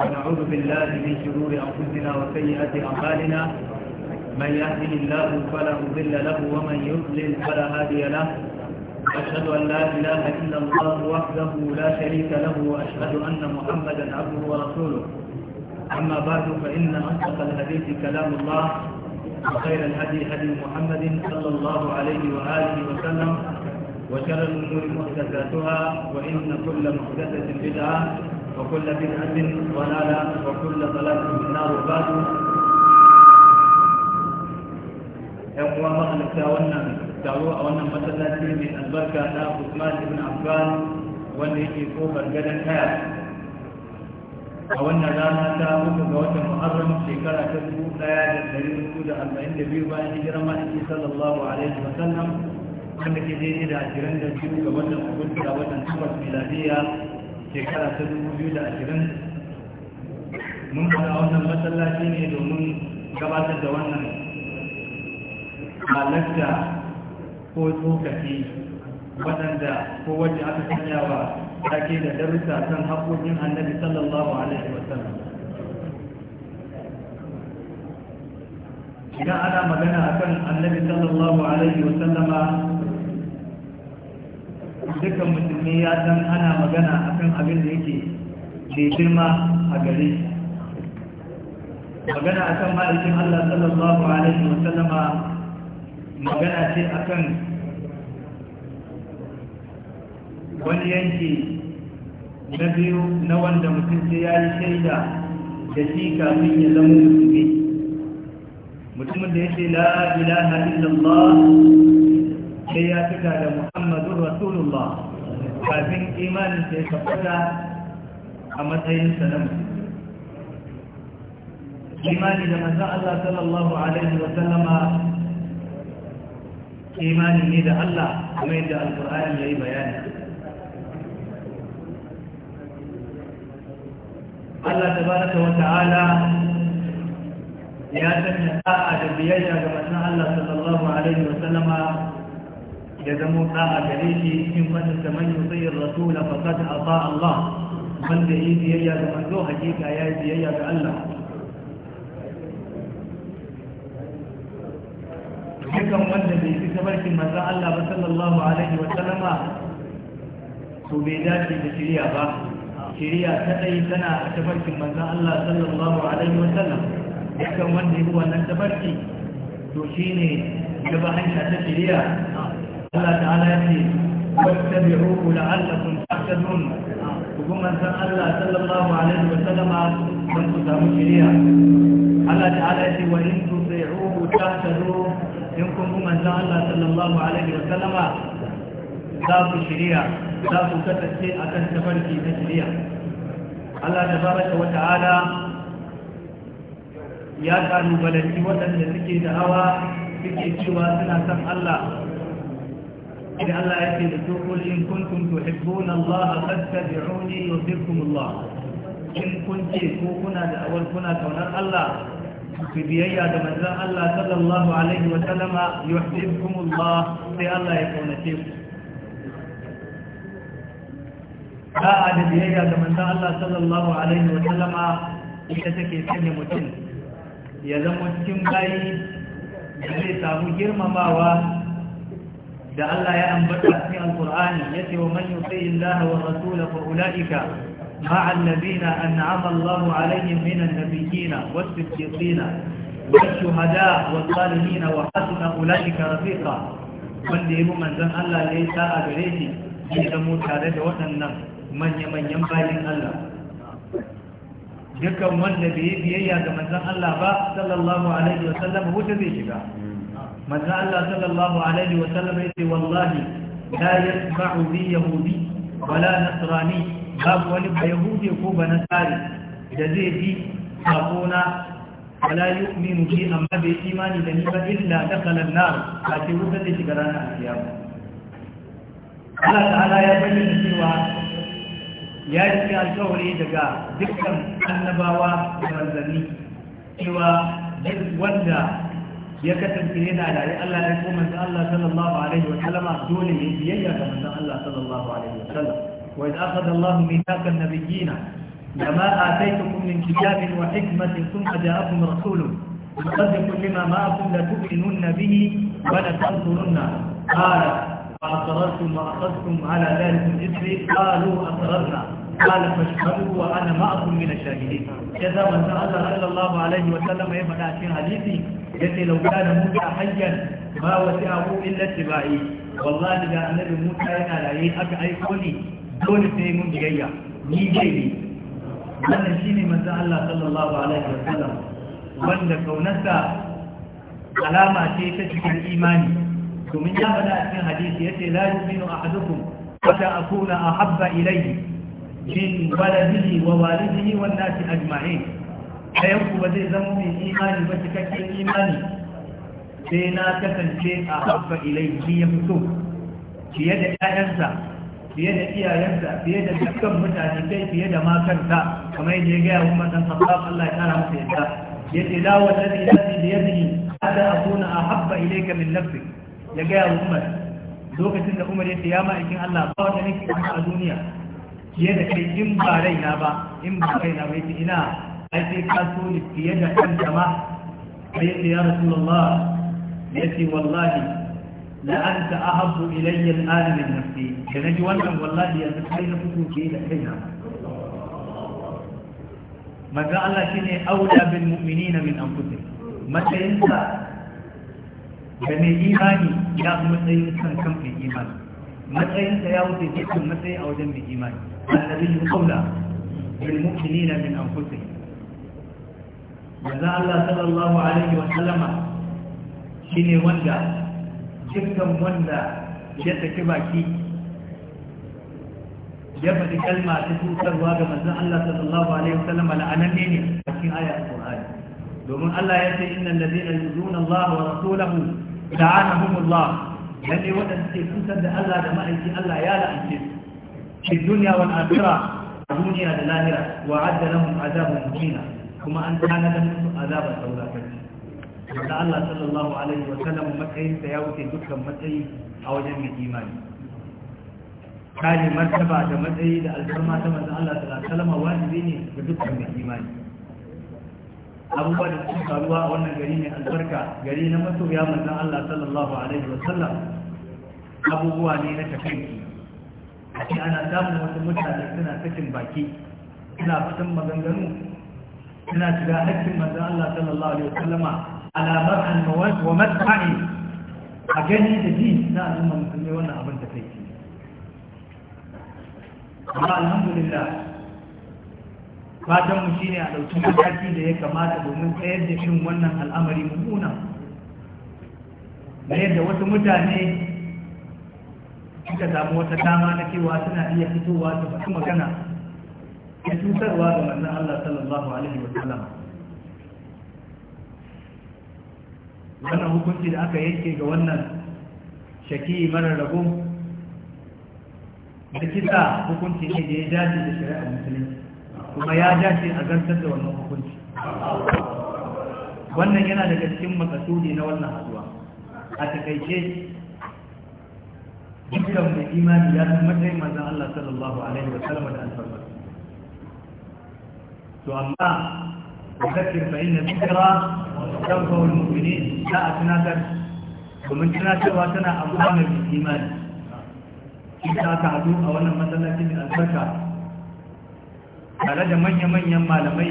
ونعوذ بالله من شرور أنفسنا وسيئات أعمالنا من يهده الله فلا مضل له ومن يضلل فلا هادي له أشهد أن لا إله إلا الله وحده لا شريك له وأشهد أن محمدا عبده ورسوله أما بعد فإن أصدق الحديث كلام الله وخير الهدي هدي محمد صلى الله عليه وآله وسلم وشر الأمور محدثاتها وإن كل محدثة بدعة وكل بدعة ضلالة وكل ضلالة في النار وبعد يقوى مغلقة ونعم تارو أو أن مسلاتي من البركة لا عثمان بن عفان واللي في فوق الجنة الحياة أو أن رانا تابوك بوجه محرم شكرا كتبو لا يجب سودة أربعين دبيو بأن هجرة صلى الله عليه وسلم wanda ke daidai da ashirin da biyu ga watan agusta watan takwas miladiya shekara ta dubu biyu da ashirin mun fara wannan masallaci ne domin gabatar da wannan halatta ko tsokaci waɗanda ko wacce aka sanya wa take da darussa kan haƙoƙin annabi sallallahu alaihi wasallam idan ana magana akan annabi sallallahu alaihi wasallama dukkan musulmi ya san ana magana a kan abin da yake mai girma a gare shi magana kan ma'aikin Allah sallallahu alaihi wasallama magana ce a kan wani yanki na biyu na wanda mutum ce ya yi shaida da shi kafin ya zama musulmi mutumin da ya ce la ilaha illallah sai ya fita da rasulullah kafin imanin sai tabbata a matsayin na imani da manzan Allah sallallahu alaihi wa sallama imani ne da Allah kuma yadda alkur'ani ya yi bayani Allah ba wa ta'ala ya sanya ta'a da biyayya ga manzan Allah sallallahu alaihi wa sallama ya zama ta'a gare shi in fata man yusayi rasul a ata Allah wanda yi biyayya ga manzo hakika ya yi biyayya ga Allah dukkan wanda bai fi tabarkin maza Allah ba sallallahu alaihi wa sallama to bai dace da shirya ba shirya ta dai tana a tabarkin maza Allah sallallahu alaihi wa sallam dukkan wanda yi wannan tabarki to shine gaba hanya ta shirya. Allah ta'ala ya ce wattabi'uhu la'allakum tahtadun kuma manzon Allah sallallahu alaihi wa sallama dan ku samu shiriya Allah ya ce wa in tuti'uhu tahtadu in kun bi manzon Allah sallallahu alaihi wa sallama za ku shiriya za ku kasance akan tafarki na shiriya Allah tabaraka wa ta'ala ya kalubalanci waɗanda suke da hawa suke cewa suna san Allah إذا الله يسير قل إن كنتم تحبون الله فاتبعوني يصيبكم الله إن كنت كنا أول كنا كونر الله في بيئة دمزان الله صلى الله عليه وسلم يحببكم الله في الله يكون تيكم da'a da biyayya ga manzon Allah sallallahu alaihi wa sallama ita take sanya mutum ya zama cikin bayi da zai samu girmamawa da Allah ya ambata a cikin alkur'ani yace wa man yuti Allah wa rasula fa ulaika ma'a alladhina an'ama Allahu alaihim minan nabiyyina was-siddiqina والشهداء والصالحين وحسن أولئك rafiqa wanda ya bi manzan Allah ya yi sa'a gare shi ya zamo tare da waɗannan manya-manyan bayan Allah dukkan wanda bai yi biyayya ga manzan Allah ba sallallahu alaihi wa sallam wuta zai shiga manzo Allah sallallahu alaihi wa sallam yace wallahi yi yasma'u bi yahudi wala nasrani babu wani yahudi ko ba nasari da zai bi sakona wala yu'minu bi amma bai imani da ni ba illa ta an-nar ka ce wutar da shiga ranar ba Allah ta'ala ya bayyana cewa ya yi alkawari daga dukkan annabawa da manzanni cewa duk wanda ya kasance yana da Allah ya ko manzo Allah sallallahu alaihi wa sallama dole ne biyayya ga manzo Allah sallallahu alaihi wa sallam wa idh akhadha Allah mithaqa an-nabiyyin lama ataytukum min kitabin wa hikmatin thumma ja'akum rasulun musaddiqun lima ma'akum la tu'minunna bihi wa la tansurunna qala wa aqrartum wa aqadtum ala dhalikum isri qalu aqrarna قال فاشهدوا وانا معكم من الشاهدين كذا من الله صلى الله عليه وسلم يبدا في حديثي يتي لو كان موسى حيا ما وسعه الا اتباعي والله اذا النبي موسى yana raye aka aiko ni dole sai mun biyayya ni dai ne wannan shine manzo Allah sallallahu wanda kaunarsa alama ce ta cikin imani domin ya faɗa a cikin hadisi yace la yu'minu ahadukum hatta a ahabba ilayhi min waladihi wa walidihi wan nasi ajma'in ayan ku ba zai zama mai imani ba cikakken imani sai na kasance a habba ilaihi ya fito fiye da ƴaƴansa fiye da iyayensa fiye da dukkan mutane kai fiye da makarta kamar yadda ya gaya wa matan sabab Allah ya kara masa yadda Ya ce yace da wallazi nafsi bi yadihi hatta akuna ahabba ilayka min nafsik ya gaya wa Umar lokacin da Umar ya ce ya ma'aikin Allah ba wata nake a duniya fiye da kai in ba raina ba in ba raina ba yace ina ai sai ka so ni fiye da kanka ma sai yace ya rasulullah yace wallahi la anta ahabbu ilayya al-an min nafsi da ji wannan wallahi yanzu kai na fito fiye da kai kaina manzo Allah shine bin bil mu'minina min anfusihim matsayinsa da mai imani ya matsayin kan kan mai imani matsayinsa ya wuce dukkan matsayin a wajen mai imani النبي قولا للمؤمنين من أنفسهم maza Allah sallallahu Alaihi wasallama shi ne wanda dukkan wanda ya saki baki ya faɗi kalma ta tutarwa ga maza Allah sallallahu Alaihi wasallama la'ananne ne a cikin aya domin Allah ya ce inna ladina yuzuna Allah wa rasulahu la'anahum Allah lalle waɗanda ke tutar da Allah da ma'aiki Allah ya la'ance su في الدنيا والآخرة الدنيا للآخرة وعد لهم عذابا مهينا كما أن كان لهم عذابا سولا da Allah sallallahu alaihi wa sallam matsayinsa ya wuce dukkan matsayi a wajen mai imani kare martaba da matsayi da alfarma ta manzon Allah sallallahu alaihi wa sallam dukkan abubuwa da suke faruwa a wannan gari ne albarka gari na masoya manzon Allah sallallahu alaihi wa sallam abubuwa ne na takanki ake ana samun wasu mutane suna sakin baki suna fitan maganganu suna shiga hakkin manzan Allah sallallahu alaihi wasallama alamar almawar wa matsa'i a gani da ji na al'umma musulmi wannan abin da kai amma alhamdulillah fatan mu shine a dauki mataki da ya kamata domin tsayar da shin wannan al'amari mummuna na yadda wasu mutane suka samu wata dama na cewa suna iya fitowa su faɗi magana Ya cutarwa ga manzon Allah sallallahu alaihi wa sallam wannan hukunci da aka yanke ga wannan shaki mara rago da kisa hukunci ne da ya dace da shari'ar musulunci kuma ya dace a gantar da wannan hukunci wannan yana daga cikin makasudi na wannan haduwa a takaice dukkan mai imani ya san matsayin manzan Allah sallallahu alaihi wa sallam da an To amma ku zakir fa na zikra tanfa wal mu'minin la atnatar kuma tana cewa tana abuwa mai imani. Kisa ta hadu a wannan matsalacin da albarka tare da manya-manyan malamai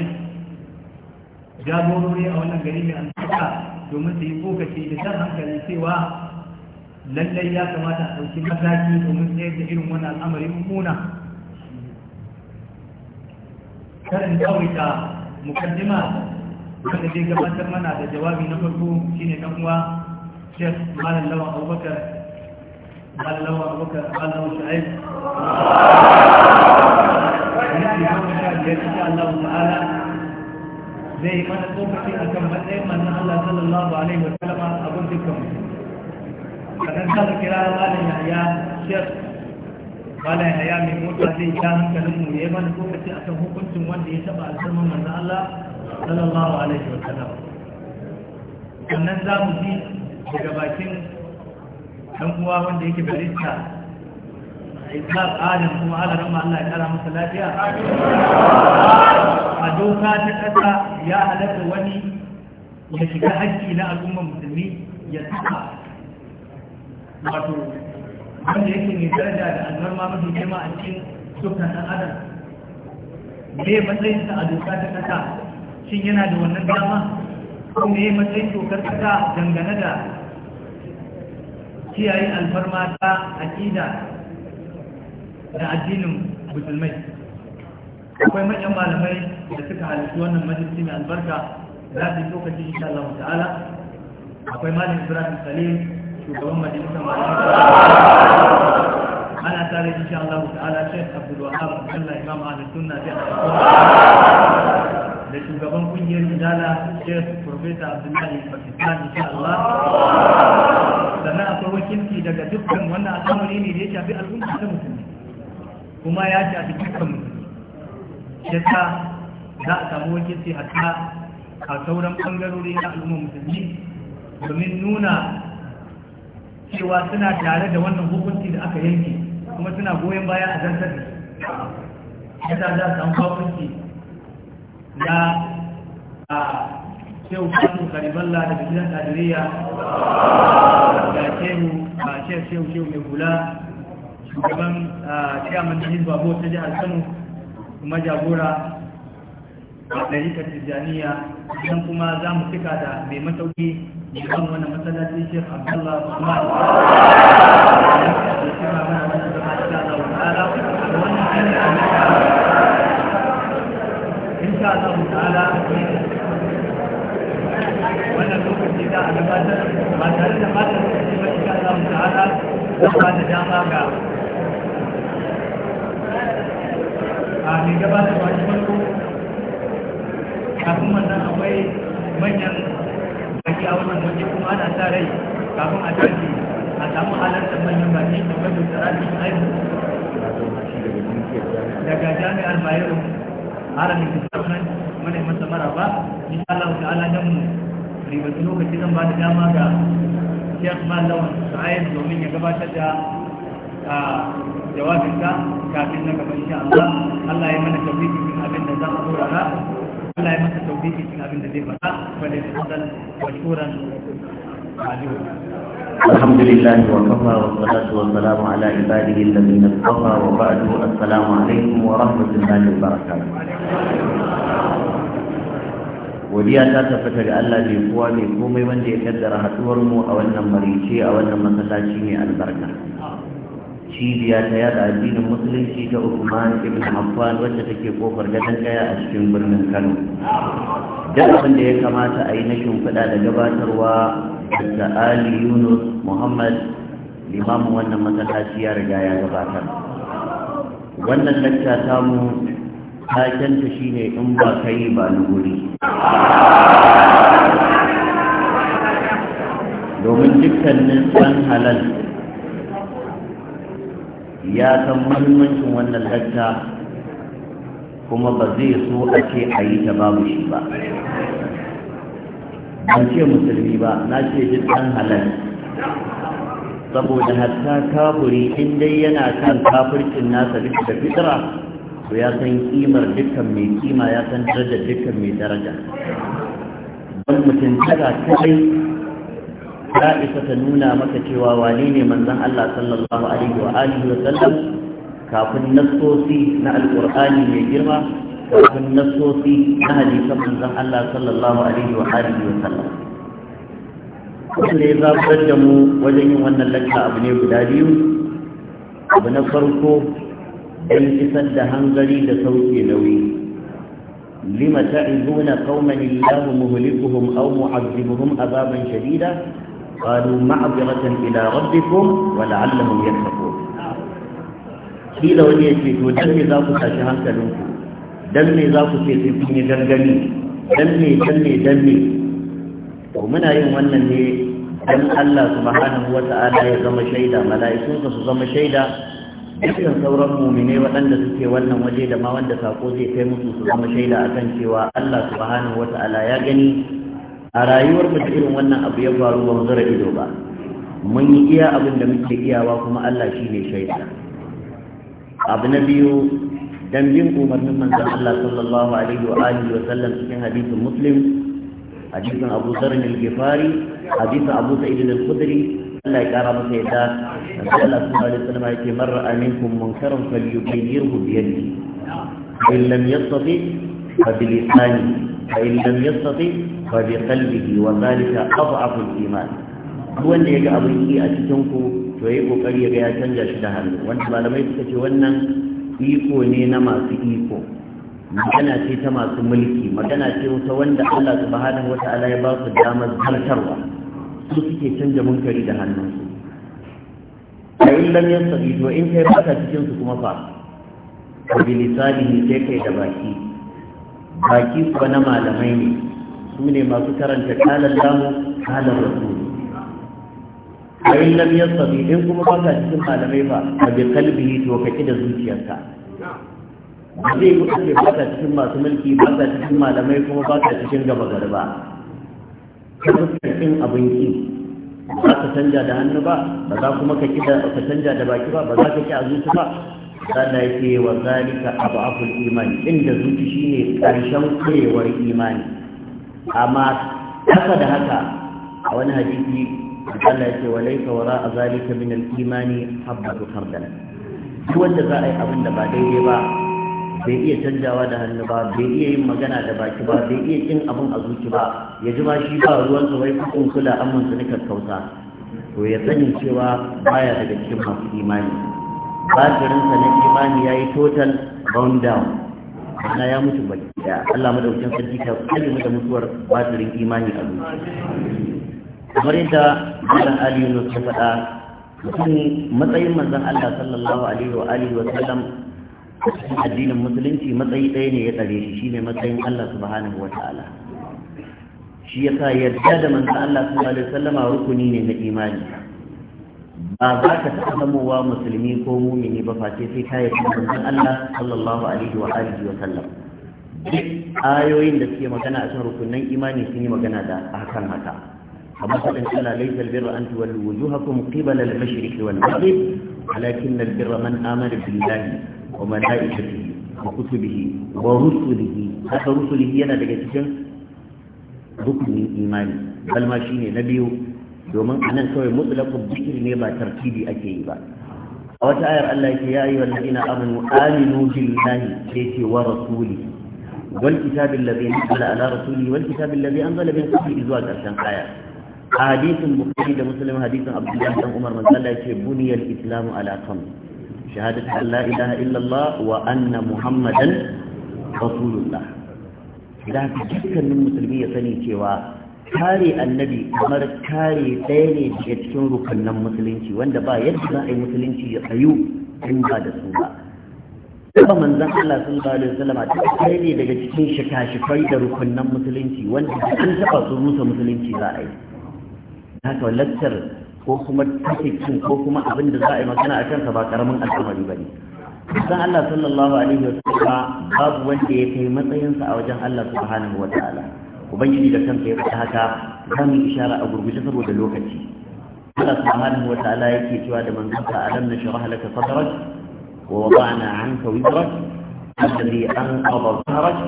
jagorori a wannan gari mai albarka domin su yi kokaci da shan hankali cewa lallai ya kamata a ɗauki mataki domin tsayar da irin wani al'amari mummuna karin tsawaita mukaddima wanda zai gabatar mana da jawabi na farko shine dan uwa Sheikh Malam Lawan Abubakar Malam Lawan Abubakar Malam Shu'aib Insha Allah ta'ala zai mana tsokaci akan matsayin manzon Allah sallallahu alaihi wa sallama abun dukkan mutum sannan za su kira malam yaya shek ya yaya mai mota zai ya hankalin mu ya mana lokaci a kan hukuncin wanda ya taba alfarman manzo Allah sallallahu alaihi wa sallam sannan za mu ji daga bakin ɗan uwa wanda yake barista islam adam ah, kuma ala rama Allah ah. Ah, ya kara masa lafiya a doka ta ƙasa ya halatta wani ya shiga haƙƙi na al'ummar musulmi ya saka wato wanda yake mai daraja da alfarma mafi girma a cikin dukkan ɗan adam me matsayin a doka ta ƙasa shin yana da wannan dama ko me matsayin dokar ƙasa dangane da kiyaye alfarma ta aƙida da addinin musulmai akwai manyan malamai da suka halittu wannan majalisi mai albarka za su yi lokaci insha Allah ta'ala akwai malam Ibrahim Salim shugaban majalisar malamai ana tare insha Allah ta'ala Sheikh Abdul Wahab Allah Imam Ahlus Sunna da da shugaban kungiyar Izala Sheikh Professor Abdullahi Pakistan insha Allah sannan akwai wakilci daga dukkan wannan al'amari ne da ya shafi al'umma ta musulmi kuma ya shafi dukkan musulmi yasa za a samu wakilci hatta a sauran bangarori na al'umma musulmi domin nuna cewa suna tare da wannan hukunci da aka yanke kuma suna goyon baya a zartar da ta za su samu hukunci ya a shehu kwanu kariballa daga gidan kadiriya da shehu a shehu shehu mai hula shugaban a da hizba babu ta jihar kano kuma jagora a ɗarikar tijjaniya idan kuma za mu cika da mai matauki. liman wani masallaci shek abdullah usman wannan lokaci da a gabatar ba tare da ba insha Allah ta'ala da ba da dama ga a mai gabatar ba shi farko kafin wannan akwai manyan baki a wannan waje kuma ana sa rai kafin a tashi a samu halartar manyan baki da wani tsarafin aiki daga jami'ar bayero haramin disarnan mana yi masa maraba in Allah ta'ala dan mu ribatu lokaci zan ba da dama ga Sheikh Malawan Sa'id domin ya gabatar da jawabinsa kafin na gaba insha Allah Allah ya mana tawfiki cikin abin da za mu dora Allah ya masa tawfiki cikin abin da zai faɗa wanda ya hadal wa shuran الحمد لله وكفى والصلاة والسلام على عباده الذين اصطفى وبعد السلام عليكم ورحمة الله وبركاته godiya ta tabbata da Allah mai kowa mai komai wanda ya kaddara haduwar mu a wannan marice a wannan masallaci mai albarka cibiya ta yada addinin musulunci ta Uthman ibn Affan wacce take kofar gadon kaya a cikin birnin Kano duk abin da ya kamata a yi na shimfiɗa da gabatarwa da Ali Yunus Muhammad limamin wannan matsalaci ya riga ya gabatar wannan lakta mu takenta shine in ba kai ba ni domin dukkanin san halal ya san mahimmancin wannan lacca kuma ba zai so a ce a yi ta babu shi ba ban ce musulmi ba na ce duk ɗan halal saboda hatta kafuri in dai yana kan kafircin nasa duk da fitra to ya san kimar dukkan mai kima ya san darajar dukkan mai daraja don mutum tara kadai ta isa ta nuna maka cewa wane ne manzon Allah sallallahu alaihi wa alihi wa sallam kafin nassosi na alqur'ani mai girma kafin nassosi na hadisan manzon Allah sallallahu alaihi wa alihi wa sallam kuma ne za zabar da mu wajen yin wannan lakka abu ne guda biyu abu na farko don isar da hangari da sauke nauyi لم تعظون قوما الله مهلكهم أو معذبهم azaban شديدا قالوا معذرة إلى ربكم ولعلهم يتقون قيل ku يشيكوا دمي ذاكو تشهر كلمكو دمي ذاكو تشيكوني درقني دمي دمي دمي ومن أيوم أنني ne dan Allah subhanahu wa ta'ala ya zama shaida mala'ikun su zama shaida dukkan sauran mumine waɗanda suke wannan waje da ma wanda sako zai kai musu su zama shaida a kan cewa Allah subhanahu wa ta'ala ya gani a rayuwar mu irin wannan abu ya faru ba mu zara ido ba mun yi iya abin da muke iyawa kuma Allah shi ne shaida abu na biyu dan bin umarnin manzon Allah sallallahu alaihi wa alihi wa sallam cikin hadisin muslim hadisin Abu Dharr al-Ghifari hadisin Abu Sa'id al-Khudri Allah ya kara masa yadda Annabi Allah sallallahu alaihi wa sallam yake marra aminkum munkaran falyughayyirhu bi yadihi fa in lam yastati fa bi lisanihi fa in lam yastati fa bi qalbihi wa zalika adhafu al-iman wanda yaga abin yi a cikin ku to yayi kokari yaga ya canja shi da hannu wanda malamai suka ce wannan iko ne na masu iko magana ce ta masu mulki magana ce ta wanda Allah subhanahu wata'ala ya ba su damar zartarwa su suke canja munkari da hannunsu a in lam yastati to in kai baka cikin su kuma fa ko lisani sai kai da baki baki kuma na malamai ne su ne masu karanta kalan lamu kalan rasu a yin lam yasabi in kuma ba ka cikin malamai ba a bai kalbi to ka ki da zuciyarka ba zai yi kuɗe ba ka cikin masu mulki ba ka cikin malamai kuma ba ka cikin gaba gari ba ka abin abinci ba ka canja da hannu ba ba za kuma ka ka canja da baki ba ba za ka ki a zuci ba Sada yake wa zalika abu aful imani inda zuci shine karshen kurewar imani amma haka da haka a wani hadisi Allah ya ce wa laika wara zalika min al-imani habbatu khardal duk wanda za a yi abin da ba daidai ba bai iya canjawa da hannu ba bai iya yin magana da baki ba bai iya kin abin a zuci ba ya ji ba shi ba ruwan sa wai kun kula amman su nika kauta to ya sani cewa baya daga cikin masu imani jirin sa na imani yayi total bound down na ya mutu baki da Allah madaukakin sarki ta kalle mu da mutuwar batirin imani a duniya kamar yadda Malam Ali Yunus ya faɗa mutum matsayin manzon Allah sallallahu alaihi wa alihi wa sallam addinin musulunci matsayi ɗaya ne ya tsare shi shine matsayin Allah subhanahu wa ta'ala shi yasa yadda da manzon Allah sallallahu alaihi wa sallama rukuni ne na imani ba za ka taɓa zamowa musulmi ko mumini ba face sai ka yi manzon Allah sallallahu alaihi wa alihi wa sallam duk ayoyin da suke magana a kan rukunan imani sun yi magana da hakan haka kamar faɗin Allah laysal birra an tuwallu wujuhakum qibala al-mashriq wal maghrib walakin al-birra man amana billahi wa malaikatihi wa kutubihi wa rusulihi haka rusulihi yana daga cikin rukunin imani balma shine na biyu domin anan kawai mutlaqul dhikr ne ba tartibi ake yi ba a wata ayar Allah yake ya ayyuhal ladina amanu aminu billahi yake wa rasuli wal kitabi alladhi anzala ala rasuli wal kitabi alladhi anzala min qabli zuwa karshen aya hadisin bukhari da muslim hadisin abdullah dan umar manzo Allah yake buniyal islamu ala khams shahadatu an la ilaha illa Allah wa anna muhammadan rasulullah da dukkanin musulmi ya sani cewa kare annabi kamar kare ɗaya ne daga cikin rukunan musulunci wanda ba yadda za a yi musulunci ya tsayu in ba da su ba ba manzan Allah sun ba da salama ta ɗaya ne daga cikin shika-shikai da rukunan musulunci wanda an taɓa su rusa musulunci za a yi haka lakcar ko kuma tafikin ko kuma abin da za a yi magana a kansa ba karamin al'amari ba ne san Allah sallallahu alaihi wa sallam babu wanda ya kai matsayinsa a wajen Allah subhanahu wa ta'ala ubangiji da kanka ya faɗi haka za mu ishara a gurguje saboda lokaci Allah subhanahu wa ta'ala yake cewa da manzanka alam na sharaha laka sadrak wa wada'na anka wizrak alladhi anqadha dhahrak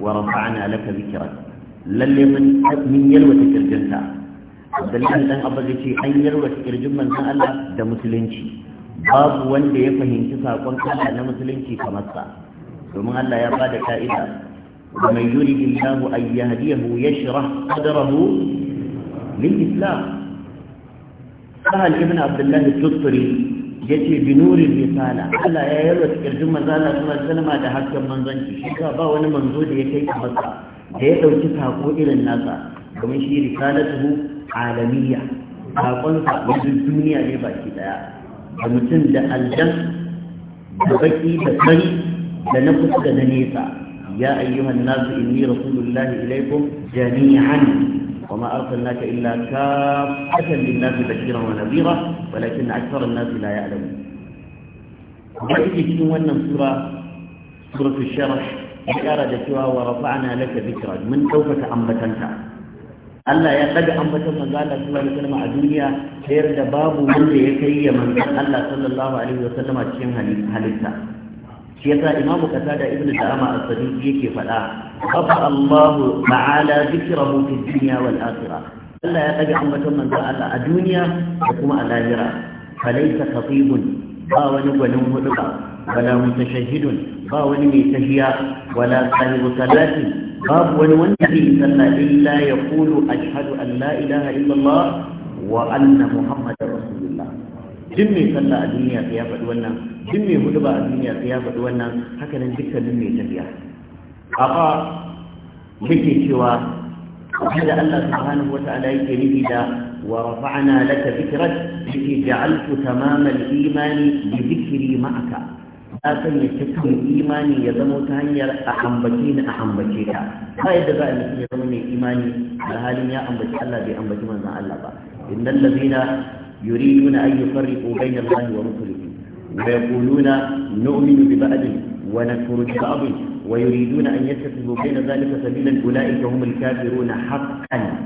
wa rafa'na laka dhikrak lalle mun min yalwata kirjinta Abdullahi dan Abba zai ce an yalwata kirjin manzon Allah da musulunci babu wanda ya fahimci sakon Allah na musulunci kamar sa domin Allah ya bada ka'ida ومن يرد الله أن يهديه يشرح قدره للإسلام سهل ابن عبد الله التطري yace binurin risala Allah ya yarwa kirjin manzo Allah sallallahu alaihi wasallam da hakkin manzonci. shi ka ba wani manzo da ya kai ka masa da ya dauki sako irin nasa domin shi risalatuhu alamiya sakonsa wanda duniya ne baki ɗaya. da mutum da aljan da baki da sani da na kusa da na nesa يا أيها الناس إني رسول الله إليكم جميعا وما أرسلناك إلا كافة للناس بشيرا ونذيرا ولكن أكثر الناس لا يعلمون وإذ يجدون أن سورة سورة الشرح أراد سوى ورفعنا لك ذكرا من توفة أنبتنك Allah ya ɗaga ambaton manzo Allah sallallahu alaihi wasallam a duniya sayar da babu wanda ya kai ya manzo Allah sallallahu alaihi wasallama cikin halitta shi yasa imamu kasa da ibn da'ama a sadi yake faɗa kafa allahu ma'ala zikira mutum duniya wal asira Allah ya ɗaga ambaton manzo Allah a duniya da kuma a lahira falaita khatibun ba wani gwanin hudu wala mutashahidun ba wani mai tahiya wala sahibu salati babu wani wanda zai yi sallah illa ya kulu ashhadu an la ilaha illallah wa anna muhammadar rasulullah duk mai sallah a duniya sai ya faɗi wannan duk mai huduba a duniya sai ya faɗi wannan haka nan dukkanin mai tafiya amma yake cewa da Allah subhanahu wa ta'ala yake nufi da wa rafa'ana laka dhikrak yake ja'altu tamama al-imani bi dhikri ma'aka ya sanya cikin imani ya zama ta hanyar a ambace ni a ambace ta ba yadda za a mutum ya zama mai imani alhalin ya ambaci Allah bai ambaci manzon Allah ba innal يريدون أن يفرقوا بين الله ورسله ويقولون نؤمن ببعض ونكفر ببعض ويريدون أن يتخذوا بين ذلك سبيلا أولئك هم الكافرون حقا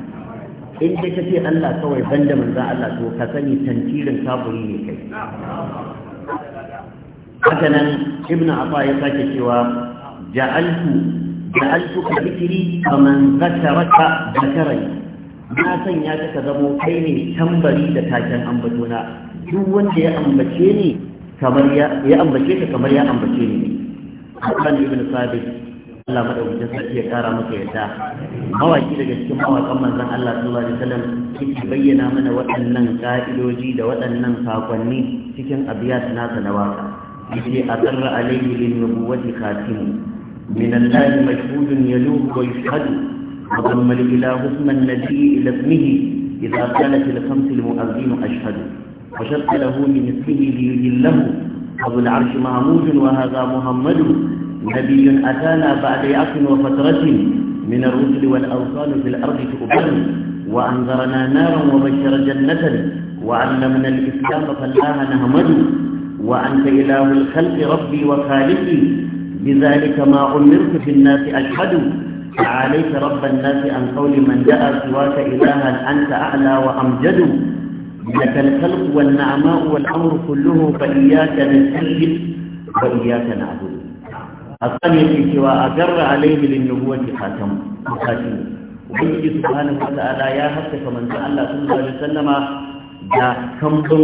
إن تكفي الله سوى بند من ذا الله سوى كثني تنكيل كافرين كي حسنا ابن عطاء يقاك سوى جعلت جعلت كذكري فمن ذكرك ذكرني na sanya ta ka zamo kai ne tambari da taken ambatona duk wanda ya ambace ni kamar ya ambace ka kamar ya ambace ni ne ibn Sabit Allah madaukakin sarki ya kara maka yadda mawaki daga cikin mawakan manzon Allah sallallahu alaihi wasallam yake bayyana mana waɗannan ka'idoji da waɗannan sakonni cikin abiyat nasa na waka yake azarra alayhi lin nubuwati khatim min Allah majhudun yaluhu wa yashhadu وضم الإله اسم النبي إلى اسمه إذا كانت الخمس المؤذين أشهد وشق له من اسمه ليجله أبو العرش معمود وهذا محمد نبي أتانا بعد يأس وفترة من الرسل والأوصال في الأرض تؤبر وأنذرنا نارا وبشر جنة وعلمنا الإسلام فالله نهمد وأنت إله الخلق ربي وخالقي بذلك ما أمرت في الناس أشهد عليك رب الناس عن قول من دعا سواك إلها أنت أعلى وأمجد لك الخلق والنعماء والأمر كله فإياك نستجد وإياك نعبد الثانية سوى أجر عليه للنبوة خاتم خاتم وبيجي سبحانه وتعالى يا حتى كمن سأل صلى الله عليه وسلم دا كمبر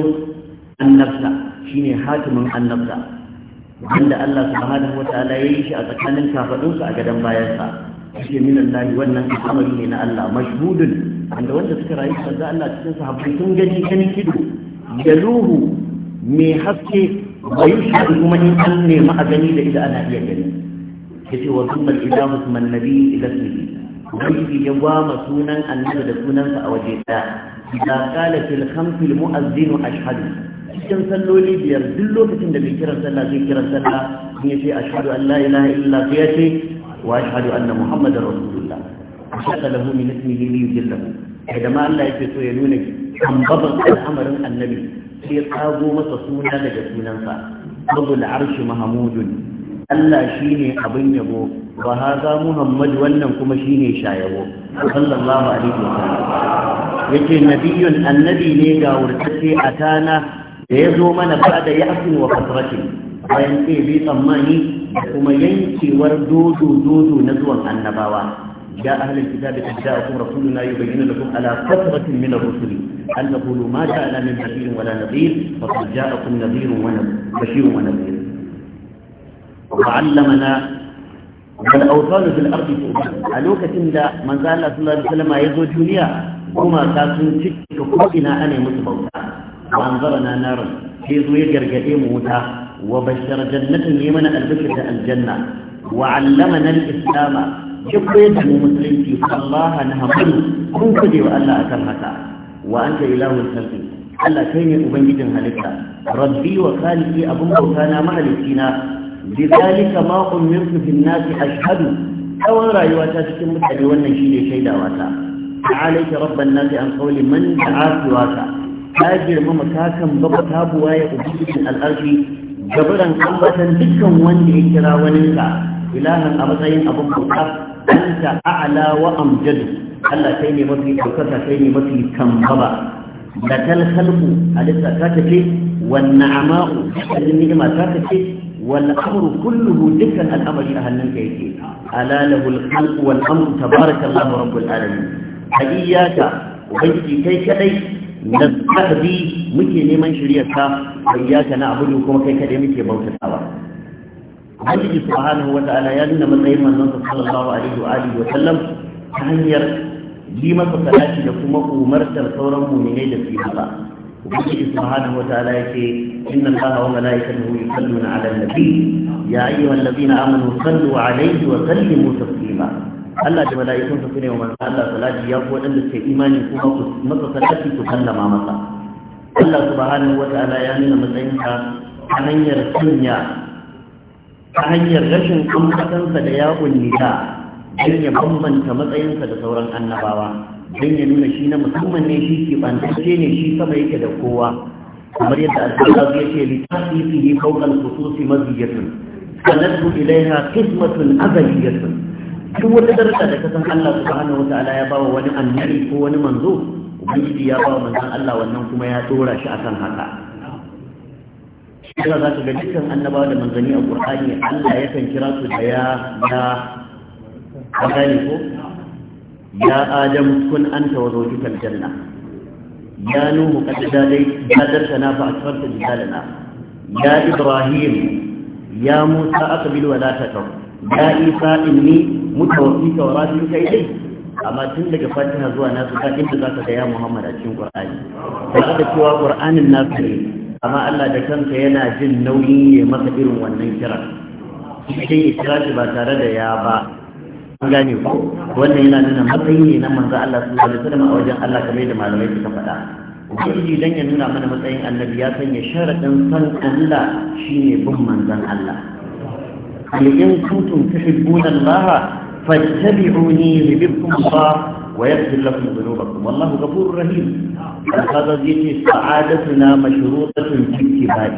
النفس شيني حاتم النفس wanda Allah subhanahu wataala ya yi shi a tsakanin kafadunsa a gadon bayansa shi min Allah wannan al'amari ne na Allah mashhudun wanda wanda suka rayu manzo Allah cikin sahabbai sun gani kan kido yaluhu mai haske bayu shi kuma in an nemi a gani da idan ana iya gani yace wa thumma al-ilahu nabi ila ismihi ubangiji ya gwama sunan annabi da sunansa a waje ɗaya da kala fil khamsil mu'azzinu ashhadu cikin salloli biyar duk lokacin da bai kiran sallah zai kiran sallah in yace ashhadu an la ilaha illa sai yace وأشهد أن محمد رسول الله أشهد له من اسمه ليجله عندما الله يفتو ينونك كم ببط الأمر النبي في قابو متصونا لجسونا رب العرش محمود الله شيني أبن يبو وهذا محمد ولنكم شيني شايبو صلى الله عليه وسلم يجي نبي النبي نيجا ورتكي أتانا da ya zo mana ba da ya'afin wa fasratin bayan ɗebe tsammani da kuma yankewar dodo-dodo na zuwan annabawa ya ahlul kitabi qad ja'akum rasuluna yubayyinu lakum ala fatratin min ar-rusul an taqulu ma ja'ana min bashirin wala nadhir faqad ja'akum nadhirun wa bashirun wa nadhir وعلمنا والأوطان في الأرض تؤمن ألوكة دا من ذا الله صلى الله عليه وسلم يزو دنيا كما تاسم تكتك كوئنا أنا متبوتا وأنظرنا نارا يزو يجرق إيموتا وبشر جنة يمن البشر الجنة وعلمنا الإسلام يقيت المسلم في الله نهمل كن كدي وألا أكرهك وأنت إله الخلق ألا كيني أبنجد هلك ربي وخالقي أبوك وكان مهلكينا لذلك ما أمرت في الناس أشهد أو رأيوا تاتكم متعلي والنشيد شيدا واتا عليك رب الناس عن قول من دعاك واتا ta girmama ta kan baba ta buwaye ubangijin al'arshi gaburan ambatan dukkan wanda ya kira ka. ilahan a matsayin abin bauta anta a'la wa amjadu Allah sai ne mafi ɗaukaka kai ne mafi kambaba da talhalku halitta ta tafi wannan ama'u dukkanin ni'ima ta tafi wal amru kulluhu dukkan al'amari a hannunka yake ala lahul khalqu wal amru tabarakallahu rabbul alamin hadiyaka ubangiji kai kadai nastahdi muke neman shiryar ka wa iyyaka na'budu kuma kai kadai muke bautatawa Allah subhanahu wa ta'ala ya nuna matsayin manzon sa sallallahu alaihi wa alihi wa sallam ta hanyar yi masa salati da kuma umartar sauran mu'minai da su yi haka ubangiji subhanahu wataala yake inna allaha wa malaikatahu yusalluna ala nabi ya ayyuhal ladina amanu sallu alayhi wa sallimu taslima Allah da mala'ikun su ne wa manzo Allah salati ya ku wadanda suke imani kuma ku masa salati ku sallama masa Allah subhanahu wataala ya nuna matsayinka ta hanyar sunya ta hanyar rashin ambatansa da kunni ta don ya bambanta matsayinsa da sauran annabawa don ya nuna shi na musamman ne shi ke bantacce ne shi sama yake da kowa kamar yadda Allah ya ce li fi fawqa al khusus maziyatun sanatu ilayha qismatun azaliyatun duk wata daraja da kasan Allah subhanahu wataala ya bawa wani annabi ko wani manzo ubangiji ya bawa manzon Allah wannan kuma ya dora shi akan haka kira za ka ga dukkan annabawa da manzanni a Qur'ani Allah yakan kira su da ya da magani ko ya adam kun anta wa zawjukal janna ya nuhu qad dadai dadartana fa asfarta jidalana ya ibrahim ya musa aqbil wa la takaw ya isa inni mutawafika wa rajin kai dai amma tun daga fatiha zuwa nasu ta inda za ka gaya muhammad a cikin qur'ani tare da cewa ƙwar'anin nasu ne amma allah da kanka yana jin nauyin ya masa irin wannan kira cikin shi ba tare da ya ba an gane ko wannan yana nuna matsayi ne na manzo allah su wani wasallam a wajen allah kamar yadda malamai suka faɗa ubangiji dan ya nuna mana matsayin annabi ya sanya sharaɗin san allah shine bin manzan allah إن كنتم تحبون الله فاتبعوني يحببكم الله ويغفر لكم ذنوبكم والله غفور رحيم هذا يجي سعادتنا مشروطة في اتباعي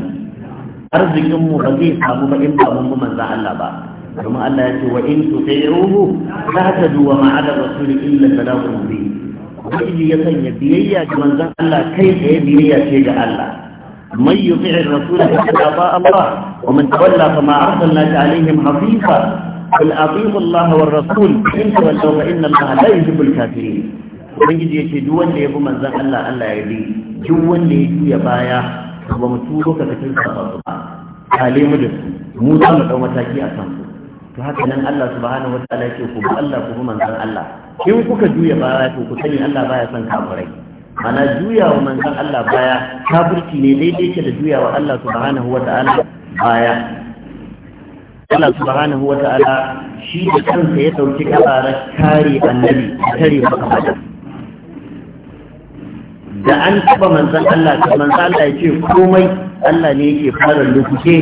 أرزقكم وغزيها مبئن بأمم من ذا الله بقى ثم الله يقول وإن تطيعوه تهتدوا وما على الرسول إلا بلاغ مبين وإذ يسن بيئة من ذا الله كيف بيئة شيء الله من يطيع الرسول فقد اطاع الله ومن تولى فما ارسلناك عليهم حفيظا قل اطيعوا الله والرسول ان تولوا فان الله لا يحب الكافرين ubangiji ya ce duk wanda ya bi manzon Allah Allah ya bi duk wanda ya juya baya ba mu turo ka cikin safa su ba kale mu da su mu za mu dau mataki a kan to haka nan Allah subhanahu wa ta'ala ya ce ku bi Allah ku bi manzon Allah in kuka juya baya to ku sani Allah baya son kafirai mana juyawa manzon Allah baya kafirci ne daidai ke da juyawa Allah subhanahu wata'ala baya Allah subhanahu wata'ala shi da kansa ya dauki kabarar kare annabi kare maka da an taba manzon Allah kan manzon Allah ya ce komai Allah ne yake fara lukuke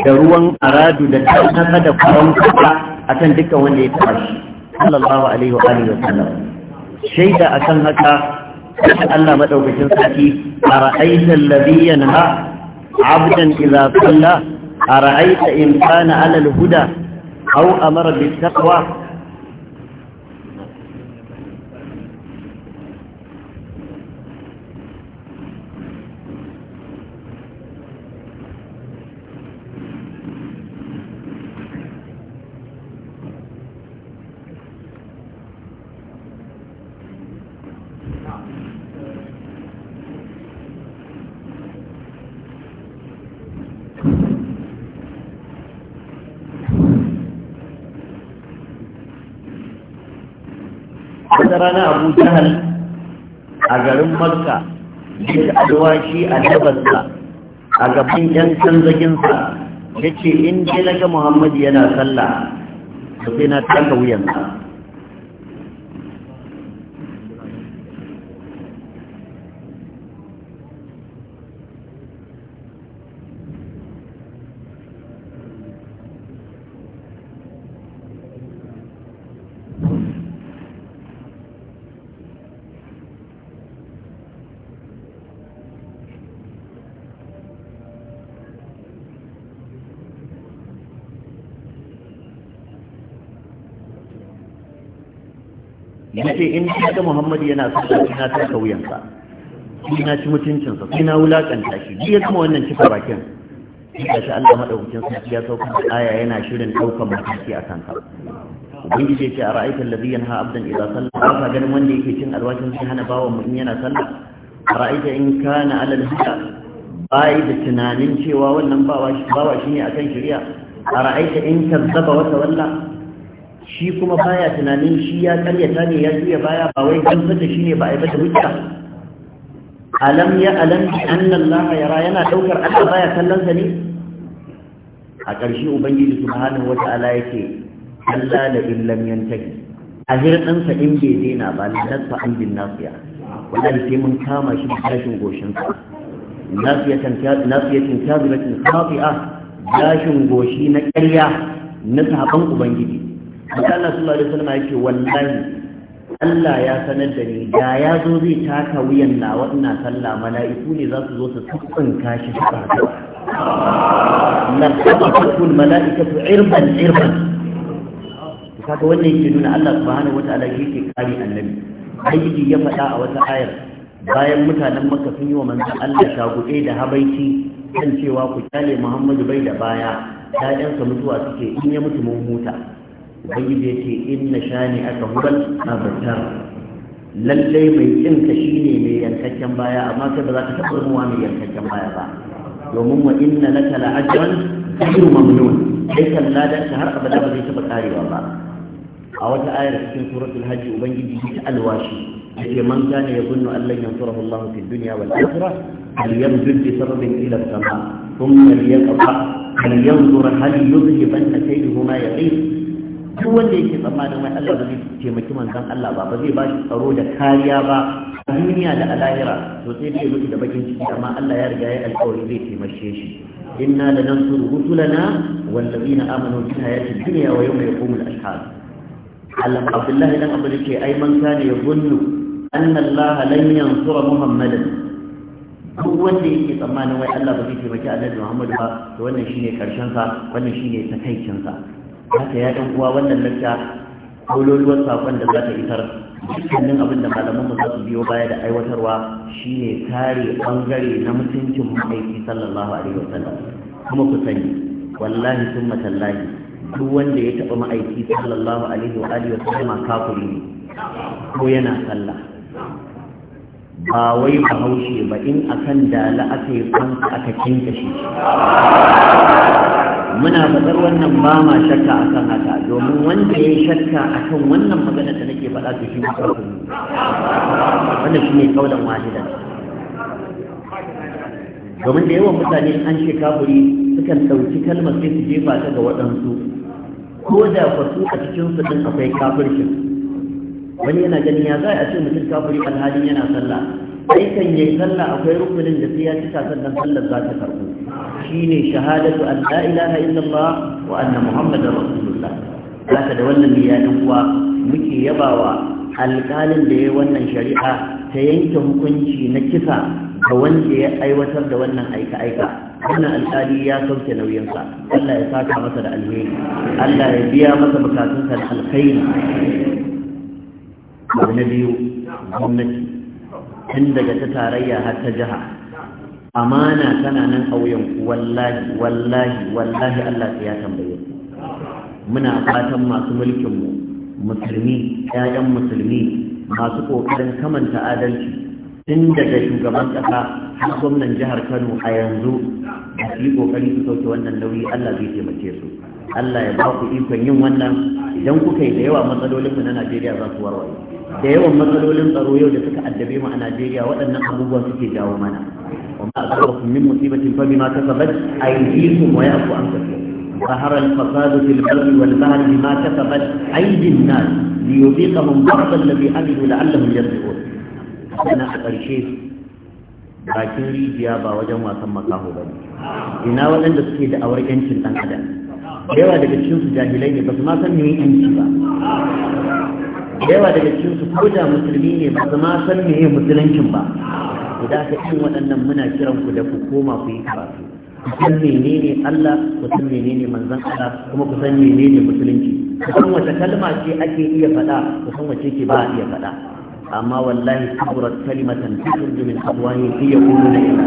da ruwan aradu da ta da kwaron a kan dukkan wanda ya taba shi sallallahu alaihi wa alihi wa sallam shaida akan haka Allah maɗaukacin sarki ara'aita labiyan ha 'abdan iza salla ara'aita in kana alal huda hau amara bit-taqwa wata rana abu jahal a garin makka ya ci alwashi a dabarsa a gaban yan canzaginsa ya ce in dai na ga muhammadu yana sallah sai na taka wuyansa muhammadu yana sallah ina na taka wuyansa sai na ci mutuncinsa sai na wulakanta shi ya gama wannan cika bakin Ya shi Allah madaukakin sarki ya sauka aya yana shirin daukan mataki a kanka ubangiji ya ce a ra'aikan ladhi yanha abdan idza salla ba ganin wanda yake cin alwashin sai hana bawan mu in yana sallah ra'aita in kana alal huda bai da tunanin cewa wannan bawa shi ne akan shari'a ra'aita in kazzaba wa tawalla shi kuma baya tunanin shi ya karyata ne ya juya baya ba wai kan fata shi ne ba a fata hujja alam ya alam anna yara yana daukar Allah baya kallon sa ne a ƙarshe ubangiji subhanahu wata'ala yake Allah la in lam yantahi a hirɗin sa in bai daina ba lantar fa an bin nafiya wallahi sai mun kama shi da tashin goshin sa nafiyatan nafiyatin kazibatin khati'a tashin goshi na ƙarya na sahaban ubangiji Allah su alaihi wasallam yake wallahi Allah ya sanar da ni da ya zo zai taka wuyan nawa ina sallah mala'iku ne za su zo su tukun kashi haka lan mala'ika su irban irban kaga wannan yake nuna Allah subhanahu wataala yake kare annabi aiki ya faɗa a wata ayar bayan mutanen maka sun yi wa manzo Allah shaguɗe da habaici kan cewa ku kyale Muhammadu bai da baya 'ya'yansa mutuwa suke in ya mutu mun huta ubangiji ya ce inna shani aka hubal abatar lallai mai kinka shine mai yankakken baya amma sai ba za ka taɓa zama mai yankakken baya ba domin wa inna laka la'ajran ghayru mamnun kalla kan ladan har abada ba zai taɓa karewa ba a wata ayar cikin suratul hajji ubangiji ya alwashi yake man kana yazunnu an lan yansurahu Allah fi dunya wal akhirah falyamdud bi sababin ila sama thumma liyaqfa falyanzur hal yudhibanna kaydahu ma duk wanda yake tsammanin wai Allah zai taimaki manzon Allah ba ba zai ba shi tsaro da kariya ba a duniya da a lahira to sai dai mutu da bakin ciki amma Allah ya riga ya alƙawari zai taimake shi inna lanansuru rusulana wallazina amanu bi hayati dunya wa yawma yaqumul ashhad Allah Abdullahi dan Abu Dake ai man kana ya gunnu أن الله لن ينصر محمدا هو اللي يتمنى وي الله بكي في مكان النبي محمد با وانا شيني كرشنسا وانا شيني تكيشنسا haka ya ɗan uwa wannan lakta kololuwar saƙon da za ta isar dukkanin abin da malaman mu za su biyo baya da aiwatarwa shine kare bangare na mutuncin ma'aiki sallallahu alaihi wasallam kuma ku sani wallahi sun matallahi duk wanda ya taɓa ma'aiki sallallahu alaihi wa alihi wasallam kafuri ne ko yana sallah ba wai bahaushe ba in akan dala aka yi kwanta aka kinka shi muna fadar wannan ba ma shakka a kan haka domin wanda ya yi shakka a kan wannan magana da nake faɗa su shi makarfin wannan shi ne kaulan domin da yawan mutane an ce kafuri sukan ɗauki kalmar sai su jefa ta ga waɗansu ko da fasu a cikinsu su ɗin akwai kafircin wani yana ganin ya za a ce mutum kafiri alhalin yana sallah aikan yayi sallah akwai rukunin da sai ya cika sannan sallar za ta karbu shine shahadatu an la ilaha illallah wa anna muhammadar rasulullah zaka da wannan bayanin kuwa muke yabawa alƙalin da ya wannan shari'a ta yanke hukunci na kisa ga wanda ya aiwatar da wannan aika-aika wannan alƙali ya sauke nauyinsa Allah ya saka masa da alheri Allah ya biya masa bukatunsa da alkhairi abu na biyu gwamnati tun daga ta tarayya har ta jiha amana tana nan a ku: wallahi wallahi wallahi Allah ya tambaye ku muna fatan masu mulkinmu musulmi 'ya'yan musulmi masu ƙoƙarin kamanta adalci tun daga shugaban ƙasa har gwamnan jihar Kano a yanzu da su yi ƙoƙari su sauke wannan nauyi Allah zai taimake su Allah ya ba ku ikon yin wannan idan kuka yi da yawa matsalolinmu na Najeriya za su warware da yawan matsalolin tsaro yau da suka addabe mu a Najeriya waɗannan abubuwa suke jawo mana wa ma asabakum min musibatin fa bima kasabat aydikum wa ya'fu an kathir ظهر الفساد في البر والبحر بما كسبت أيدي الناس ليذيقهم بعض الذي عملوا لعلهم يرجعون أنا أقرشي bakin rijiya ba wajen wasan makaho ba ne ina waɗanda suke da awar yancin ɗan adam yawa daga cikin su jahilai ne ba su ma san me yanci ba yawa daga cikin su ko da musulmi ne ba zama san meye musuluncin ba to da ka waɗannan muna kiran ku da ku koma ku yi karatu ku san menene Allah ku san menene manzon Allah kuma ku san menene musulunci ku san wace kalma ce ake iya faɗa ku san wace ce ba a iya faɗa amma wallahi kaburat kalimatan tukhruju min afwahi fi yaquluna illa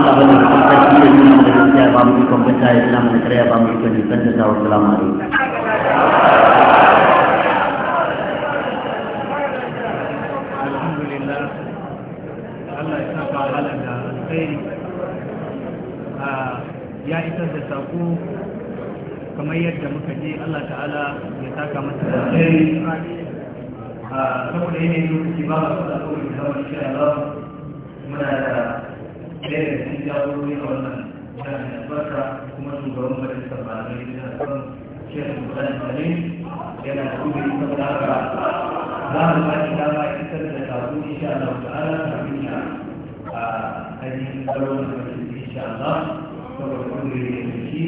Allah bada da tsarki da nuna da gaskiya ba mu ikon bata ya islamu da karya ba mu ikon nisan da tawa salamu alaikum alkhairi ya isar da saƙo kamar yadda muka je Allah ta'ala ya taka masa da alkhairi saboda ba a kusa ko da kawai insha ba muna da ɗaya da cikin ne a wannan albarka kuma shugaban majalisar malamai da a yana da kuma yi saboda haka za mu ba shi dama isar da insha Allah ta'ala ainihin tsaron da kake insha Allah saboda da shi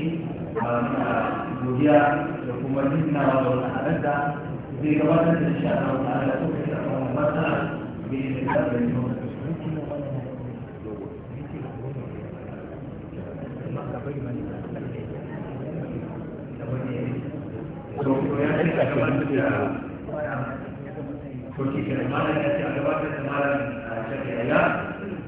godiya da kuma jinnawa da wani halatta zai gabatar da insha Allah ta ala ko kai kuma mata bi da tsarin yau Porque se demanda que se acabe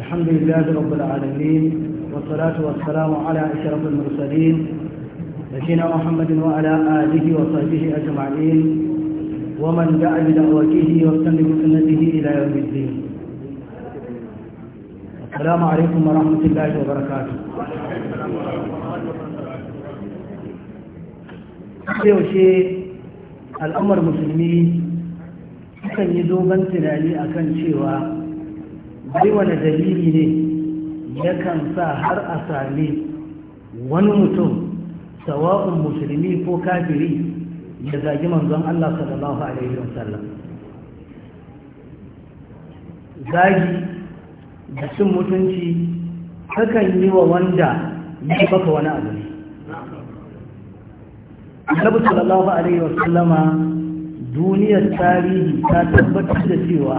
الحمد لله رب العالمين والصلاة والسلام على أشرف المرسلين نبينا محمد وعلى آله وصحبه أجمعين ومن دعا بدعوته واستنى بسنته إلى يوم الدين السلام عليكم ورحمة الله وبركاته أخي وشيء الأمر المسلمين كان dogon تنالي akan شيئا bai wani dalili ne yakan sa har a sami wani mutum sawa'un musulmi ko kafiri ya zagi manzon Allah sallallahu alaihi wasallam zagi da cin mutunci kakan yi wa wanda ya baka wani abu ne annabi sallallahu alaihi wasallama duniyar tarihi ta tabbatar da cewa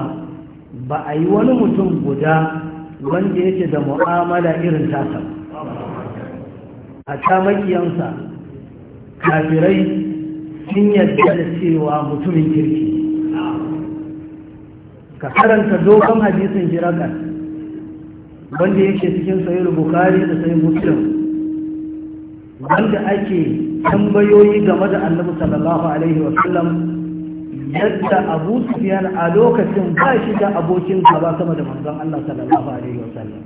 ba a yi wani mutum guda wanda yake da mu'amala irin tasa a ta makiyansa kafirai sun yadda da cewa mutumin kirki ka karanta dokan hadisin jirakar wanda yake cikin sayar bukari da sayi muslim wanda ake tambayoyi game da annabi sallallahu alaihi wasallam yadda abu sufiyar a lokacin ba shi da abokin gaba sama da manzon Allah sallallahu alaihi wasallam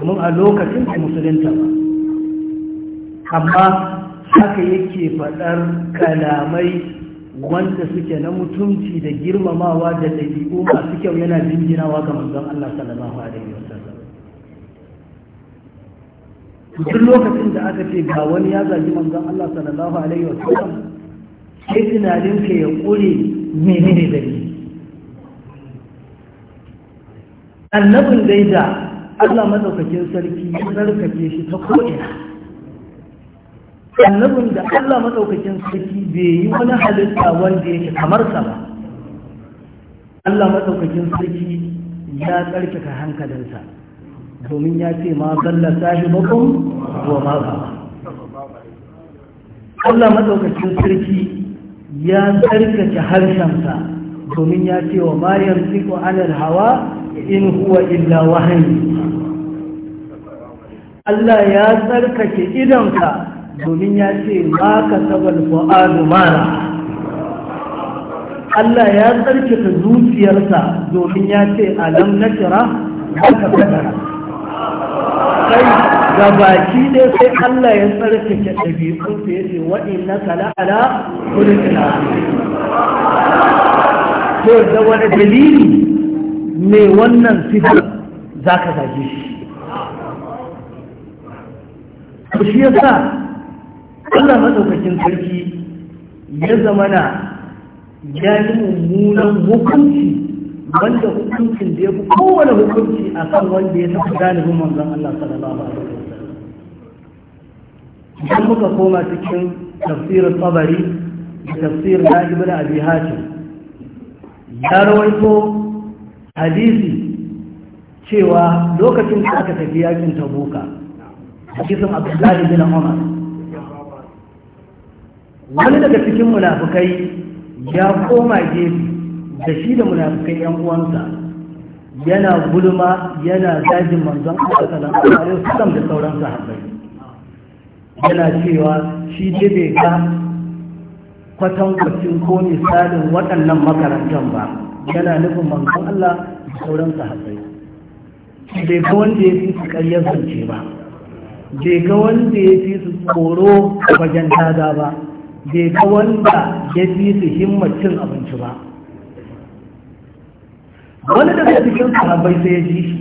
domin a lokacin da musulunta ba amma haka yake faɗar kalamai wanda suke na mutunci da girmamawa da ɗabi'u masu kyau yana jinginawa ga manzon Allah sallallahu alaihi wasallam duk lokacin da aka ce ga wani ya zagi manzon Allah sallallahu alaihi wasallam sai tunaninka ya ƙure menene dalili annabin dai da Allah madaukakin sarki ya tsarkake shi ta ko'ina annabin da Allah madaukakin sarki bai yi wani halitta wanda yake kamar sa ba Allah madaukakin sarki ya tsarkaka hankalinsa domin ya ce ma zalla sahibakum wa ma ba Allah madaukakin sarki ya tsarkace harshensa domin ya ce wa mayar siko anar hawa in huwa illa wahayi Allah ya tsarkace idonka domin ya ce ba ka sabal fu'adu mara Allah ya tsarkake zuciyarsa domin ya ce alam na kira ba ka fadara Ga baki dai sai Allah ya tsarkake ɗabi'unsa ya ce wa'inna kala'ala kulkula to da wani dalili ne wannan sifar za ka zage shi to shi yasa Allah madaukakin sarki ya zamana ya yi mummunan hukunci wanda hukuncin da ya fi kowane hukunci a kan wanda ya tafi galibin manzon Allah sallallahu alaihi wasallam idan muka koma cikin tafsirin tsabari da tafsirin na ibn abi ya rawaito hadisi cewa lokacin da aka tafi yakin tabuka hadisin abdullahi bin umar wani daga cikin munafukai ya koma gefe da shi da munafukai yan uwansa yana gulma yana zagin manzon Allah sallallahu da sauran sahabbai yana cewa shi dai bai kwatan kwacin ko misalin waɗannan makarantar ba yana nufin manzon Allah da sauran sahabbai bai ga wanda ya fi su ƙaryar zance ba bai ga wanda ya fi su tsoro wajen tada ba bai ga wanda ya fi su himmacin abinci ba wani daga cikin sahabbai sai ya ji shi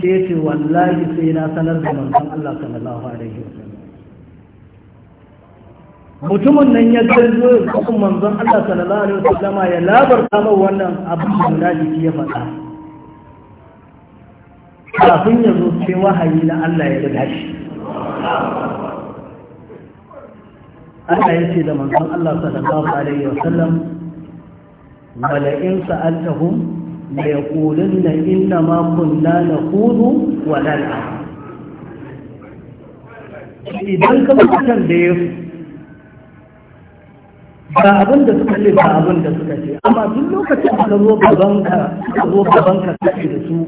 sai ya ce wallahi sai na sanar da manzon Allah sallallahu alaihi wa mutumin nan ya garzo ya manzon Allah sallallahu alaihi wasallama ya labarta mai wannan abin da munafiki ya faɗa kafin ya zo sai wahayi na Allah ya riga shi Allah ya ce da manzon Allah sallallahu alaihi wasallam mala'in sa'altahum la yaqulunna inna ma kunna nakhudu wa nal'a idan ka mutan da yau ba abin da suka ce ba abin da suka ce amma duk lokacin da ka zo gaban ka ka da su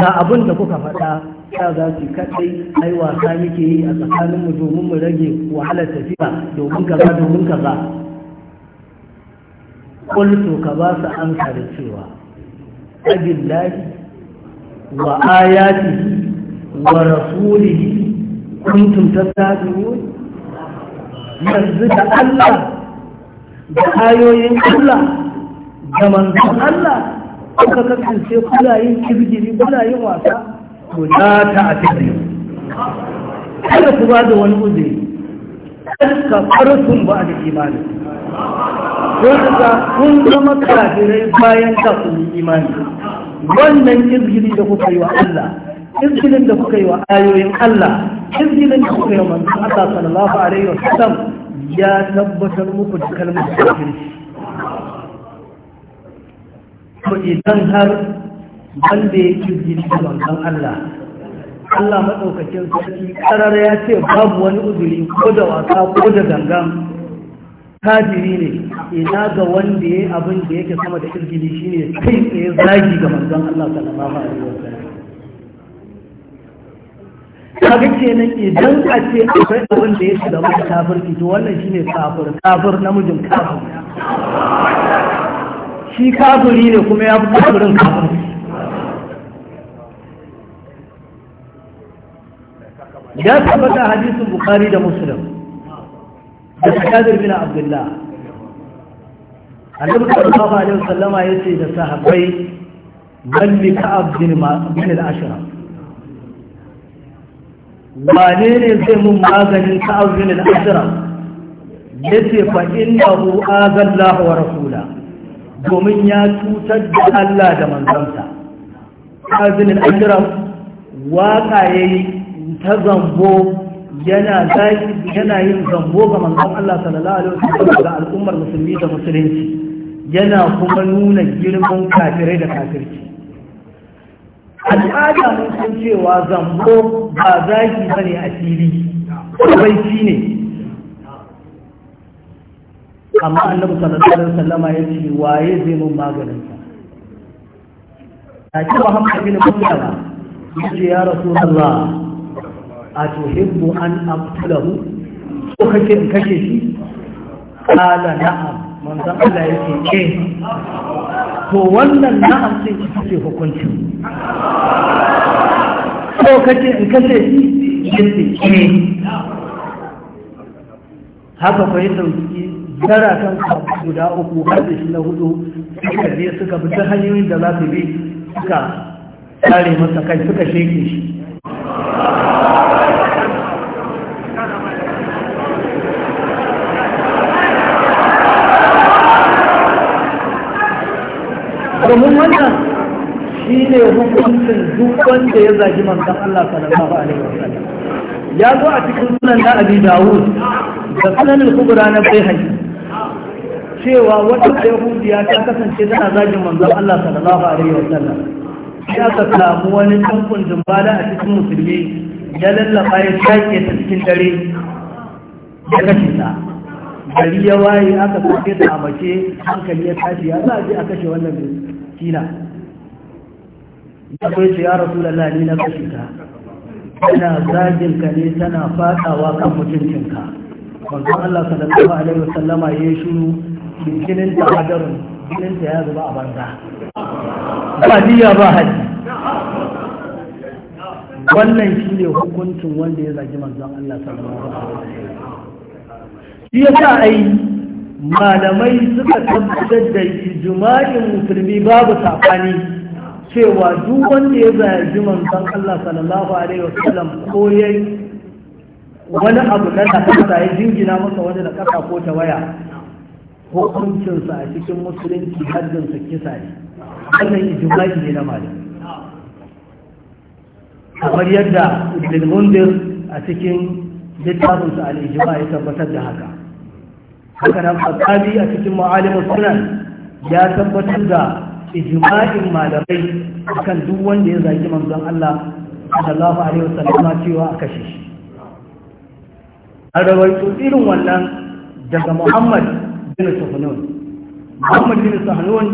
ga abin da kuka faɗa ya za su kaɗai ai wasa muke yi a tsakaninmu domin mu rage wahalar tafiya domin kaza domin kaza kultu ka ba su amsa da cewa abillahi wa ayati wa rasulihi kuntum tattabi'un yanzu da Allah da ayoyin Allah da manzan Allah suka kasance kuna yin kirgiri kuna yin wasa to ya ta atiri kada ku ba da wani uzuri ka farkun ba da imani ko ka kun zama kafirai bayan ka kun yi imani wannan kirgiri da kuka yi wa Allah kirgirin da kuka yi wa ayoyin Allah kirgirin da kuka yi wa manzan Allah sallallahu alaihi wasallam ya tabbatar muku da kalmar kafirci to idan har wanda ya ci jirgin Allah Allah maɗaukakin sarki ƙarar ya ce babu wani uzuri ko da wasa ko da gangan kafiri ne ina ga wanda ya abin da yake sama da kirgili shine kai tsaye zagi ga manzon Allah sallallahu alaihi wasallam kaga kenan idan a ce akwai abin da ya shiga mai kafirci to wannan shine kafir kafir namijin kafir shi kafiri ne kuma ya fi kafirin kafirci ya tabbata hadisin bukari da muslim da sakadir bin abdullah annabi sallallahu alaihi wasallama yace da sahabbai mallika li ka'ab bin al-ashraf wane ne zai mun maganin ta'azin al'adira ya ce fa inna hu azan lahawa rasula domin ya cutar da Allah da manzanta ta'azin al'adira waƙa ya yi ta zambo yana yin zambo ga manzan Allah sallallahu alaihi wasallam da al'ummar musulmi da musulunci yana kuma nuna girman kafirai da kafirci al'ada mun san cewa zambo ba zaki bane a fili baici ne amma annabi sallallahu alaihi wasallam ya ce waye zai mun maganin sa taki muhammad bin muslima yace ya rasulullah a tuhibbu an aqtulahu ko kake kake shi qala na'am manzo Allah yake eh to wannan na hamsin ita ce hukunci ko kace in kace shi yace eh. haka fa sauki dara kan guda uku har da shi na hudu suka je suka bi ta hanyoyin da za su bi suka tare masa kai suka sheke shi ne hukuncin duk wanda ya zagi manzon Allah sallallahu alaihi wasallam ya zo a cikin sunan na Abi Dawud da sunan al-Kubra na Baihaqi cewa wata Yahudiya ta kasance tana zagin manzon Allah sallallahu alaihi wasallam ya ta samu wani tankun jumbala a cikin musulmi ya lallaba ya shaƙe ta cikin dare ya kashe ta gari ya waye aka sake ta a mace hankali ya tashi ya za a je a kashe wannan kila ta kai ce ya rasulallah na kashe yana zagin ka ne tana fadawa kan mutuncinka wanzan Allah sallallahu alaihi wasallama ya yi shuru jinin ta hadarin ya zuba a banza ba diya ba haji wannan shi ne hukuncin wanda ya zagi manzan Allah sallallahu alaihi wasallam yasa ai malamai suka tabbatar da ijima'in musulmi babu safani cewa duk wanda ya zayarci manzon Allah sallallahu alaihi wasallam ko yayi wani abu na ta ya jingina masa wani kasa ko ta waya sa a cikin musulunci sa kisa ne wannan ijma'i ne na malam kamar yadda ibn mundir a cikin sa al-ijma ya tabbatar da haka haka nan a cikin ma'alimin sunan ya tabbatar da ijma'in malamai kan duk wanda ya zaki manzon Allah sallallahu alaihi wasallam cewa aka shi an rawaito irin wannan daga Muhammad bin Sahnun Muhammad bin Sahnun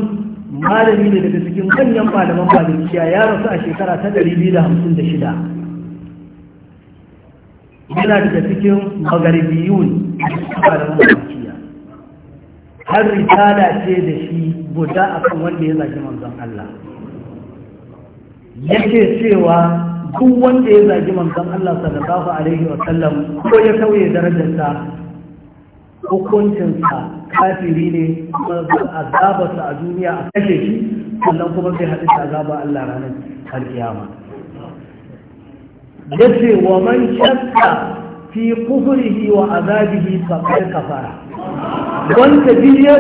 malami ne daga cikin manyan malaman malikiya ya rasu a shekara ta 256 yana daga cikin magaribiyun malaman malikiya har risala ce da shi guda a kan wanda ya zagi manzon Allah yake cewa duk wanda ya zagi manzon Allah sallallahu alaihi wa sallam ko ya kauye darajarsa hukuncinsa kafiri ne kuma azabarsa a duniya a kashe shi sannan kuma zai haɗu da azaba Allah ranar har kiyama yace wa man shakka fi kufrihi wa azabihi faqad kafara wanda biyu ya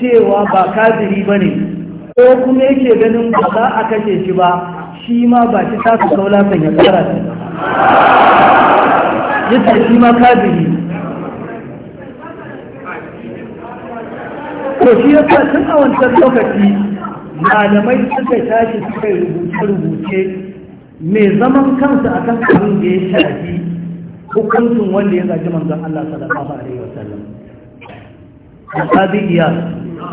cewa ba kaziri ba ne ko kuma yake ganin ba za a kashe shi ba shi ma ba shi ta su saula kan ya tsara shi yadda shi ma kaziri ko shi ya sa tun a wancan lokaci malamai suka tashi suka yi rubuce-rubuce mai zaman kansa akan abin da ya shafi hukuncin wanda ya zaji manzon Allah sallallahu alaihi wasallam alƙadi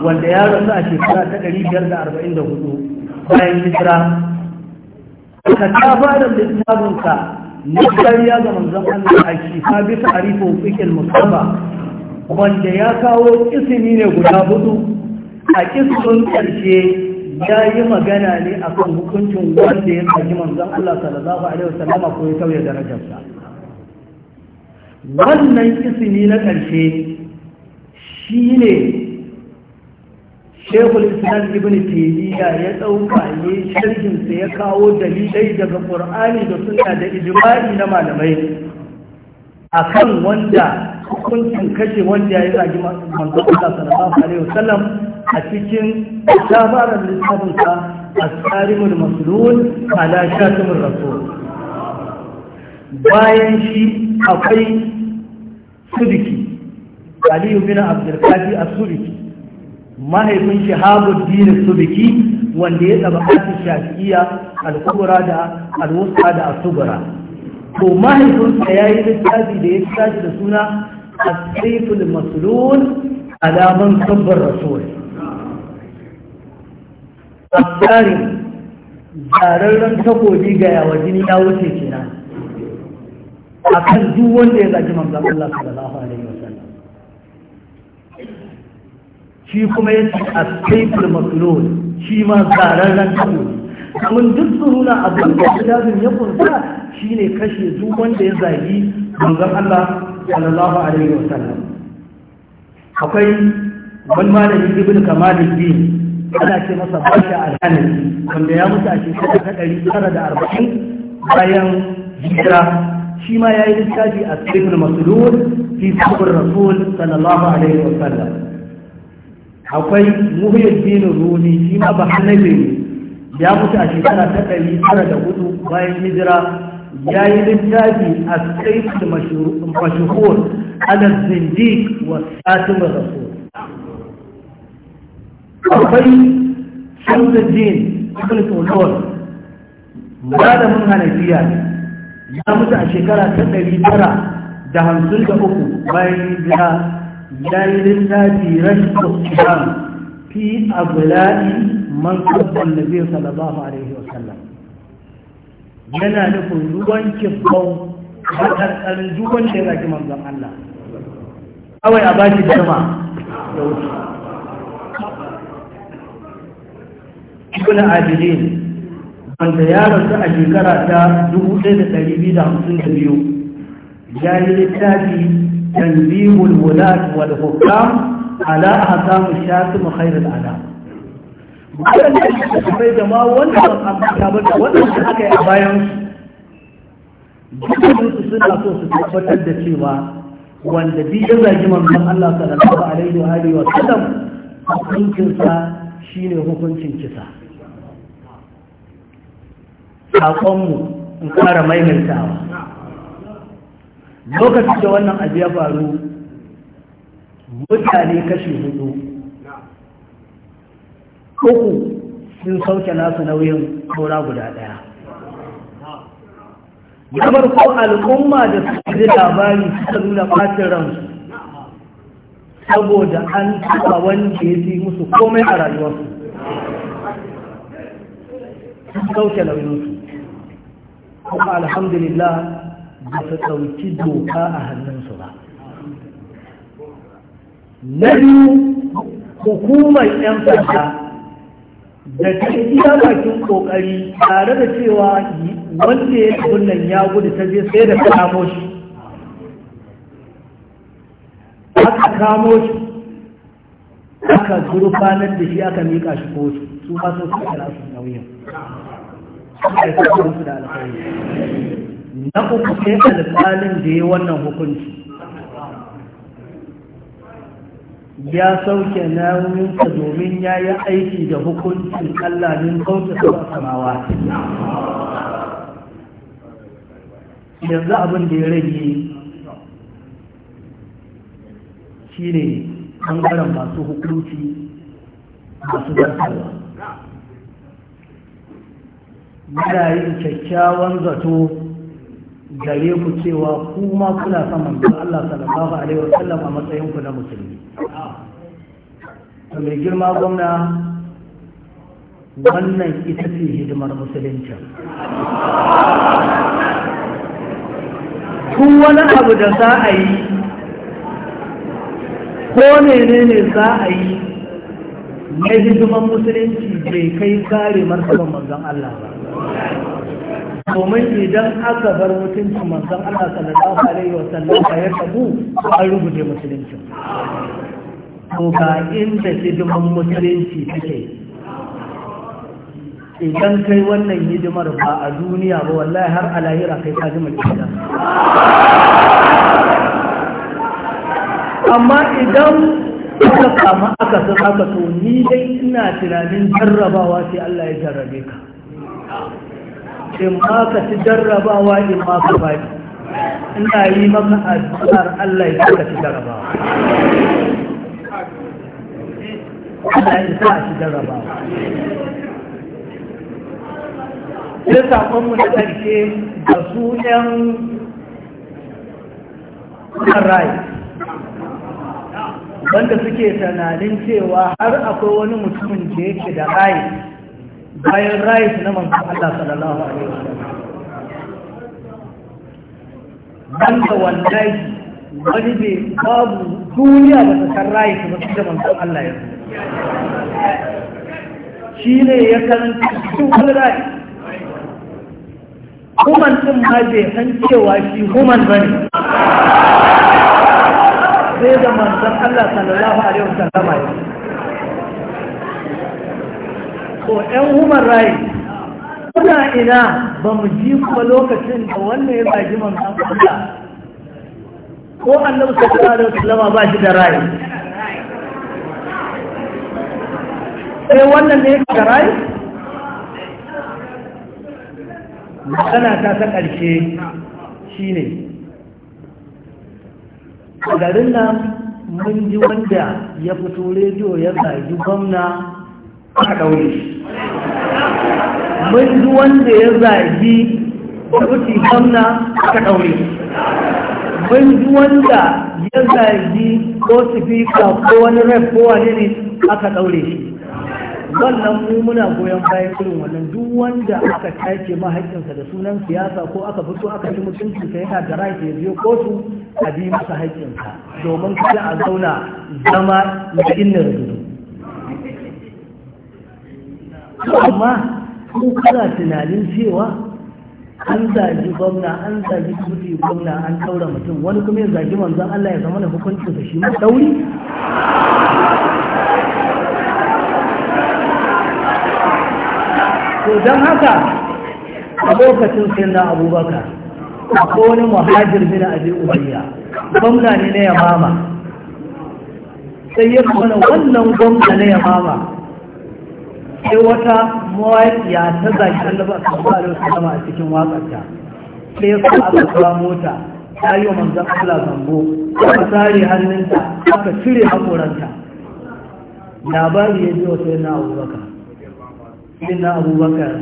wanda ya rasu a shekara ta ɗari 544 bayan hijira ka ta fara littafinsa na kariya ga manzon Allah a shifa bisa arifa hukukin musamma wanda ya kawo isini ne guda hudu a kismin ƙarshe ya yi magana ne a kan hukuncin wanda ya tsaki manzon Allah sallallahu Alaihi wasallama ko ya sauya darajarsa. Wannan isini na ƙarshe shi ne shekul islam ibn taymiya ya ɗauka ne sharhinsa ya kawo dalilai daga ƙur'ani da suna da ijma'i na malamai a kan wanda hukuncin kashe wanda ya yi zagi manzo Allah sallallahu alaihi wasallam a cikin tabarar lissafinsa a as masulun maslul ala shatimur rasul bayan shi akwai sudiki aliyu bina abdulkafi as mahaifin mahaifin shahabuddin suliki wanda ya taba kashi shafi'iyya al-kubra da al-wusta da as-sugra to mahaifinsa ya yi littafi da ya tashi da suna as-sayful maslul alaman sabbar rasul tsarin zararren takobi ga yawa jini ya wuce kenan akan duk wanda ya zaji manzon Allah sallallahu alaihi shi kuma ya ce a saifin maklon shi ma zararren kabo kamun duk suruna abin da kitabin ya kunsa shi ne kashe duk wanda ya zagi manzon Allah sallallahu alaihi wasallam akwai ban malami ibn kamalin biyu ana ce masa bashi alhanari wanda ya mutu a shekara ta ɗari tara da arba'in bayan hijira shi ma ya yi littafi a cikin masulun fi sabon rasul sallallahu alaihi wasallam akwai muhyiddin rumi shi ma ba hannabe ne ya mutu a shekara ta ɗari tara da hudu bayan hijira ya yi littafi a saifin mashuhur ala zindik wa satin rasul akwai ba ibn mun hana biya ya mutu a shekara ta ɗari tara da hamsin da uku bayan hijira ya yi littafi rashin kiran fi abula'i man kusan da zai sallallahu alaihi wasallam yana da ruwan kibbau a ƙarƙarin duwan da ya zaki manzan Allah kawai a baki dama da wuce ibn abidin wanda ya rasu a shekara ta 1252 ya yi littafi تنبيه الولاة والحكام على أحكام الشاتم خير الأعلام wannan da ake tafai da ma da aka yi a bayan su suna so su tabbatar da cewa wanda bi ya zagi manzon Allah sallallahu alaihi wa alihi wa sallam hukuncin sa shine hukuncin kisa sakon mu in kara maimaitawa lokacin da wannan abu ya faru mutane kashi hudu uku sun sauke nasu nauyin kora guda daya na farko al'umma da suke da labari suka nuna ɓacin ransu saboda an taɓa wanda ya fi musu komai a rayuwarsu sun sauke nauyinsu kuma alhamdulillah ba su ɗauki doka a hannunsu ba na biyu hukumar 'yan fata da ta iya bakin kokari tare da cewa wanda ya yi nan ya gudu ta je sai da kamo shi aka kamo shi aka gurfanar da shi aka mika shi kotu su ba su suka rasu nauyin da na uku sai alƙalin da ya wannan hukunci ya sauke nauyinsa domin ya yi aiki da hukuncin Allah min kauta samawa yanzu abin da ya rage shi ne ɓangaren masu hukunci masu zartarwa muna yin kyakkyawan zato gare ku cewa ku ma kuna son da Allah sallallahu alaihi sallam a matsayin ku na musulmi to mai girma gwamna wannan ita ce hidimar musulunci ku wani abu da za a yi ko menene za a yi na hidimar musulunci bai kai kare marsaban manzon Allah ba domin idan aka bar mutuncin manzan Allah sallallahu alaihi wa sallam ya tabu an rubuce musulunci to ga inda hidiman musulunci take idan kai wannan hidimar ba a duniya ba wallahi har a lahira kai ka jima kida amma idan aka samu aka sun aka to ni dai ina tunanin jarrabawa sai Allah ya jarrabe ka in ma ka ci jarrabawa in ma ka faɗi ina yi maka addu'ar Allah ya ka ci jarrabawa Allah ya sa ci jarrabawa sai saƙonmu na ƙarshe da su ɗan rai Banda suke tunanin cewa har akwai wani mutumin da yake da rai bayan rayu na manzan Allah sallallahu alaihi wasallam banda wallahi wani bai babu duniya ba ta san rayu ba su da manzan Allah ya shi ne ya karanta cikin wani rayu human ɗin ma bai san cewa shi human ba ne sai da manzan Allah sallallahu alaihi wasallam ya ko yan human rights kuna ina ba mu ji kuma lokacin da wannan ya zagi manzan Allah ko annabi sallallahu alaihi wasallam ba shi da rai sai wannan ne yake da rai magana ta ta ƙarshe ne a garin nan mun ji wanda ya fito rediyo ya zagi gwamna a ɗaure shi mun ji wanda ya zagi kwamiti gwamna aka ɗaure mun ji wanda ya zagi ko sifika ko wani ref ko wani ne aka ɗaure shi wannan mu muna goyon bayan irin wannan duk wanda aka take mahaƙinsa da sunan siyasa ko aka fito aka ci sai yana da right ya biyo kotu a bi masa haƙƙinsa domin kada a zauna zama na inna rubutu amma ko kana tunanin cewa an zagi gwamna an zagi kudi gwamna an taura mutum wani kuma ya zagi manzon Allah ya zama na da shi ma dauri to dan haka a lokacin sai na abubakar ko wani muhajir bin abi ubayya gwamna ne na yamama sai ya kuma wannan gwamna na yamama sai wata mawaƙiya ta zaki annabi da alaihi wasallam a cikin waƙarta sai su aka kawo mota ta yi wa manzan Allah zambo aka tsari hannunta aka cire hakoranta labari ya ji wata yana abubakar sai abubakar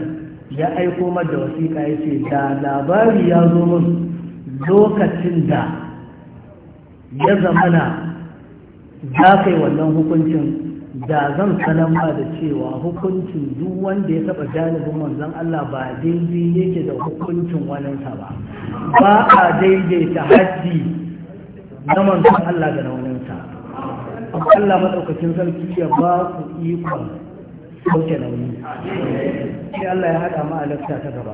ya aiko mata wasiƙa ya ce da labari ya zo min lokacin da ya zamana za ka yi wannan hukuncin da zan ba da cewa hukuncin duk wanda ya taba janibin manzon Allah ba daidai yake da hukuncin waninsa ba ba a daidaita haddi na manzon Allah da rauninsa Allah maɗaukacin sarki ya ba ku ikon sauke rauni sai Allah ya haɗa ma a ta gaba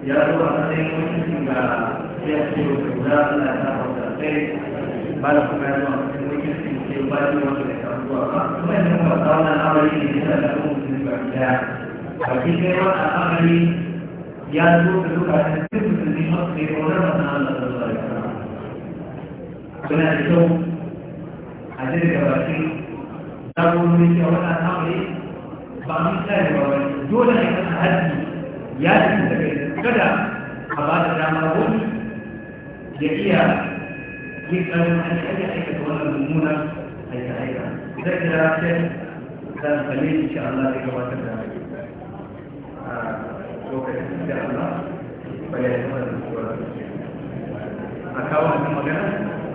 ya zo a matsayin mutum ga ya ce wa kula ana ta ba da kuma ya zo a matsayin ba da wanda ya kawo zuwa kuma yana kuma tsawon amari ne da ta mutum ba daya a cikin wani amari ya zo da duka da duk musulmi masu ne ko rama na Allah da zuwa ya kuna da a jirga bakin da ba wani dole ne ka haɗi ya ci da kada a ba da damar wani ya iya yin ƙarfin aiki aikata wannan mummunan aika-aika zai kira sai dan kalli insha Allah zai gabatar da lokacin da Allah bayan da a kawo magana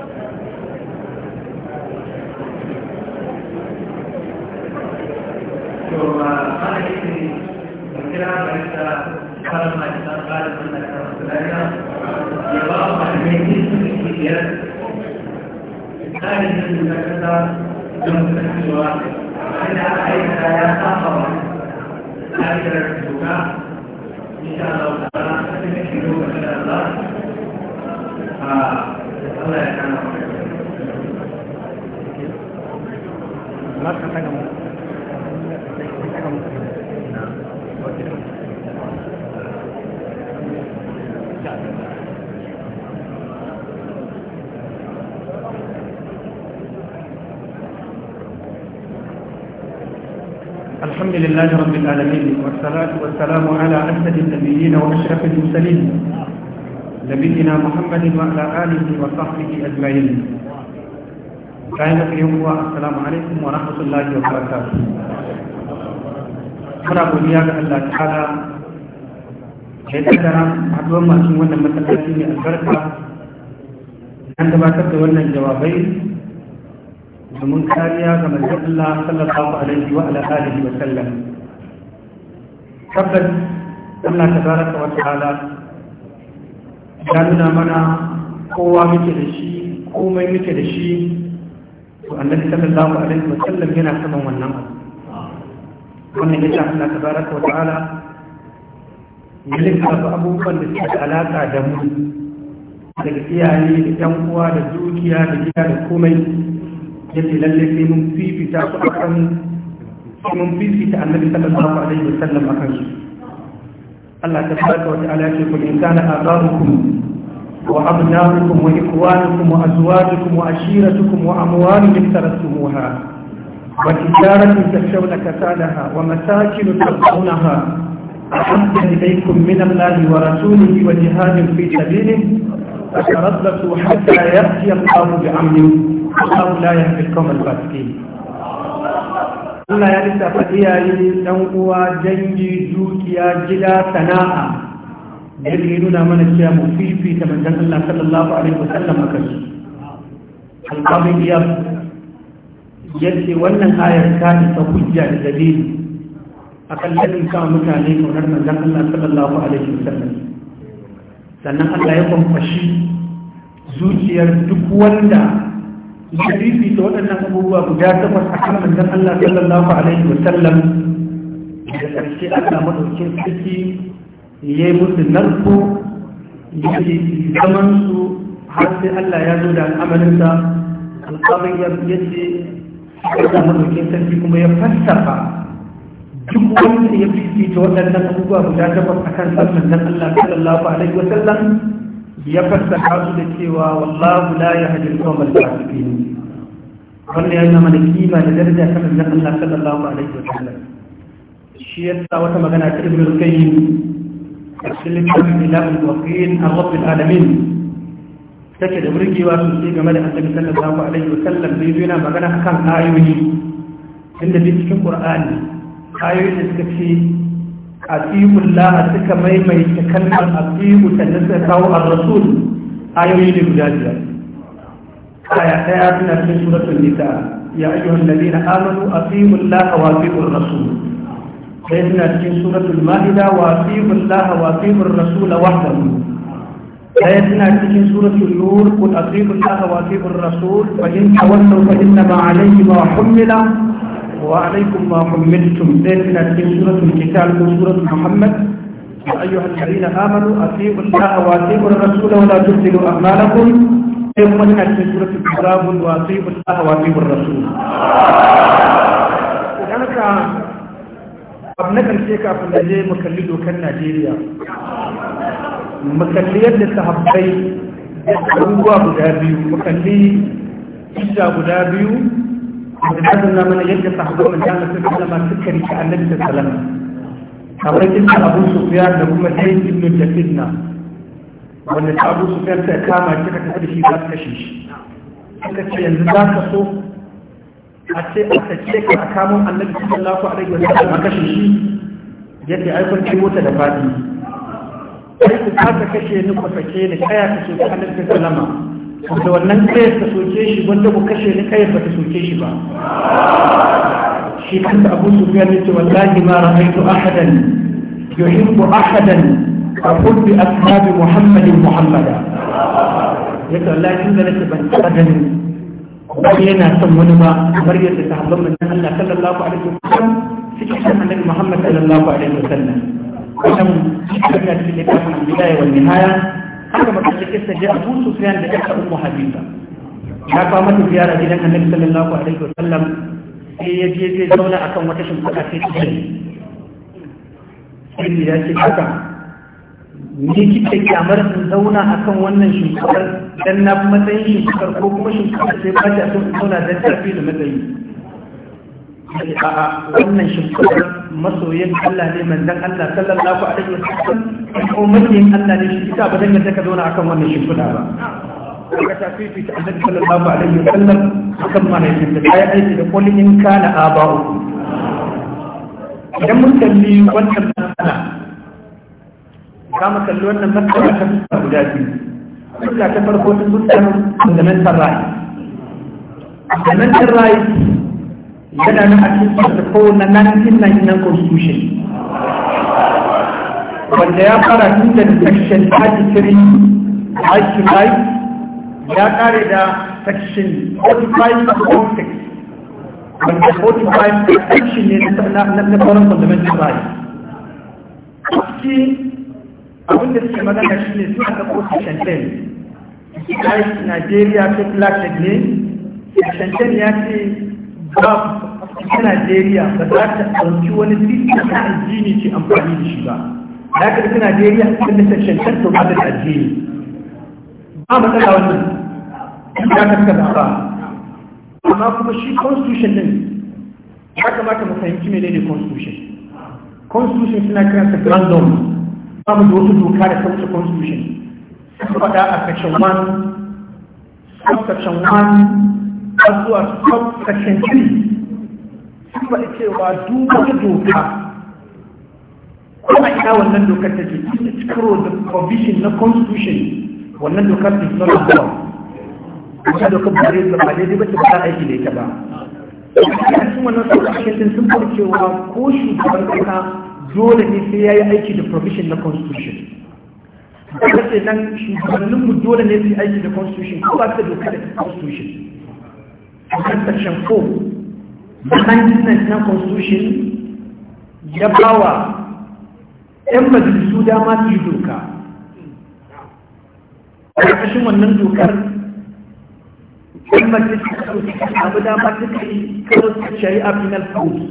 العالمين والصلاة والسلام على أسد النبيين وأشرف المرسلين نبينا محمد وعلى آله وصحبه أجمعين كائنة اليوم هو السلام عليكم ورحمة الله وبركاته أنا أقول لك أن الله تعالى حيث أنا أقول ما أشيء وأنا مثلا أشيء البركة عندما تتولى الجوابين ومن كان يا الله صلى الله عليه وعلى آله وسلم tabbas Allah ta baraka wa ta'ala ya nuna mana kowa muke da shi komai muke da shi to annabi sallallahu alaihi wa sallam yana saman wannan abu wannan yace Allah ta baraka wa ta'ala yalika ba abubuwan da suke alaka da mu daga iyaye da yan uwa da dukiya da gida da komai yadda lallai sai mun fifita su akan mun fifita annabi sallallahu alaihi wasallam akan su Allah ta baraka wa ta'ala ce kun in kana azabukum wa abnaukum wa ikwanukum wa azwajukum wa ashiratukum wa amwalun tarattumuha wa tijaratun takshawna kasadaha wa masakin tarzunaha أحب إليكم من الله ورسوله وجهاد في سبيله فتربصوا حتى يأتي الله بأمره الله لا يهدي القوم الفاسقين Allah ya lissafa iyaye ɗan uwa dangi dukiya gida sana'a da yake nuna mana cewa mu fifita manzon Allah sallallahu alaihi wasallam akan su alqabin ya yace wannan ayar ta ta hujja da dalili akan ladin ka mutane kaunar manzon Allah sallallahu alaihi wasallam sannan Allah ya kwamfashi zuciyar duk wanda ya ta waɗannan abubuwa guda takwas a kan manzan Allah sallallahu alaihi wa sallam da ƙarshe Allah madaukin sarki ya yi musu narko ya yi zaman su har sai Allah ya zo da al'amarinsa alƙamin ya ce Allah madaukin sarki kuma ya fassafa duk wanda ya ta waɗannan abubuwa guda takwas a kan manzan Allah sallallahu alaihi wa sallam ya fassara su da cewa wallahu la yahdi al-qawm al-fasiqin wannan yana mana kima da daraja kan annabi Allah sallallahu alaihi wa sallam shi ya sa wata magana ta Ibn al-Qayyim a cikin littafin Ilah al-Waqin ar-Rabb al-Alamin take da burgewa sosai game da annabi sallallahu alaihi wa sallam bai zo yana magana kan ayoyi inda bi cikin Qur'ani ayoyin da suka ce Laha suka maimaita kalmar atiku ta nasa kawo a rasul ayoyi ne guda biyar aya daya tana cikin suratul nisa ya ayyuhan ladina amanu Laha wa atiur rasul sai tana cikin suratul maida wa Laha wa atiur rasul wahdahu sai tana cikin suratul nur qul Laha wa atiur rasul fa in tawallu fa inna ma alayhi ma humila وعليكم ما حملتم ذلك في سورة القتال وسورة محمد يا أيها الذين آمنوا أطيعوا الله وأطيعوا الرسول ولا تبطلوا أعمالكم يوم في سورة الكتاب وأطيعوا الله وأطيعوا الرسول لذلك abu na ƙarshe kafin da je makalli dokar najeriya makalliyar da sahabbai da abubuwa guda biyu makalli isha guda biyu وتعلمنا من يد صحبه من كان في العالم سكري كأنك تسلم أولئك أبو سفيان لكم الحين ابن الجسدنا wanda ta abu su fiyarta ya kama kika tafi da shi kashe shi suka ce yanzu za ka so a ce a sace ka a kamun annabi sallallahu alaihi wa sallam a kashe shi yadda ai ciwo ta da fadi sai ku ka kashe ni ku sake ni kaya ka so ka annabi sallama wanda wannan kayar ta soke shi wanda ku kashe ni kayar ba ta soke shi ba shi kanta abu su fiye ne ce wallahi ma ra'aitu ahadan yuhibbu ahadan أقول بأصحاب محمد محمدا yadda Allah ya tunzala ta ban taɓa ganin bari yana son wani ba kamar yadda ta habban manzon Allah sallallahu alaihi wasallam suke son annabi Muhammad sallallahu alaihi wasallam wannan shi ne ta cikin littafin bidaya wal nihaya haka matsalin kista ji abu su fiyan da aka umu habiba ya kawo mata ziyara gidan annabi sallallahu alaihi wa sallam sai ya je zai zauna akan wata shimfiɗa sai su shari sai ya ce haka ni kike kyamar in zauna akan wannan shimfiɗar dan na matsayin shimfiɗar ko kuma shimfiɗar sai ba ta so in zauna don tafi da matsayi a'a wannan shimfidar masoyin Allah ne manzan Allah sallallahu alaihi wa sallam ko masoyin Allah ne shi ta ba zan yadda ka zauna akan wannan shimfida ba ka ta fifita annabi sallallahu alaihi wa sallam akan mahaifin da kai aiki da kullin in kana aba'u idan mun kalli wannan matsala za mu kalli wannan matsala ta fuska guda biyu fuska ta farko ta fuskar fundamental right fundamental right yana nan a cikin protocol na 1999 constitution wanda ya fara tun da section 33 harshe 5 ya kare da section 45 46 wanda 45 section ne na tsoron fundamental rights a cikin abinda suke magana shi ne suna da section 10 ikikai Nigeria Fifth Latin ne, Section 10 ya ce ba ta Najeriya ba za ta ɗauki wani sista na aljini ce amfani da shi ba ya ka ta Najeriya ta da tashantar ta da addini ba matsala wannan ya ka ta ba amma kuma shi constitution din ya kamata mu fahimci menene constitution constitution suna kiransa grand dome. ba mu da wasu doka da ta constitution sun faɗa a section 1 section 1 har zuwa top section 3 ba faɗi cewa duba doka kuma ina wannan dokar ta ke cikin karo da provision na constitution wannan dokar ta zama zuwa wata dokar ba zai zama daidai ba ta ba aiki da ita ba a cikin wannan sauƙaƙin sun fara cewa ko shugaban ƙasa dole ne sai ya yi aiki da provision na constitution da ce nan shugabanninmu dole ne sai aiki da constitution ko ba ta doka da constitution a section 4 na 1999 na constitution ya bawa wa 'yan majalisu dama su yi doka a ƙarƙashin wannan dokar 'yan majalisu da ɗauki abu dama su ka yi kawai shari'a final code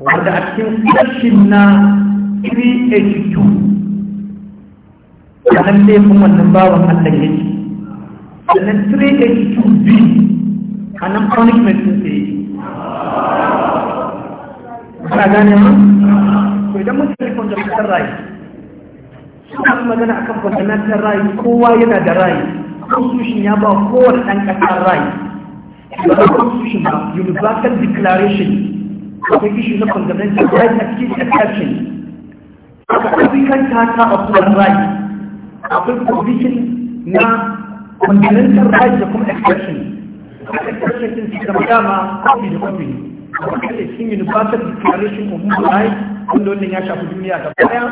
wanda a cikin sashin na 382 a nan laifin wannan bawan Allah yake sannan 382b a nan punishment sun sai ana gane ma? ko idan mun tafi fundamental rai. suna magana akan fundamental rai kowa yana da right constitution ya ba kowane ɗan ƙasar right ba ba constitution ba universal declaration akwai issue na fundamental right a cikin exception akwai kan tata of human right akwai provision na continental rights da kuma expression expression din su zama dama kofi da kofi kuma kalle cikin universal declaration of human rights wanda wannan ya shafi duniya ga baya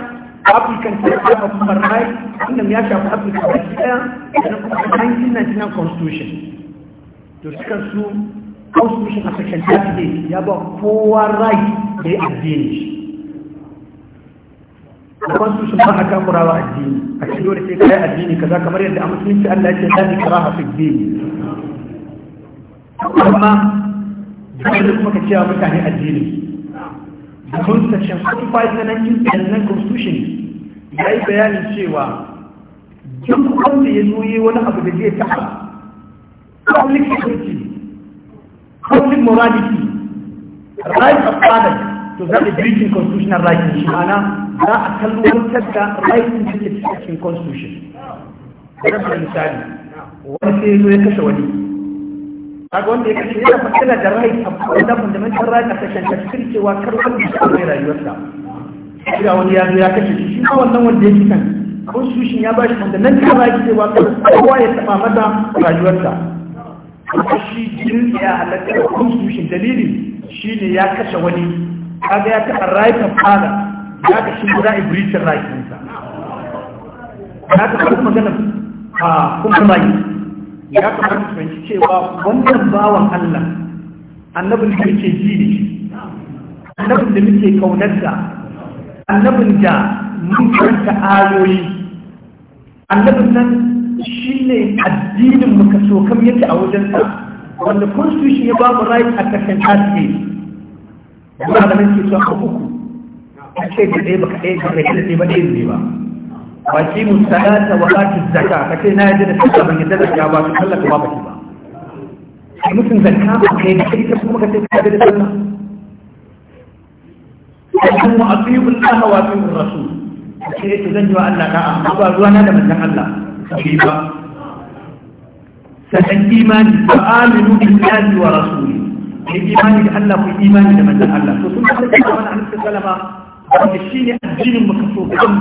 African Charter of Human Rights wannan ya shafi Africa baki daya da kuma 1999 constitution to sukan su constitution a section 38 ya ba kowa right da ya addini akwai su sun ba a takurawa addini a cikin dole sai kai addini kaza kamar yadda a musulunci Allah ya ce la ikraha fi din amma dole kuma ka cewa mutane addini domin section certified na 1999 constitution ya yi bayanin cewa duk wanda ya zo yi wani abu da zai taɓa public security public morality right of father to that the breaching constitutional rights shi ma'ana za a kalwantar da rightin da ke cikin constitution da misali wani sai zo ya kashe wani kaga wanda ya kashe yana fasila da right a wanda fundamental right a sashen tafsir cewa kar da ya mai rayuwarsa ga wani ya ya kashe shi ma wannan wanda ya kisan constitution ya ba shi fundamental right cewa kar kowa ya taba mata rayuwarsa shi jin ya halatta constitution dalili ne ya kashe wani kaga ya taɓa right ta fara ya ka shi za a yi breachin rakinsa ya ka kuma magana a kuma rayu ya kamata su fahimci cewa wannan bawan Allah annabin da muke ji da shi annabin da muke kaunarsa annabin da mun karanta ayoyi annabin nan shi ne addinin muka so kam yake a wajensa wanda kun constitution ya ba mu right at the same time ba da nake so a uku a ce ka ɗaya baka ɗaya ka ɗaya ɗaya ba ɗaya zai ba wa ki musalata wa ati zakka ka ce na yadda da sallah ban yadda da zakka ba to sallah ka ba ki ba kai mutum zakka ba kai da ita kuma ka ce ka yadda da sallah sannan wa aqimu Allah wa aqimu Rasul sai ya zan yi wa Allah ka amma ba ruwa na da manzon Allah sai ba sannan imani wa aminu billahi wa rasuli ne imani da Allah ku imani da manzon Allah to sun ka ce wannan annabi sallama wanda shi ne addinin muka so kan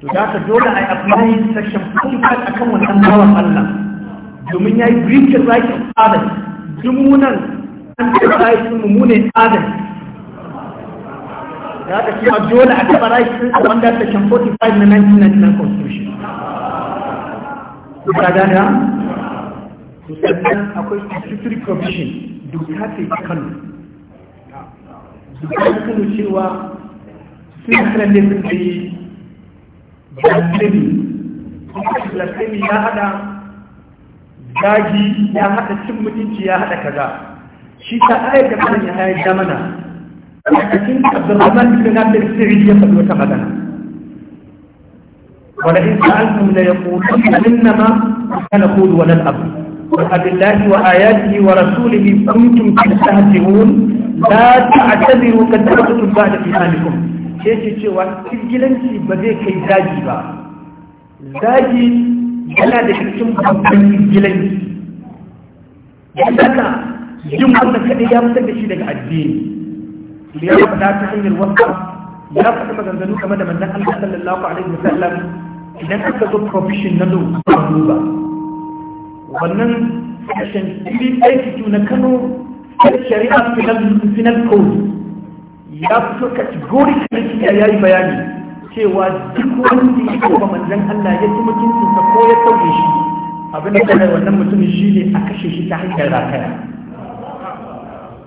to za ka dole a yi yin sashen 45 a kan wannan bawan Allah domin ya yi breach the right of others dumunan an taɓa rights sun mummune Adam Da za ka a dole a taɓa rights a wanda section 45 na 1999 constitution ka gane to sannan akwai statutory provision doka ce ta kano da kano cewa suna kan laifin da yi blasphemy blasphemy ya hada zagi ya hada cin mutunci ya hada kaza shi ta ayar da kan ya hayar da mana a cikin abdurrahman bin da sirri ya faɗi wata magana wala in sa'altum la yaqulun innama kana qulu wala al-abd وعبد الله وآياته ورسوله كنتم تستهزئون لا da قد كنتم بعد إيمانكم yake cewa kirgilanci ba zai kai zagi ba zagi yana da cikin babban kirgilanci yana yin wannan kaɗai ya fitar da shi daga addini ya faɗa ta hanyar wasa ya faɗa maganganu game da manzon Allah sallallahu alaihi idan aka zo profession na zo ba wannan kashin filin aiki na kano shari'a final code ya fito kan cikin ya yi bayani cewa duk wanda ya kuma manzan Allah ya ci mutuncinsa ko ya sauke shi abin da kawai wannan mutumin shi ne a kashe shi ta hanyar rataya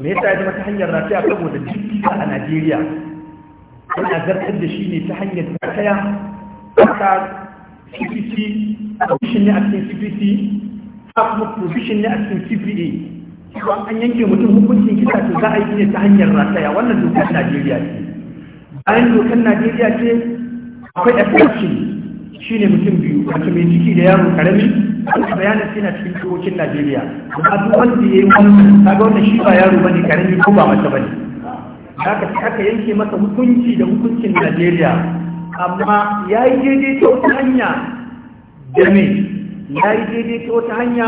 me yasa ya zama ta hanyar rataya saboda duk a Najeriya ana zartar da shi ne ta hanyar rataya aka CPC a ne a cikin kuma provision ne a cikin CPA cewa an yanke mutum hukuncin kisa to za a yi ne ta hanyar rataya wannan dokar Najeriya ce bayan dokar Najeriya ce akwai exception ne mutum biyu wato mai ciki da yaro karami wanda bayanin sai na cikin dokokin Najeriya amma duk wanda ya yi wannan kaga wannan shi ba yaro bane karami ko ba mace bane ka sai aka yanke masa hukunci da hukuncin Najeriya amma ya yi daidai ta wata hanya da mai ya yi daidai ta wata hanya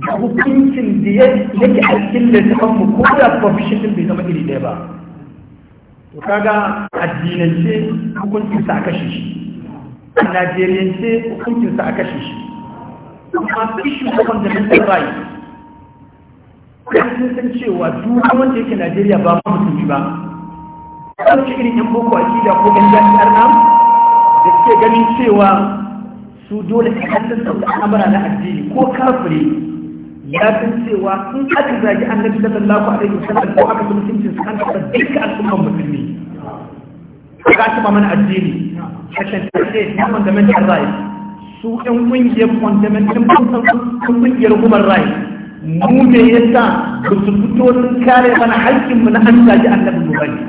da hukuncin da yake a cikin ta mu ko da profession din bai zama iri ɗaya ba to kaga addinance hukuncin sa aka shi a najeriyance hukuncin sa aka shi amma issue of fundamental right sun san cewa duk wanda yake Najeriya ba ma musulmi ba kawai irin yan boko akida ko yan jami'ar nan da suke ganin cewa su dole a hannun sauka al'amura na addini ko kafiri ya san cewa sun aka zagi annabi sallallahu alaihi wasallam ko aka zama cincin su kan taɓa duka al'umman musulmi ka taɓa mana addini kashin tashe na fundamental rights su ɗan ƙungiyar fundamental ƙungiyar human rights mu ne ya sa ba su fito sun kare mana haƙƙinmu na an zagi annabi mu bane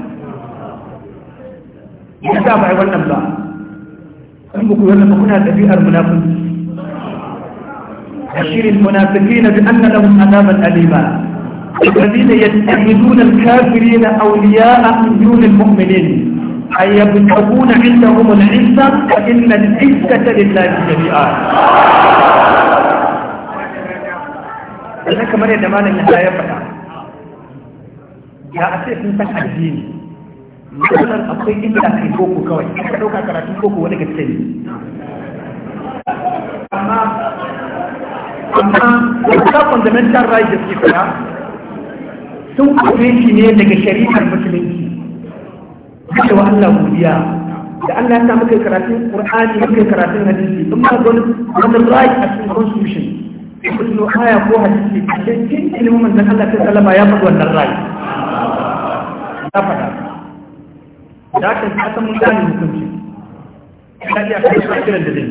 ya sa ba wannan ba in ba بشر المنافقين بأن لهم عذابا أليما الذين يتخذون الكافرين أولياء من دون المؤمنين أن يبتغون عندهم العزة فإن العزة لله جميعا Allah kamar yadda ya faɗa ya sun san addini matsalar akwai inda kai koko kawai aka ɗauka karatun koko wani gaske ne amma amma wata fundamental right da suke kula sun aure shi ne daga shari'ar musulunci kada wa Allah godiya da Allah ya muka karatun Qur'ani muka karatun hadisi in ma wani wani right a cikin constitution mutum aya ko hadisi a cikin ilimin manzon Allah ta sallama ya faɗi wannan right ya faɗa da haka ta san mun gane hukunci ta yi kai shi kiran da zai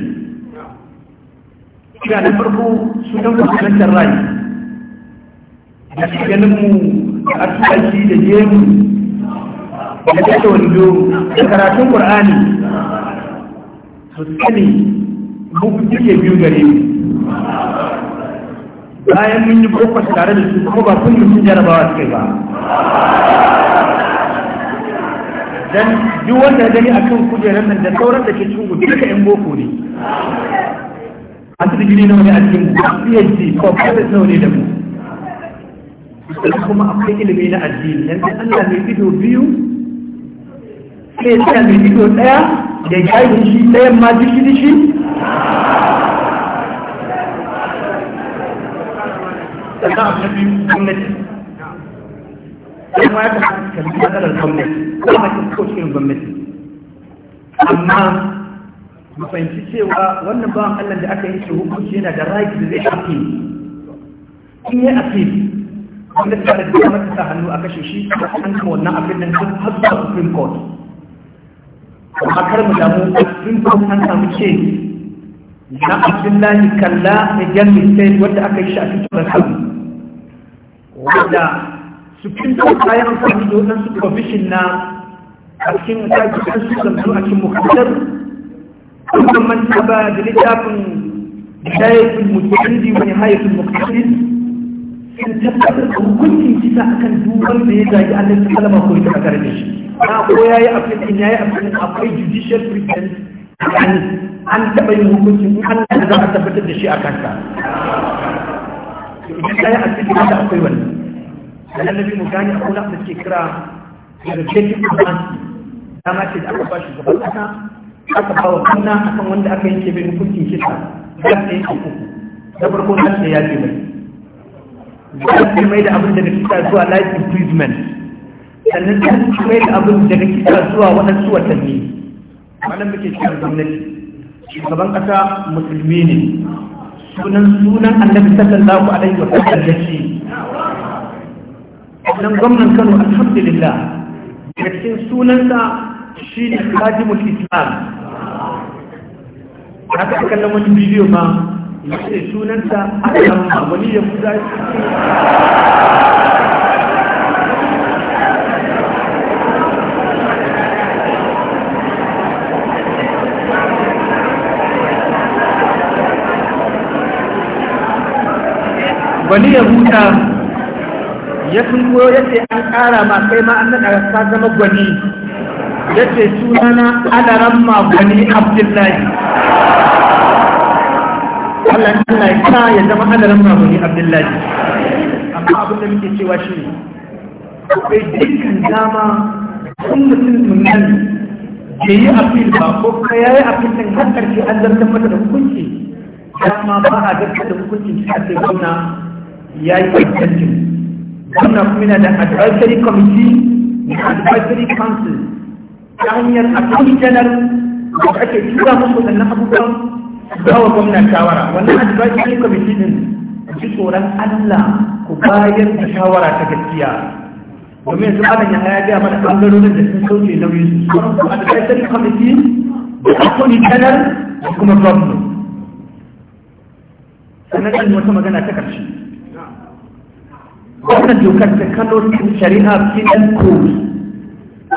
yi ga na farko su ɗan fuskantar rai da shi ganin mu da asuwaci da gemu da kashe wando da karatun ƙur'ani su sani mun duke biyu gare mu bayan mun yi bakwai tare da su kuma ba kun mutum jarabawa suka yi ba dan duk wanda gani akan kujerar nan da sauran da ke cikin gudu duka yan boko ne masu digiri na wani a cikin PhD ko private nawa ne da mu kuma akwai ilimi na addini yanzu an da mai ido biyu sai sai mai ido daya da gaji shi dayan ma dishi dishi sannan na gwamnati sai ma ta kalli matsalar gwamnati ko ma ta ko cikin gwamnati amma mu fahimci cewa wannan bawan Allah da aka yi shi hukunci yana da raki da zai haƙi in yi a afil wanda ta da duk mata sa hannu a kashe shi a an kama wannan abin nan har har zuwa Supreme Court amma kar mu damu Supreme Court an samu ce na Abdullahi Kalla da Jami'in State wanda aka yi shi a cikin Rasulu wanda cikin da ya amfani da waɗansu provision na a cikin kajikan su zamto a cikin mukaddar kusan manta ba da littafin dayatul mutuwindi wani hayatul mukaddar sun tabbatar da hukuncin kisa akan duban da ya zagi annabi kalama ko ita a da shi na ko yi afirkin yi afirkin akwai judicial preference an taɓa yin hukuncin in Allah za a tabbatar da shi a kanta idan ɗaya a da akwai wannan annabi mu gane akwai da suke kira irritative advance dama ce da aka ba shugaban kasa aka ba wa kanna akan wanda aka yanke mai hukuncin kisa da ya yanke uku na farko da ya yafe mai za ta mai da abin da na kisa zuwa life imprisonment sannan za ta mai da abin da na kisa zuwa waɗansu watanni wannan muke kiran gwamnati shugaban kasa musulmi ne sunan sunan annabi sallallahu alaihi wa sallam da shi nan gwamnan kano alhamdulillah daga cikin sunansa shi ne kajimul islam Na ta kallon wani bidiyo ma ya ce sunansa kan wani ya kusa wani ya huta ya sun koyo ya ce an ƙara ma kai ma an nada ka zama gwani ya ce sunana adaran ma gwani abdullahi Allah Allah ya ya zama adaran ma gwani abdullahi amma abin da muke cewa shi ne akwai dukkan dama kun mutum mummuni ke yi afil ba ko ka yayi afil din har ƙarshe an zartar mata da hukunci dama ba a zartar da hukuncin sai a gwamna ya yi wannan kuma da advisory committee da advisory council ta hanyar a kan janar da ake tura musu da na abubuwan ba wa gwamna shawara wannan advisory committee din ji tsoron Allah ku bayar da shawara ta gaskiya domin yanzu ana yana ya gaya mana ɓangarorin da sun sauke nauyin su su advisory committee da kwamishinar da kuma gwamna sannan wata magana ta ƙarshe wannan dokar ta kano shari'a penal code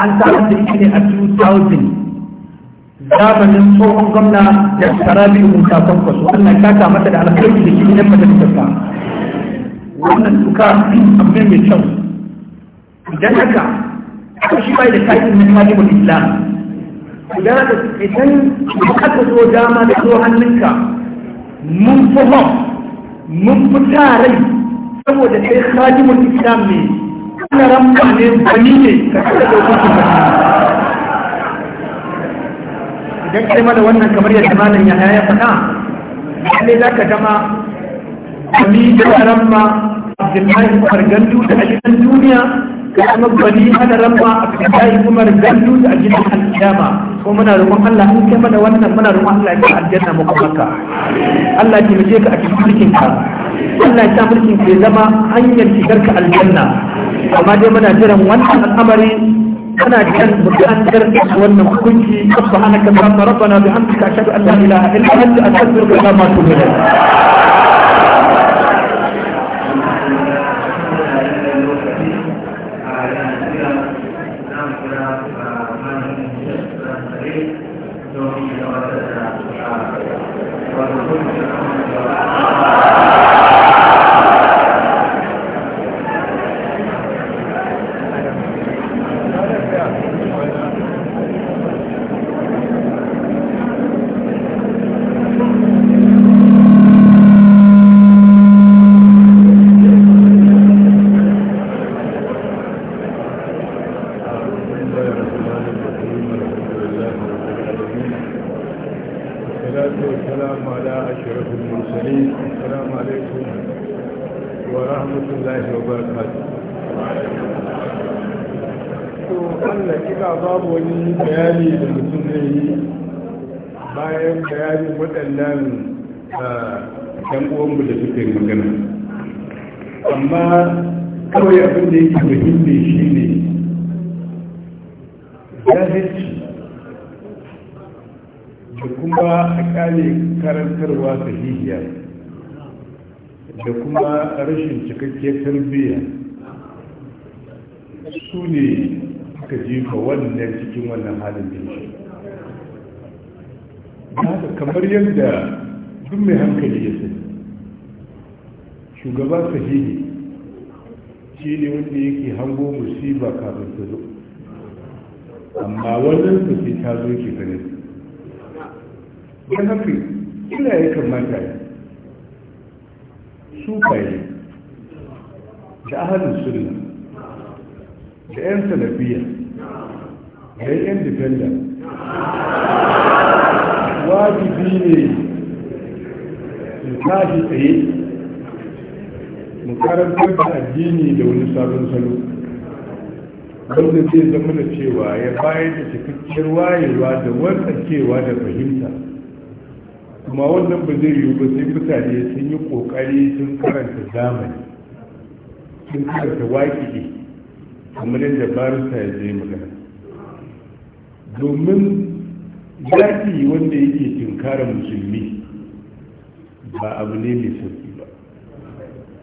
an samu da shi ne a 2000 zamanin tsohon gwamna da sarabi musa kwankwas wannan ta kama da alkhairi da shi ne majalisar ta wannan doka abu mai kyau idan haka aka shi bai da kayan na kalibul islam idan idan aka zo dama da zo hannunka mun fi mun fi tarai saboda ɗaya khadimul islam ne ana ramma ne bani ne ka kada da hukunci idan kai mana wannan kamar yadda malam ya ya faɗa lalle za ka gama bani da ramma abdullahi fargandu da gidan duniya kai an ga ni mana ramba kai kuma ran duk a cikin al-kiyama ko muna roƙon Allah in kai wannan muna roƙon Allah ya aljanna mu kuma ka Allah ki muje ka a cikin mulkin ka Allah ya mulkin ke zama hanyar shigar ka aljanna amma dai muna jiran wannan al'amari kana jiran buƙatar wannan hukunci subhanaka rabbana bihamdika ashhadu an la ilaha illa anta astaghfiruka wa atubu ilayk cikakke tarbiyya su ne aka jefa wannan cikin wannan halin da shi haka kamar yadda duk mai hankali ya sani shugaba sahihi shi ne wanda yake hango musiba kafin ta zo amma wannan su ke ta zo ke ganin don haka ina ya kamata su bayan da ahalin suna da 'yan salafiya da 'yan dependent wajibi ne mu tashi tsaye Makarantar da addini da wani sabon salo wanda zai zama da cewa ya bayar da cikakkiyar wayewa da wartsakewa da fahimta kuma wannan ba zai yiwu ba sai mutane sun yi ƙoƙari sun karanta zamani sun karanta waƙi kamar yadda barista ya je magana domin yaƙi wanda yake tunkarar musulmi ba abu ne mai sauƙi ba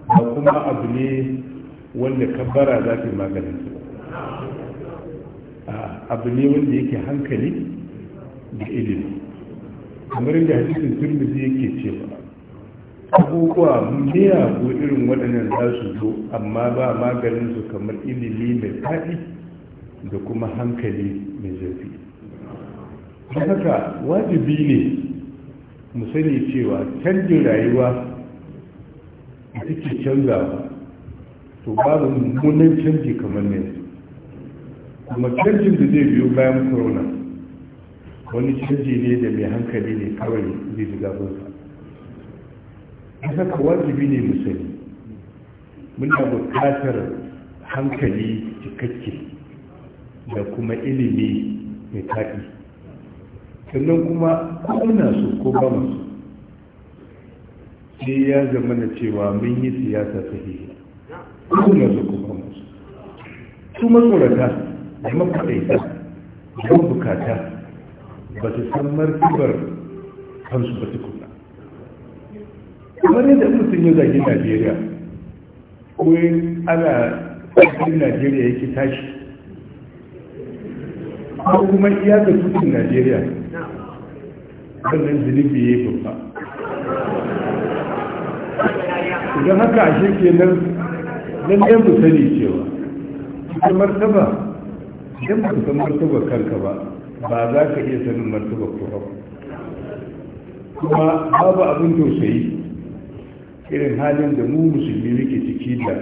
ba kuma abu ne wanda kabbara za ta yi maganin su abu ne wanda yake hankali da ilimi kamar yadda hadisin turmizi yake cewa abubuwa ko irin waɗannan za su zo amma ba maganin su kamar ilimi mai faɗi da kuma hankali mai zafi don haka wajibi ne mu sani cewa canjin rayuwa da canza canzawa to babu mummunan canji kamar ne kuma canjin da zai biyo bayan corona wani canji ne da mai hankali ne kawai zai ji gabansa haka wajibi ne musulmi muna buƙatar hankali cikakke da kuma ilimi mai taɗi sannan kuma kuna su ko ba masu sai ya zama na cewa mun yi siyasa ta sahihi kuna su ko ba masu su matsorata da mafaɗaita da bukata ba su san martibar kansu ba tukun kamar yadda sun yi zagi najeriya ko ana tsakanin najeriya yake tashi ko kuma iya ga tutun najeriya wannan zunubi ya yi babba idan haka ashe nan, zan ɗan mu sani cewa cikin martaba idan musamman martaba san kanka ba ba za ka iya sanin martaba kowa kuma babu abin tausayi irin halin da mu musulmi muke ciki da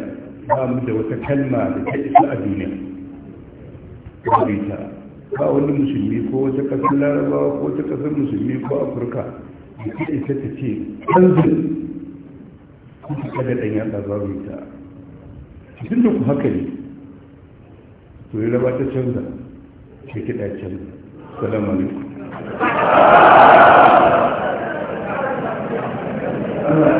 ba mu da wata kalma da ta isa a duniya ita ba wani musulmi ko wata ƙasar larabawa ko wata ƙasar musulmi ko afirka da ta isa ta ce kanzil kuka kada ɗan yaɗa mu ita tun da ku haka ne to yi raba ta canza sai kiɗa canza salam alaikum you.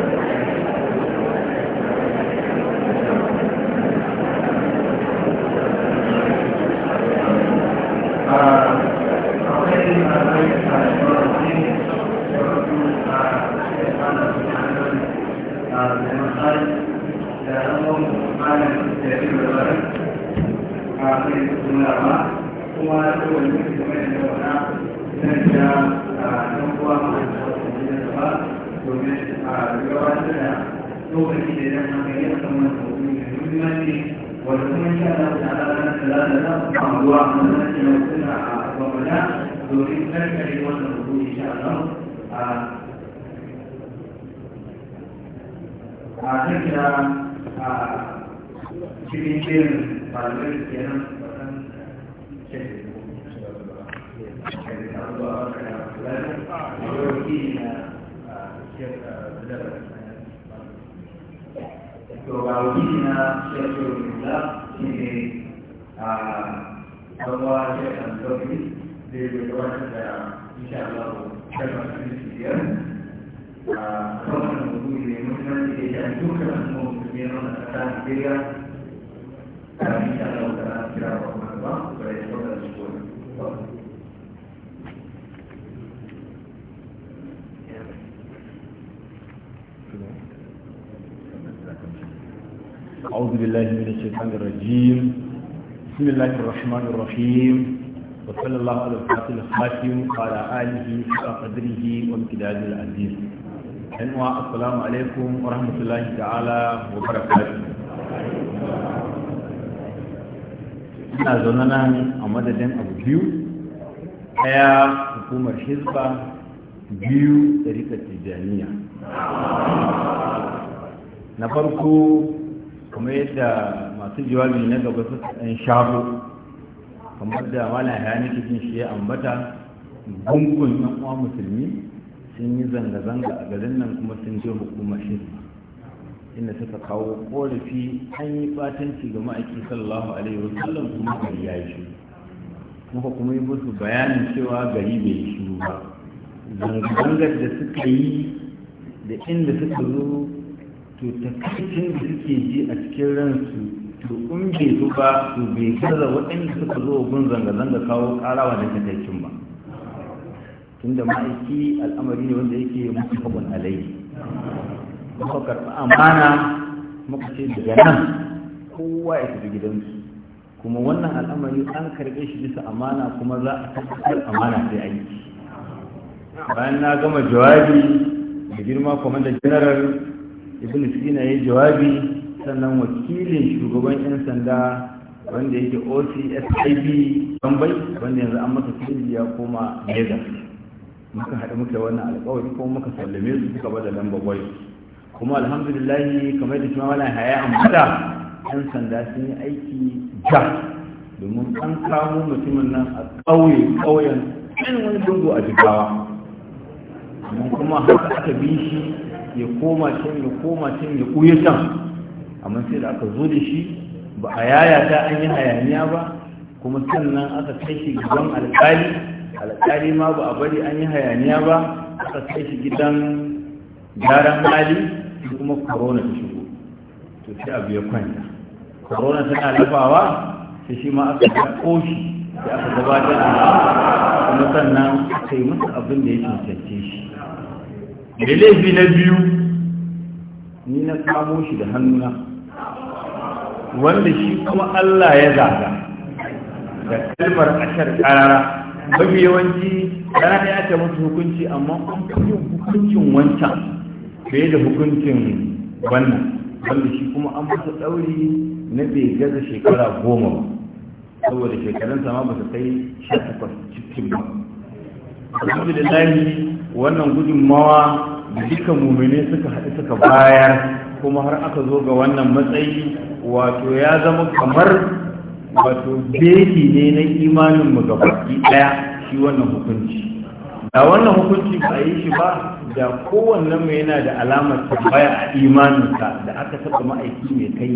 gabatar da lokaci da da ala a masarci a gwamna a karkira a cikin da Thank you. Uh, uh, Kewajibannya uh, sesuatu yang ini bahwa saya akan ini dilakukan secara insya Allah dapat disediakan. Kalau menunggu ini mungkin tidak juga mungkin akan dia insya Allah akan segera berubah dari sekolah sekolah. أعوذ بالله من الشيطان الرجيم بسم الله الرحمن الرحيم وصلى الله على القاتل الخاتم وعلى آله وقدره وامتداد العزيز أنواع السلام عليكم ورحمة الله تعالى وبركاته أنا zaune أمد a أبو بيو biyu حكومة hukumar بيو طريقة تجانية na farko kamar yadda masu jawabi na gaba su ɗan shago kamar da wala ya yi cikin shi ya ambata gungun yan uwa musulmi sun yi zanga-zanga a garin nan kuma sun je hukumar shi inda suka kawo korafi an yi batanci ga ma'aiki sallallahu alaihi sallam kuma gari ya yi shi muka kuma yi musu bayanin cewa gari bai yi shiru ba zanga-zangar da suka yi da inda suka zo to da suke ji a cikin ransu to in bai zo ba to bai gaza waɗanda suka zo gun zanga-zanga kawo ƙarawa da takaicin ba tunda ma'aiki al'amari ne wanda yake mutuhakun alayi muka karɓi amana muka ce daga nan kowa ya tafi gidansu kuma wannan al'amari an karɓe shi bisa amana kuma za a tabbatar amana sai aiki bayan na gama jawabi mai girma kwamandan general ibn sina ya jawabi sannan wakilin shugaban 'yan sanda wanda yake ocsib bambai wanda yanzu an masa canji ya koma mega muka haɗu muka wannan alƙawari kuma muka sallame su suka bada lamba boy kuma alhamdulillahi kamar da kuma wani haya bada 'yan sanda sun yi aiki ja domin an kamo mutumin nan a ƙauye ƙauyen ɗan wani dungu a jigawa amma kuma haka aka bi shi ya koma can ya koma can ya kuya can amma sai da aka zo da shi ba a yaya ta an yi hayaniya ba kuma sannan aka kai shi gidan alƙali alƙali ma ba a bari an yi hayaniya ba aka kai shi gidan gyaran hali da kuma corona ta shigo to sai abu ya kwanta corona tana lafawa sai shi ma aka ga koshi sai aka gabatar da kuma sannan kai masa abin da ya cancanci shi da laifi na biyu ni na kamo shi da hannuna wanda shi kuma Allah ya zaga da kalmar ashar karara mafi yawanci rana ya ce musu hukunci amma an fi hukuncin wancan fiye da hukuncin wannan wanda shi kuma an masa ɗauri na bai gaza shekara goma ba saboda shekarunsa ma ba su kai sha takwas cikin ba alhamdulillah wannan gudunmawa da dukkan mumini suka haɗu suka bayar kuma har aka zo ga wannan matsayi wato ya zama kamar wato beki ne na imanin mu ga baki ɗaya shi wannan hukunci da wannan hukunci ba a yi shi ba da kowanne mu yana da alamar tambaya a imaninsa da aka taɓa ma'aiki mai kai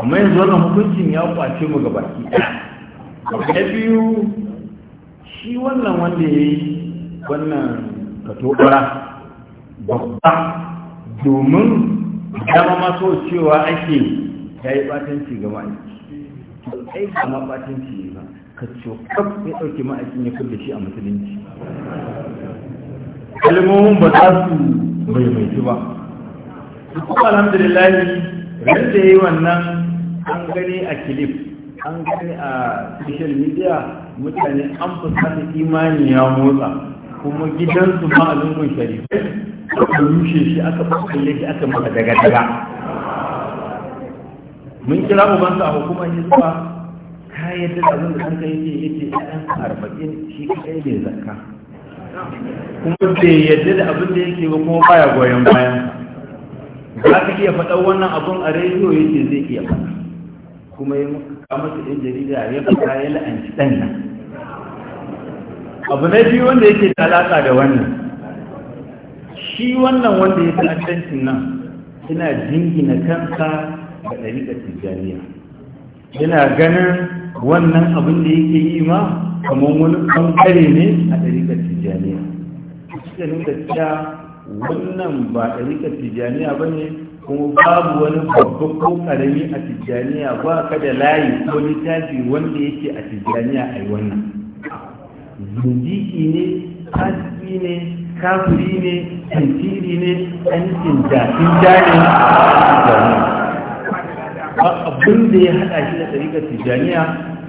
amma yanzu wannan hukuncin ya kwace mu ga baki ɗaya na biyu shi wannan wanda ya yi wannan katobara babba domin dama maso cewa ake ya yi batanci ga ma'aiki ai ba ma batanci ne ba ka cokaf ya ɗauki ma'aikin ya kulle shi a musulunci kalmomin ba za su bai mai ba kuma alhamdulillahi ran da ya yi wannan an gani a kilif an gani a social media mutane an fusata imani ya motsa kuma gidansu ma a lungun sharifai aka rushe shi aka fakalle shi aka maka daga daga mun kira ubansa a hukumar hizba ka yadda da abin da kanka yake yake ɗan arba'in shi kai ne zakka kuma bai yadda da abin da yake ba kuma baya goyon bayan za ka iya faɗan wannan abin a rediyo yake zai iya faɗa kuma ya maka su ɗan jarida ya fita ya la'anci ɗan nan abu na biyu wanda yake da alaƙa da wannan shi wannan wanda ya ta'addanci nan yana jingina kansa ga ɗariƙar tijjaniya yana ganin wannan abin da yake yi ma kamar wani ɓangare ne a ɗariƙar tijjaniya suka nuna cewa wannan ba ɗariƙar tijjaniya ba ne kuma babu wani babban ko ƙarami a tijjaniya ba ka da layi ko littafi wanda yake a tijjaniya a yi wannan zindiki ne fasiki ne kafiri ne tantiri ne ɗan tinjafin jani ba abin da ya haɗa shi da ɗariƙar tijaniya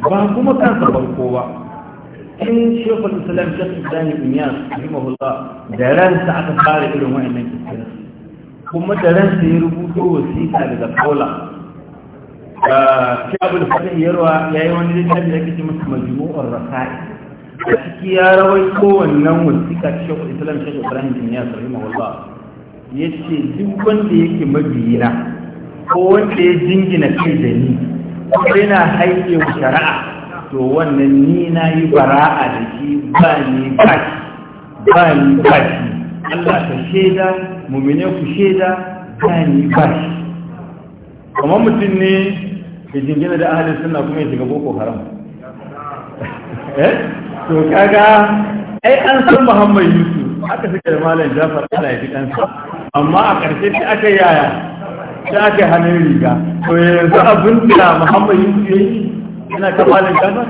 ba kuma kansa farko ba in shekul islam shekul islami inyas rahimahullah da ransa aka fara irin wa'annan kiskirar kuma da ransa ya rubuto wasiƙa daga kaula شعب الفتح يروى يا أيها الذين آمنوا كتبت مجموع الرسائل a ciki ya rawai kowannan wasiƙa ta shekul islam shekul ibrahim bin ya sarri mawalla ya ce duk wanda yake mabiyina ko wanda ya jingina kai da ni ko yana haike wa shari'a to wannan ni na yi bara'a da shi ba ni ba shi ba ni ba shi Allah ka shaida mumine ku shaida ba ni ba shi kamar mutum ne ya jingina da ahalin suna kuma ya shiga boko haram eh to kaga ai an san muhammad yusuf aka suke da malam jafar ana fi ɗansa amma a ƙarshe sai aka yaya sai aka yi hannun riga to yanzu abin da muhammad yusuf ya yi yana ta malam jafar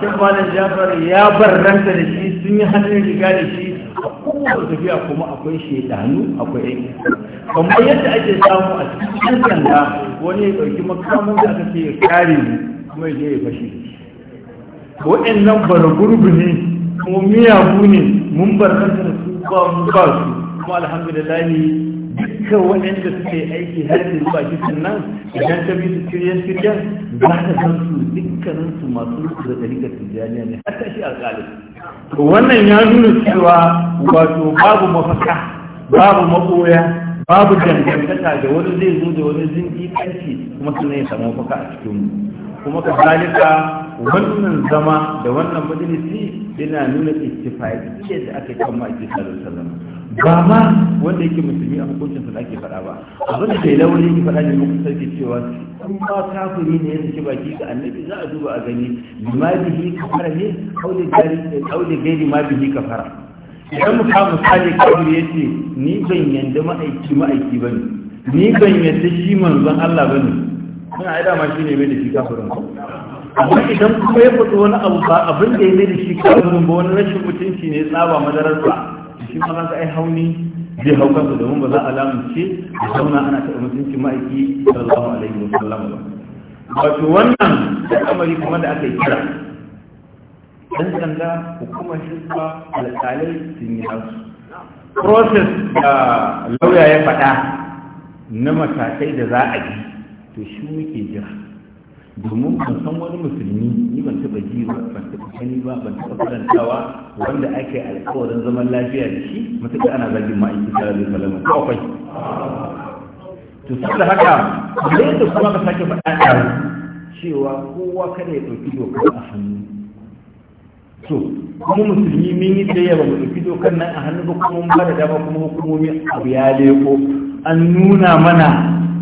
ta malam jafar ya bar ranta da shi sun yi hannun riga da shi a kowace tafiya kuma akwai shaidanu akwai yan kamar yadda ake samu a cikin sanda wani ya ɗauki makamun da aka ce ya kare mu kuma ya je ya fashe shi waɗannan bara gurbi ne kuma miyagu ne mun bar da su ba mun ba su kuma alhamdulillah dukkan waɗanda suka aiki har da zuwa kisan nan idan ta bi su shirye-shiryen za ta san su dukkanin su masu rufu da tarikar tijjaniya ne har shi alƙalin wannan ya nuna cewa wato babu mafaka babu maɓoya babu dangantaka da wani zai zo da wani zindiƙanci kuma sannan ya samu mafaka a cikinmu kuma ka zalika wannan zama da wannan majalisi yana nuna ittifaqiyya da aka kan ma'aiki sallallahu alaihi ba ma wanda yake musulmi a hukuncin da ake faɗa ba abin da lauri yake faɗa ne muku sarki cewa kun ba kafiri ne ya saki baki ga annabi za a duba a gani limabihi kafara ne aure gari ma bihi ka kafara idan mu ka misali kafiri ce ni ban yanda ma'aiki ma'aiki ba ne ni ban yanda shi manzon Allah ba ne kuna ai dama ne mai da shi kafirin ko amma idan kuma ya fito wani abu ba abin da ya zai da shi kawai ba wani rashin mutunci ne tsaba madarar ba. shi ma ka ai hauni zai hau kansa domin ba za a lamunce da zauna ana taɓa mutuncin ma'aiki sallallahu alaihi wa sallam ba wato wannan amari kuma da aka yi kira dan sanda hukumar shirka alƙalai sun yi hansu process da lauya ya faɗa na matakai da za a yi to shi muke jira domin ban san wani musulmi ni ban taɓa ji ba ban taɓa gani ba ban taɓa karantawa wanda ake alƙawarin zaman lafiya da shi matuƙa ana zargin ma'aikin sallallahu alaihi ko kawai to saboda haka da yadda kuma ka sake faɗa ɗaru cewa kowa kada ya ɗauki dokar a hannu to kuma musulmi mun yi tsaye ba mu ɗauki dokar nan a hannu ba kuma mun ba da dama kuma hukumomi abu ya leko an nuna mana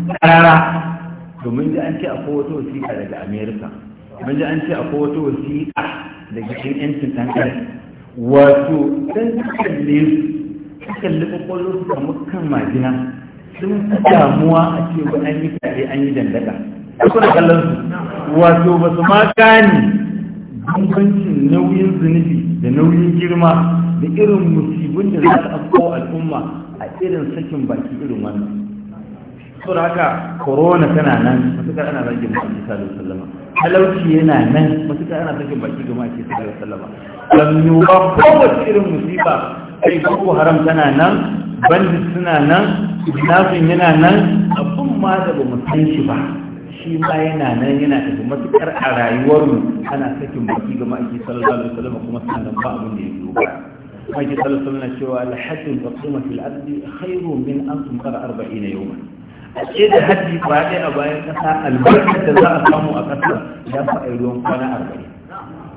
ƙarara to mun ji an ce akwai wata wasiƙa daga amerika mun ji an ce akwai wata wasiƙa daga cikin yancin ɗan wato ɗan kalle su kalli ƙwallo su kama kan majina sun fi damuwa a ce ba an yi kaɗe an yi dandaka kuna kallon su wato ba su ma gane bambancin nauyin zunubi da nauyin girma da irin musibin da za su afko al'umma a irin sakin baki irin wannan so da haka korona tana nan matuƙar ana zagin baki sallallahu alaihi sallama, talauci yana nan matuƙar ana zagin baki ga maki sallallahu alaihi wasallam lamnuwa kowace irin musiba sai boko haram tana nan bandit suna nan nafin yana nan abun ma da ba mu san shi ba shi ma yana nan yana tafi matuƙar a rayuwarmu ana sakin baki ga maki sallallahu alaihi sallama, kuma sanan ba abin da ya biyo ba حاجة ثلاثة من الشواء الحج البطيمة في الأرض خير من أن تمطر أربعين يوما ake da hajji ba ɗaya a bayan ƙasa albarkar da za a samu a kasar ya fi a ruwan kwana arba'in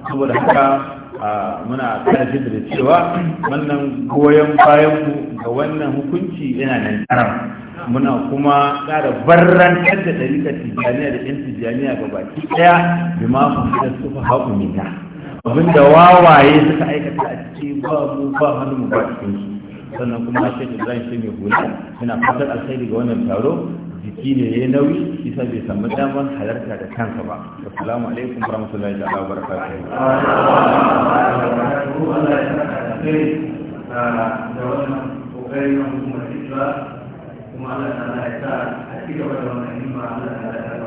saboda haka muna kada da cewa wannan goyon bayan ga wannan hukunci yana nan karam muna kuma ƙara barrantar da ɗarikar tijjaniya da ƴan tijjaniya ga baki ɗaya bi ma su fa haƙu mita abinda wawaye suka aikata a cikin ba mu ba hannu ba cikin sannan kuma shekaru zai sai mai gona yana fatar alkhairi ga wannan taro jiki ne ya nauyi isa bai samu damar halarta da kansa ba assalamu alaikum warahmatullahi ta'ala barakatuhu da wannan kokari na hukumar isra kuma Allah ta ya sa a ci gaba da wannan himma Allah ta ya sa da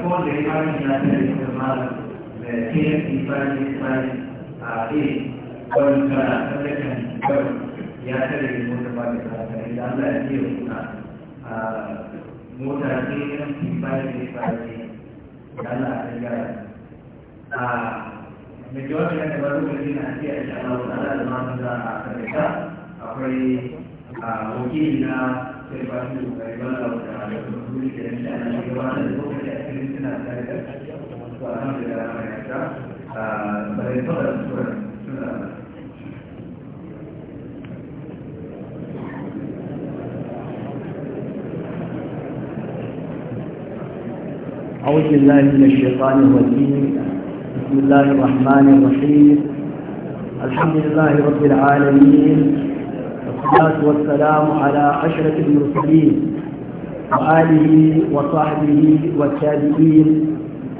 ko da ya yi na tare da malam da ke yi fari fari a ɗaya kawai kana tsallakan kawai ya tare da mota ba da kasa idan Allah ya ce kuna mota ce yan kimanin ne ba da Allah yi gyara a da jawabi na gaba lokaci na ce a sha Allah ta'ala da mamu za a karanta akwai wakili na sai ba su da ribar da wata da kuma da ya sha kuma ya kuma da kuma a kuma suna kuma da kuma a kuma da kuma karanta kuma da ya kuma suna أعوذ بالله من الشيطان الرجيم بسم الله الرحمن الرحيم الحمد لله رب العالمين والصلاة والسلام على أشرف المرسلين وآله وصحبه والتابعين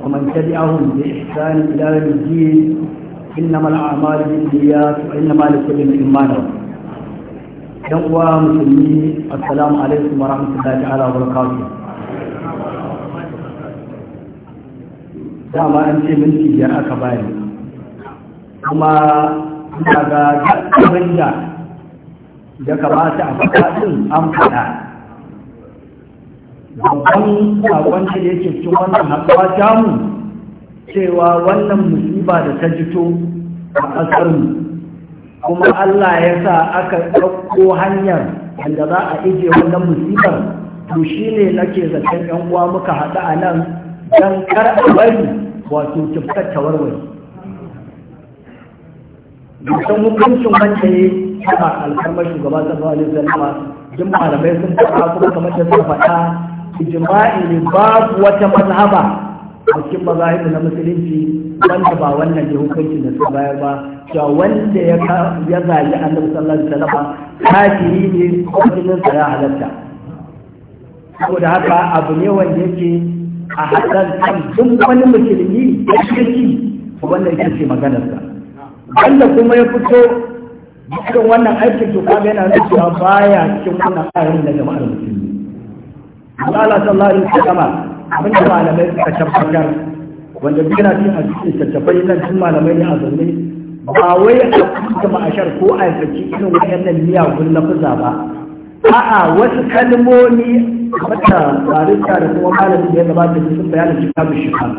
ومن تبعهم بإحسان إلى يوم الدين إنما الأعمال بالنيات وإنما لكل امرئ ما نوى مسلمين السلام عليكم ورحمة الله تعالى وبركاته dama an ce minti biyar aka bayan kuma ina ga abin da ya kamata a faɗa ɗin an faɗa babban sakon da yake cikin wannan haɗuwa jamu cewa wannan musiba da ta jito a ƙasarmu kuma Allah ya sa aka ɗauko hanyar wanda za a ije wannan musibar to shi ne nake zaton 'yan uwa muka haɗu a nan don kar a bari wato cutar ta warware dusan hukuncin wanda ya taba alfarmar shugaba sallallahu alaihi wasallam jin malamai sun faɗa kuma kamar ta sun faɗa ijma'i ne babu wata mazhaba a cikin mazahibu na musulunci wanda ba wannan ne hukuncin da sun bayar ba ya wanda ya ya zagi annabi sallallahu alaihi wasallam kafiri ne ko jinin sa ya halatta saboda haka abu ne wanda yake a haɗar kan duk wani musulmi ya shirki wannan ita ce maganarsa wanda kuma ya fito cikin wannan aikin to kaga yana nuna cewa baya cikin wannan ayarin da jama'ar musulmi Allah sallallahu alaihi wasallam abin da malamai suka tabbatar wanda yana cikin a cikin tattafai nan tun malamai ne a zanne ba wai a cikin ma'ashar ko a irin wayannan miyagun lafuza ba a'a wasu kalmomi wata barista da kuma malamin da ya gabata sun bayanin kitabun shifa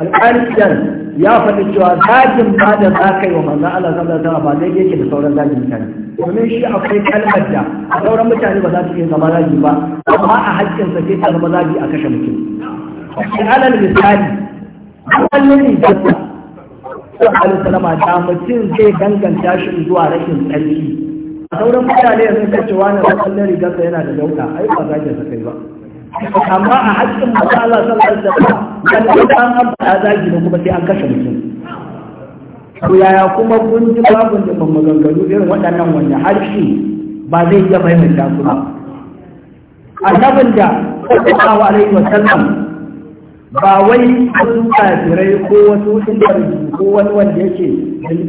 alƙaliyan ya faɗi cewa zagin ba da za ka yi wa manzan Allah sallallahu alaihi wasallam ba zai yake da sauran zagin mutane domin shi akwai kalmar da a sauran mutane ba za su iya zama zagi ba amma a hakkin sa sai ta zama zagi a kashe mutum shi alal misali kallon rigarsa sallallahu alaihi wasallam da mutum zai danganta shi zuwa rashin tsarki sauran mutane sun ce cewa na kallon rigarsa yana da dauka ai ba za ki sakai ba amma a hakkin masu Allah sallallahu alaihi wasallam kan an ambata zagi ne kuma sai an kashe mutum to yaya kuma kun ji babu da maganganu irin waɗannan wanda har shi ba zai iya maimaita su ba annabin da sallallahu alaihi wasallam ba wai wasu kafirai ko wasu inda ko wani wanda yake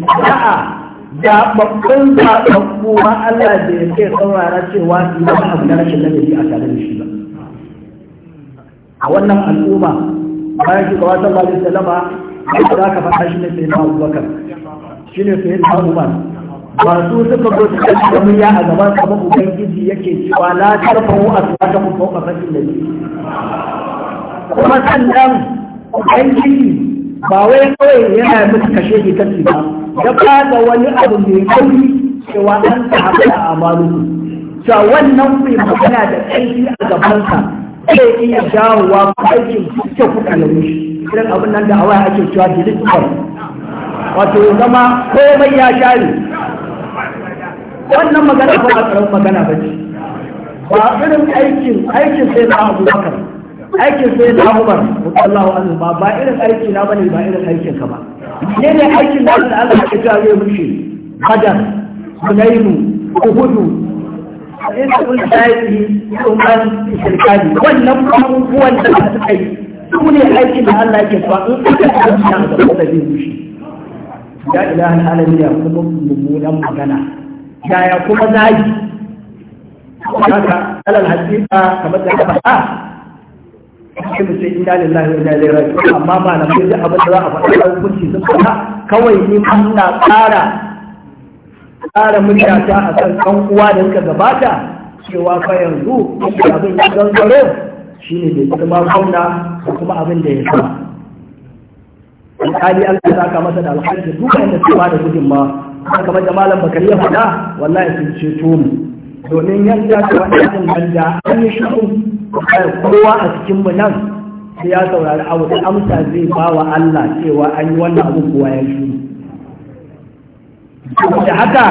a'a babban zaɓaɓɓu kuma Allah da ya kai saurara cewa idan abu na rashin ladabi a tare da shi ba a wannan al'umma bayan shi kawai sallallahu alaihi salama ba za ka faɗa shi ne sai na abubakar shi ne sai na umar ba su suka zo suka ci da murya a gaban kamar ubangiji yake cewa la tarfa'u aswatakum fawqa sauƙa rasulullahi kuma sannan ubangiji ba wai kawai yana yi musu kashe shi kasi ba ya fada wani abu mai kauri cewa an sahabi a amalu cewa wannan mai magana da ƙarfi a gabansa zai iya dawowa ko aikin kyau kuka laushi irin abin nan da hawaye ake cewa duk tukwar wato zama komai ya share wannan magana ba a tsaron magana ba ce ba irin aikin aikin sai na abu bakar aikin sai da Umar sallallahu alaihi ba ba irin aiki na bane ba irin aikin ka ba ne ne aikin da Allah ya ta yi mushi Badar Hunainu Uhudu inda kun sai Umar shirkani wannan abubuwan da suka yi su ne aikin da Allah ke so in kuka yi nan da zai mushi ya ilaha alamin ya kuma mummunan magana yaya kuma zagi haka alal hakika kamar da ka faɗa sai mu ce inna lillahi wa inna ilaihi raji'un amma malamai duk abin da za a faɗa hukunci sun faɗa kawai ni na ƙara ƙara mutata a kan ɗan uwa da suka gabata cewa fa yanzu abin ya shi ne bai zama gwamna da kuma abin da ya sama alƙali an ka saka masa da alhaji da duk da su ba da gudunma kamar da malam bakari ya faɗa wallahi sun ceto mu domin yadda ta waɗannan nan da an yi shiru kowa a cikin nan sai ya saurari abu da amsa zai ba wa Allah cewa an yi wannan abu kowa ya shi da haka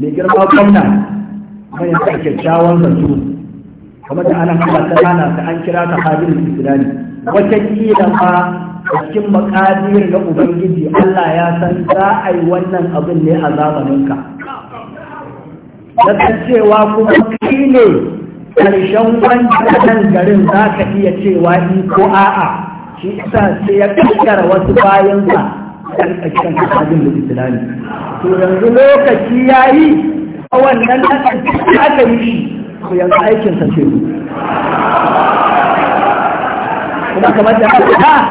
mai girma kwamna mai yanka kyakkyawan zato kamar da ana kama ta rana ta an kira ta hajjin islami wata kira ma a cikin makadir na ubangiji Allah ya san za a yi wannan abin ne a zamaninka da cewa kuma kai ne karshen wancan garin za ka iya cewa ni ko a'a shi isa sai ya kankara wasu bayansa kan ƙarshen kasajin da islami to yanzu lokaci ya yi a wannan lokaci aka yi shi to yanzu aikinsa ce kuma kamar da aka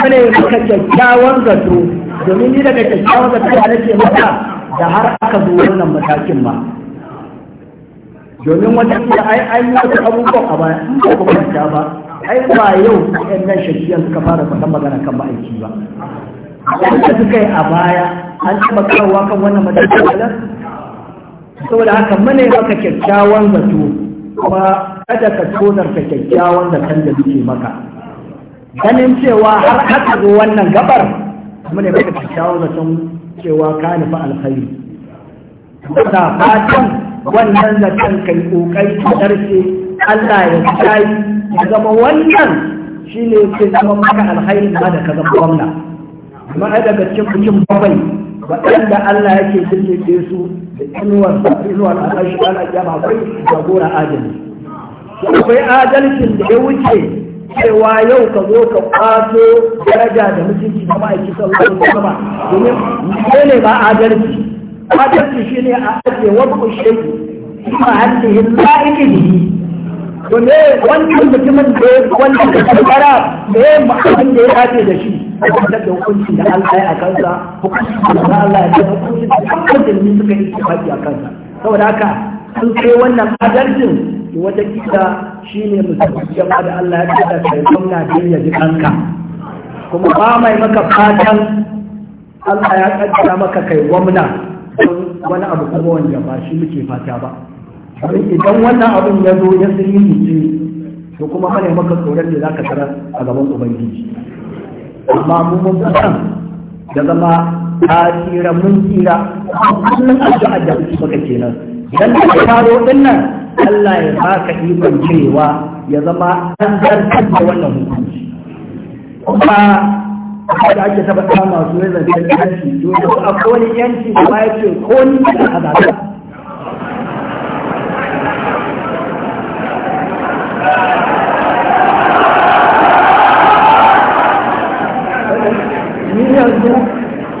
mene maka kyakkyawan zato domin ni daga kyakkyawan zato ya nake maka da har aka zo wannan matakin ba domin wata kila ai ai wasu abubuwan a baya in ba ku fahimta ba ai ba yau ɗan nan shakiyan suka fara faɗan magana kan ma'aiki ba wanda suka yi a baya an taɓa kawowa kan wannan matakin saboda haka mana maka kyakkyawan zato kuma kada ka tozarta kyakkyawan zaton da muke maka ganin cewa har haka zo wannan gabar mana maka kyakkyawan zaton cewa ka nufi alkhairi. Kuna fatan wannan zaton kai kokari ka darce Allah ya kai ya zama wannan shi ne ke zama maka alhairin ma da ka zama gwamna amma ai daga cikin cikin babai waɗanda Allah yake kirkirke su da inuwar inuwar al'ashi al'ajama akwai jagora adali akwai adalcin da ya wuce cewa yau ka zo ka kwato daraja da mutunci da ma'aikatan wani sama domin ne ba adalci adalci shi ne a ajiye wani shai kuma hantihin la'iki ne to ne wannan mutumin da ya wannan da kankara da ya yi ma'amin da ya dace da shi a kan da hukunci da Allah ya kansa hukuncin da Allah ya kansa hukuncin da hukuncin da suka yi tafaki a kansa saboda haka sun kai wannan adalcin wata kisa shi ne musamman jama'a da Allah ya da kai gwamna da ya ji kanka kuma ba mai maka fatan Allah ya kaddara maka kai gwamna don wani abu kuma wanda ba shi muke fata ba idan wannan abun ya zo ya sun yi ce to kuma ana maka tsoron da za ka a gaban ubangiji amma mu mun san da zama ta tsira mun tsira kullum addu'a da kuke maka kenan dan da faro din nan Allah ya baka ikon cewa ya zama an zartar da wannan hukunci kuma da ake taba kama su ne zancen yanci to akwai wani yanci da ba ya ce ko ni da azaba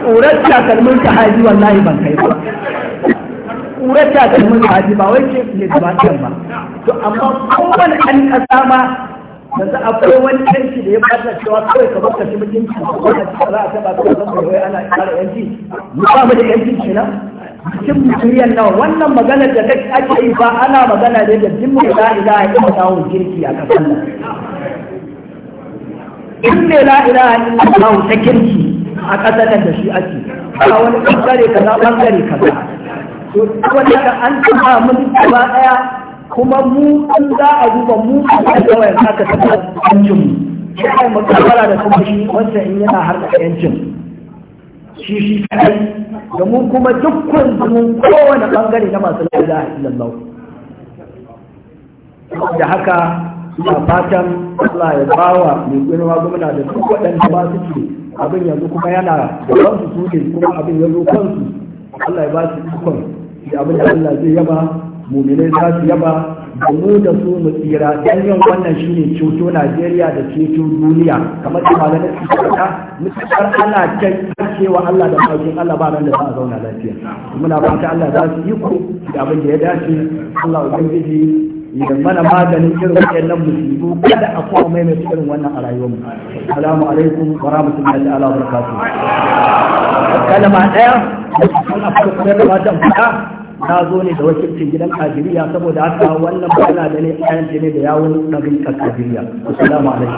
ƙurar takalmin sahaji wallahi ban kai ba ƙurar takalmin sahaji ba wai ke ne ba ba to amma kowane ɗan ƙasa ma yanzu akwai wani yanci da ya bata cewa kawai ka baka shi mutunci wannan ci za a taba ka zan bai wai ana kara yanci mu ba mu da yanci kenan mutum mutuniyan nawa wannan magana da kake ake yi ba ana magana ne da jimmi ya ilaha illallah kirki a kasan nan in ne la ilaha illallah ta kirki a kasan nan da shi ake ba wani bangare kaza bangare kaza to wannan an taba mun gaba daya kuma mu an za a duba mu a yawa ya saka ta yancin mu shi ai makabara da kuma shi wanda in yana har da yancin shi shi kai da mu kuma dukkan mu kowane bangare na masu la illallah da haka ina fatan Allah ya bawa mai gwiwa gwamna da duk waɗanda ba su ke abin yanzu kuma yana da kansu su kuma abin yanzu kansu Allah ya ba su ikon da abin da Allah zai yaba muminai za su yaba da mu da su mu tsira don yin wannan shi ne ceto Najeriya da ceto duniya kamar da malamai su faɗa mutuƙar ana cewa Allah da bakin Allah ba nan da za a zauna lafiya muna fata Allah za su yi ku da abin da ya dace Allah ubangiji idan mana maganin irin nan musulmi kada a kuma maimaita irin wannan a rayuwarmu salamu alaikum wa rahmatullahi ta'ala wa barakatuh kalma daya a farko da mata na zo ne da wakilcin gidan kajiriya saboda haka wannan magana da ne kayan ne da yawon ɗarin kajiriya assalamu alaikum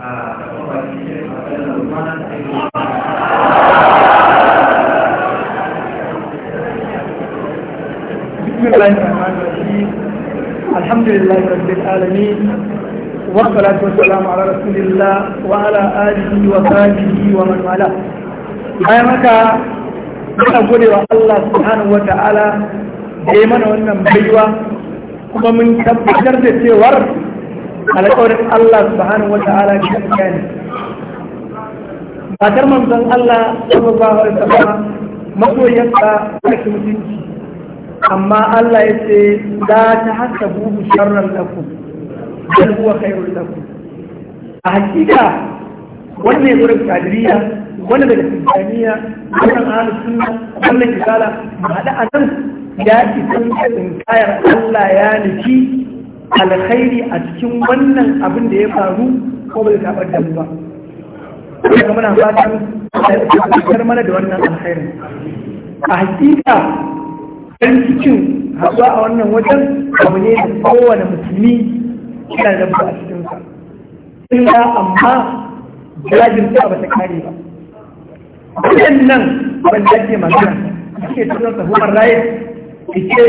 a بسم الله الرحمن الرحيم bayan haka muna gode wa Allah subhanahu wa mana wannan baiwa kuma mun da cewar alƙawarin Allah subhanahu matar manzon Allah sallallahu alaihi wasallam masoyarsa mutunci amma Allah ya ce za ta haka buhu sharran lakum bal huwa khairul lakum a hakika wannan gurin kadiriya wannan daga tijaniya wannan ahlus sunna wannan kisala hada a nan ya ci sun kadin kayar Allah ya nufi alkhairi a cikin wannan abin da ya faru ko bai tabar da mu ba kuma muna fatan a mana da wannan alkhairin a hakika farin cikin haɗuwa a wannan wajen abu ne da kowane musulmi yana da a cikinsa ga amma jirajin ta ba ta kare ba nan ban dace magana suke tunan sa human rights ike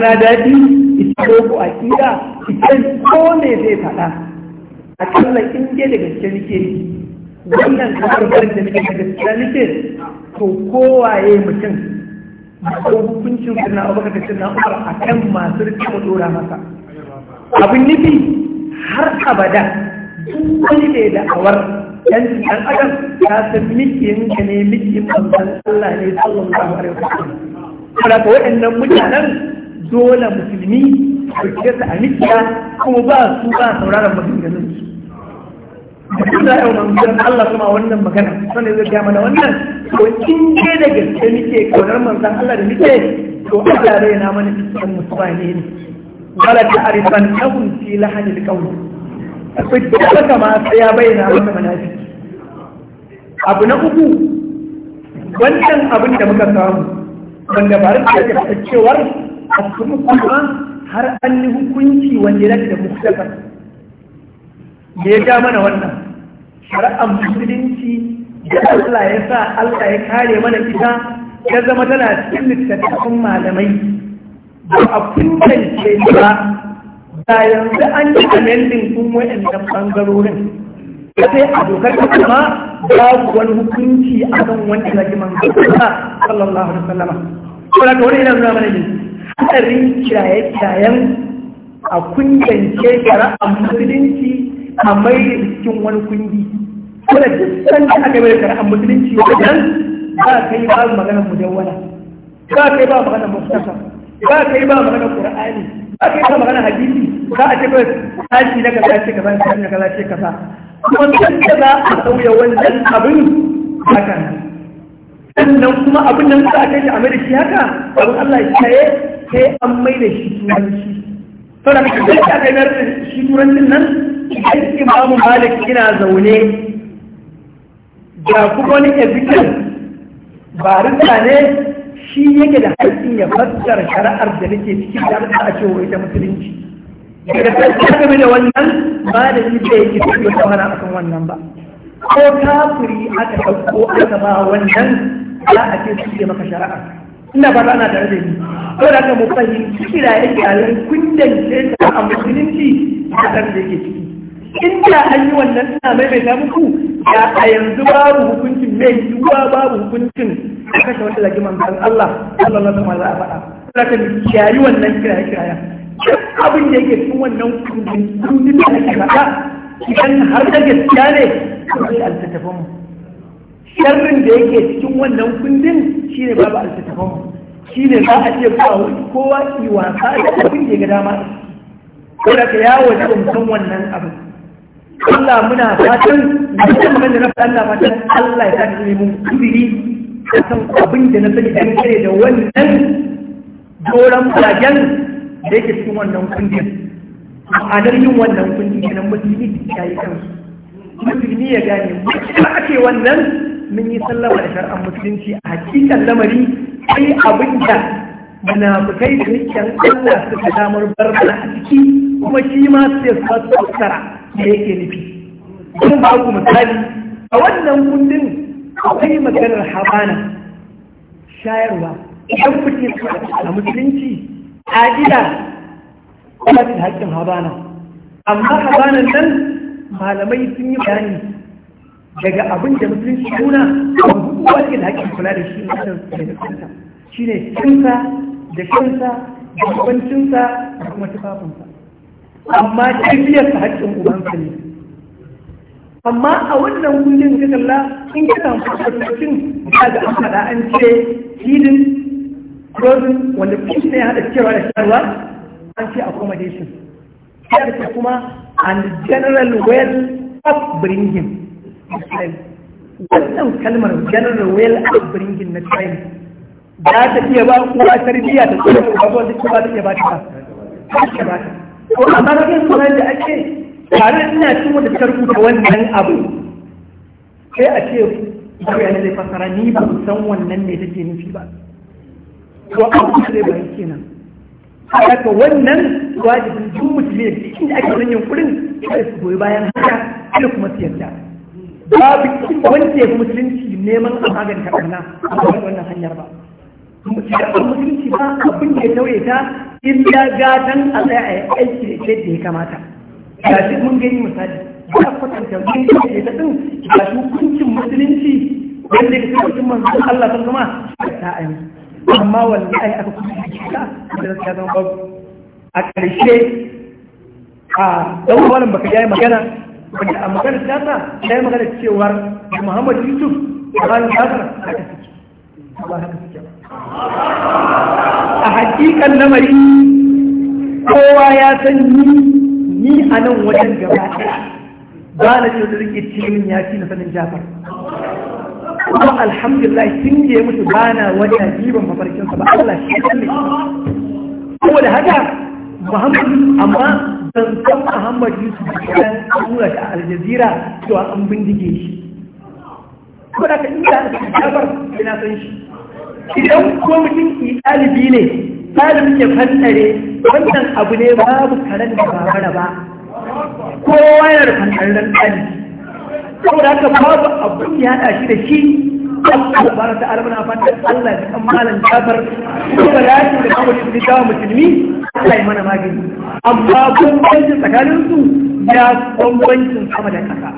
na daɗi ike boko a ƙira ike ko ne zai faɗa a kalla in je da gaske nike wannan kamar barin da nike da gaske nike to kowaye mutum akwai hukuncin sirna abubakar da sirna umar a kan masu rikin mu dora masa abin nufi har abada duk wani ne da awar yan ɗan adam ya san miki yanka ne miki manzan Allah ne sallallahu da wasallam Kuma ka waɗannan mutanen dole musulmi su kira a mikiya kuma ba su ba sauraron maganganun su Allah ya manzon Allah kuma wannan magana sanin zai ga mana wannan Ko in ce da gaske nake kaunar manzon Allah da nake to Allah rai na mana cikin musulmani ne wala ta'rifan lahum fi lahanil qawl akwai duka kama sai ya bayyana maka munafiki abu na uku wannan abin da muka samu wanda ba rike da cewar a kuma har an yi hukunci wanda ya da musulman da ya ja mana wannan shari'ar musulunci da Allah ya sa Allah ya kare mana ita ya zama tana cikin littattafan malamai ba a kuntance ba da yanzu an yi amendin kun wa'annan ɓangarorin sai a dokar kuma babu wani hukunci a kan wani ya ji manzo sallallahu alaihi wasallam kuma ka wani ina nuna mana ne hadarin kiyaye kiyayen a shari'ar musulunci a mai cikin wani kundi kuma duk san da aka mai da musulunci wajen ba kai ba maganar mujawwala ba kai ba magana mustafa ba kai ba magana qur'ani ba kai ba magana hadisi ba a ce ba tashi na kaza ce kaza tashi na kaza ce kaza kuma kan da za a sauya wannan abin haka sannan kuma abin nan za a kai shi a mai da shi haka abin Allah ya kiyaye sai an mai da shi turanci saboda kake da aka yi mai da shi turancin nan an imamu malik ina zaune ga kuma wani ezikin barista ne shi yake da haƙƙin ya fassara shari'ar da nake cikin da aka a cewa ita musulunci daga fassara game da wannan ba da shi da yake tafiya ta hana akan wannan ba ko kafiri aka ɗauko aka ba wannan za a ce su ce maka shari'a ina ba ana tare da ni ko da aka mu fahimci kira yake a nan ce ta a musulunci a da yake ciki inda an yi wannan ina maimaita muku ya a yanzu babu hukuncin mai yiwuwa babu hukuncin a kashe wanda zagi manzan Allah Allah na sallallahu alaihi wasallam faɗa zaka kiyayi wannan kiraya kiraya duk abin da yake cikin wannan kundin kundin da ake faɗa idan har da gaskiya ne akwai altatafan mu sharrin da yake cikin wannan kundin shine babu altatafan mu shine za a ce kowa yi wasa da abin da ya ga dama ko da ka yawo wannan abin Allah muna fatan da magana na faɗa Allah fatan Allah ya sa ni mun kudiri akan abin da na sani ɗan kare da wannan doron fulagen da yake cikin wannan kundin. ma'anar yin wannan kundin kungiyar nan musulmi ya yi kansu musulmi ya gane mutum ake wannan mun yi sallama da shar'an musulunci a hakikan lamari sai abin da munafikai da nikin Allah suka damar barbara a ciki kuma shi ma su ya su fassara da yake nufi don ba ku misali a wannan kundin akwai maganar habana shayarwa idan mutum a musulunci a gida kuma da haƙƙin habana amma Habana nan malamai sun yi bayani daga abin da musulunci nuna abubuwa ke da haƙƙin kula da shi ne shi ne kinsa da kansa da kubancinsa da kuma tufafinsa amma tafiyarsa haƙƙin ubansa ne amma a wannan kundin ka kalla in ka samu kwatankwacin da ga an faɗa an ce hidden frozen wanda kuma ya haɗa cewa da sharwa an ce accommodation ya ce kuma and general well upbringing wannan kalmar general well upbringing na China za ta iya ba uwa tarbiyya ta tsoro ba ko duk ba ta iya ba ta ba ko amma da yin sunan da ake tare ina cin wanda ta rubuta wannan abu sai a ce ya Yana zai fasara ni ba san wannan ne take nufi ba to abu sai ba yake nan haka wannan wajibin duk musulmi inda ake nan yunkurin sai su goyi bayan haka sai kuma su yarda babu wanda ya fi musulunci neman a maganta ƙarna a wannan hanyar ba mutum musulunci ba abin da ya tauye ta illa gatan a tsaya aiki da yadda ya kamata ga shi mun gani misali ba kwatanta mun gani ta din ga shi hukuncin musulunci wanda ya tauye cin manzon Allah ta zama ta ayi amma wallahi aka da kuma hakika da ta zama babu a ƙarshe a dan wani baka yayi magana wanda a magana ta ta yi magana cewar Muhammadu Yusuf Ibrahim Hassan a cikin a hakikan lamari kowa ya san ni ni a nan wajen gaba ba na ce da rike cikin ya ci na sanin jafar kuma alhamdulillah sun je musu ba na wajen jiban mafarkinsa ba Allah shi ne da haka Muhammadu amma zan san Muhammadu Yusuf ya tura shi a aljazira cewa an bindige shi. Kuma da ka inda aka jafar ina san shi. idan kuma mutum ki ɗalibi ne ɗalibin ya fantare wannan abu ne babu karen da ba ko ba kowa yana da fantarren ɗalibi saboda haka babu abu ya haɗa shi da shi Allah bara ta alamuna fatan Allah ya kan malam kuma ko ba da ce da kamar da ta musulmi Allah ya mana magani amma bambancin tsakanin su ya bambancin sama da kasa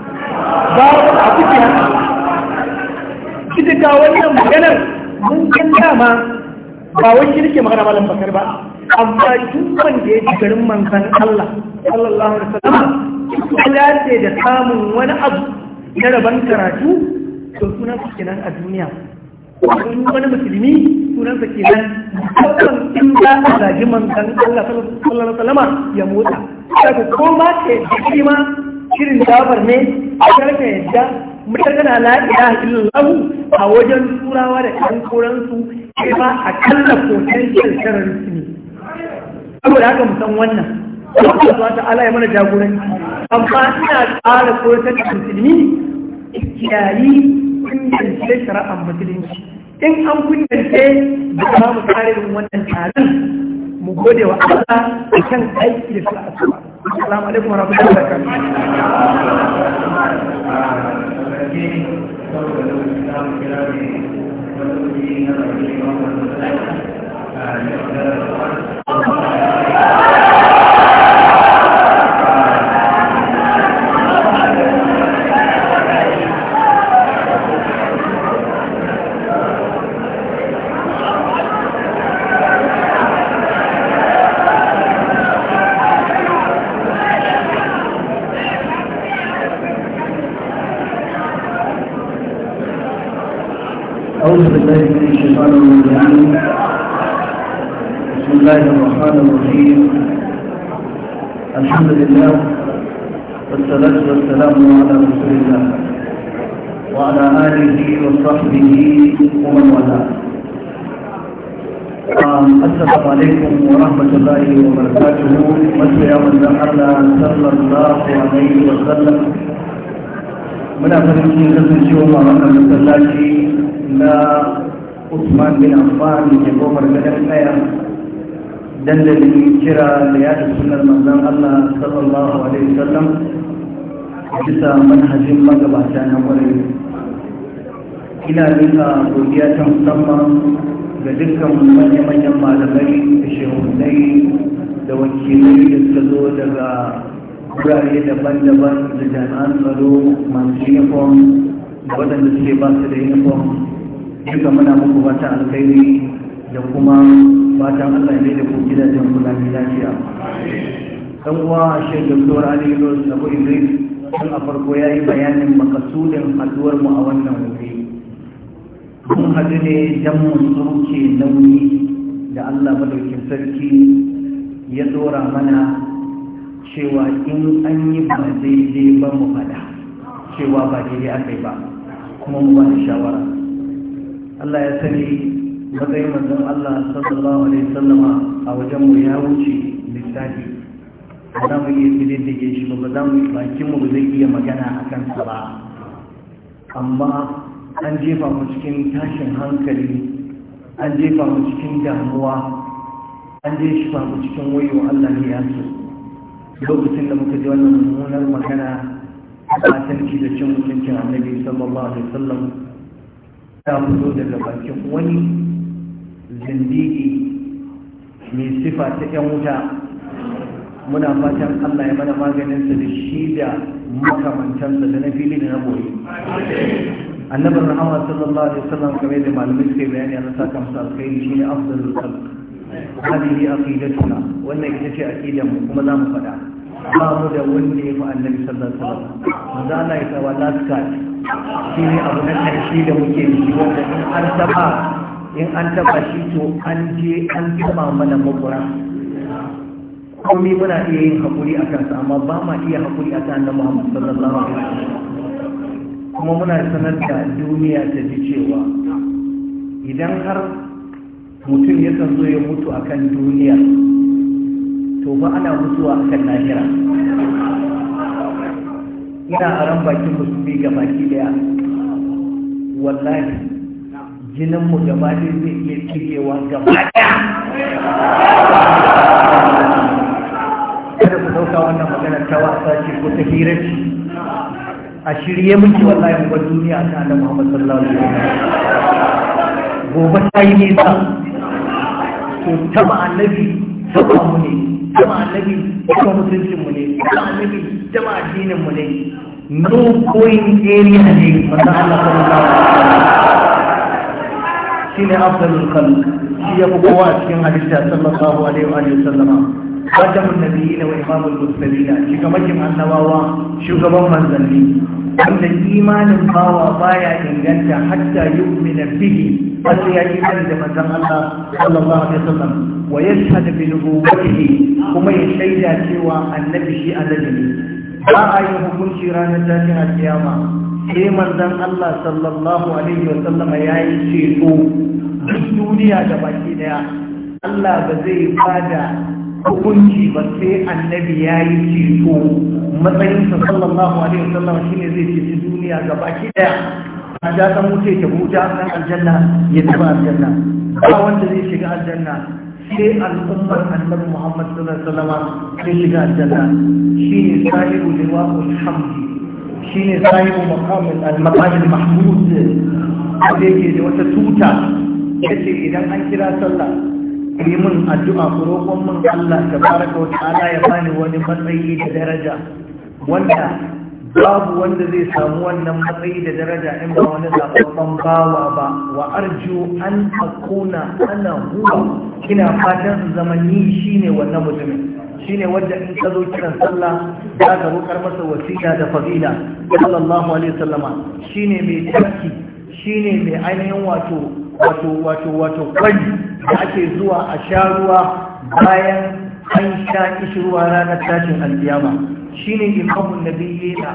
babu abu ya haɗa. Kika wannan maganar mun kan dama ba wani shi nake magana malam bakar ba amma duk wanda ya ji garin manzan Allah sallallahu alaihi wasallam ya dace da samun wani abu na rabon karatu to sunan su kenan a duniya wani wani musulmi sunan sa kenan musamman in za a zaji manzan Allah sallallahu alaihi wasallam ya motsa ko ba ke shi ma shirin dabar ne a karka yadda mutum tana a ilin illallah a wajen turawa da kan koransu sai ba a kalla potential su ne da haka mu san wannan Allah ta ala ya mana jagoranci amma ina ƙara koyar da musulmi kiyayi kungiyar shara'ar musulunci in an da ba mu kare wannan tarin mu gode wa Allah a kan aiki da shi a assalamu alaikum wa rahmatullahi wa barakatuh أعوذ بالله من الشيطان الرجيم بسم الله الرحمن الرحيم الحمد لله والصلاة والسلام على رسول الله وعلى آله وصحبه ومن والاه السلام عليكم ورحمة الله وبركاته مصر يوم من صلى الله عليه وسلم من أفضل من الله a wannan na usman bin affan da ke gomar gadon kaya dandalin kira da yada sunar manzan allah sallallahu alaihi wasallam bisa manhajin magabata na kwarai ina nuna godiya ta musamman ga dukkan manya-manyan malamai da shehunai da wakilai da suka zo daga wurare daban-daban da jami'an tsaro masu uniform da waɗanda suke ba su da uniform duka muna muku fata alkhairi da kuma fatan Allah ne da ku gidajen ku na lafiya dan uwa shi Dr. Ali Yunus Abu Idris tun a farko ya yi bayanin makasudin haduwar mu a wannan wuri mun haɗu ne dan mu tsoke nauyi da Allah madaukin sarki ya dora mana cewa in an yi ba daidai ba mu faɗa cewa ba daidai aka yi ba kuma mu ba shawara Allah ya sani matsayin manzon Allah sallallahu alaihi sallama a wajenmu ya wuce lissafi ba za mu iya ke shi ba za mu bakinmu ba zai iya magana a kansa ba amma an jefa mu cikin tashin hankali an jefa mu cikin damuwa an jefa mu cikin wayo Allah ne ya so lokacin da muka ji wannan mummunar magana a tanki da cin mutuncin annabi sallallahu alaihi wasallam ta fito daga bakin wani zindigi mai sifa ta 'yan wuta muna fatan allah ya mana maganinsa da shi da makamantansa da na fili da na boye annabin rahama sallallahu alaihi wasallam kamar da malamai suke bayani a saka musu alkhairi shine afdalul khalq hadihi aqidatuna wannan ita ce aqidan mu kuma zamu faɗa ba mu da wanda ya fi annabi sallallahu alaihi wasallam manzo Allah ya tawa last shi ne abu na ƙarshe da muke yi wanda in an taba in an taba shi to an je an taba mana makura komai muna iya yin haƙuri a kansa amma ba ma iya haƙuri a kan annabi Muhammad sallallahu alaihi wasallam kuma muna sanar da duniya ta ji cewa idan har mutum ya san zo ya mutu a kan duniya to ba ana mutuwa a kan lahira ina ran bakin musulmi ga baki daya wallahi jinin mu gaba ne zai iya cikewa ga daya kada ku dauka wannan magana ta wasa ce ko ta hira ce a shirye miki wallahi mu duniya ta da Muhammad sallallahu alaihi wasallam gobe ta yi nisa to taba annabi saba mu ne taba annabi ta mutuncin mu ne taba annabi taba addinin mu ne no going area ne wanda Allah ta shi ne afdalul shi ya fi kowa cikin hadisi sallallahu alaihi wa sallama Wajen nabiyyi na wani babu mustalina shugabannin annabawa shugaban manzanni wanda imanin bawa baya inganta hatta yi na fili wasu ya kan da manzan Allah sallallahu alaihi wasallam wa yashhadu bi nubuwwatihi kuma ya shaida cewa annabi shi annabi ne ba a yi hukunci ranar a kiyama sai manzan Allah sallallahu alaihi wasallam ya yi ceto duk duniya da baki daya Allah ba zai bada hukunci ba sai annabi ya yi ceto matsayinsa sallallahu alaihi wasallam shine zai ceci duniya ga baki daya a ja mutu wuce ta a nan aljanna ya taba aljanna ba wanda zai shiga aljanna sai al'ummar annabi Muhammad sallallahu alaihi wasallam sai shiga aljanna shine sahibu liwa'ul hamdi shine sahibu maqamil al-maqamil mahmud da yake da wata tuta yace idan an kira sallah yi mun addu'a ku roƙon min Allah tabaraka wa ta'ala ya bani wani matsayi da daraja wanda babu wanda zai samu wannan matsayi da daraja in ba wani zababban bawa ba wa arju an akuna ana huwa ina fatan su zama ni shine wannan mutumin shine wanda in ka zo kiran sallah za ka roƙar masa wasiya da fadila sallallahu alaihi wasallama shine mai tarki shine mai ainihin wato wato wato wato kwari da ake zuwa a sha ruwa bayan an sha kishirwa ranar tashin alkiyama shine imamun nabiyina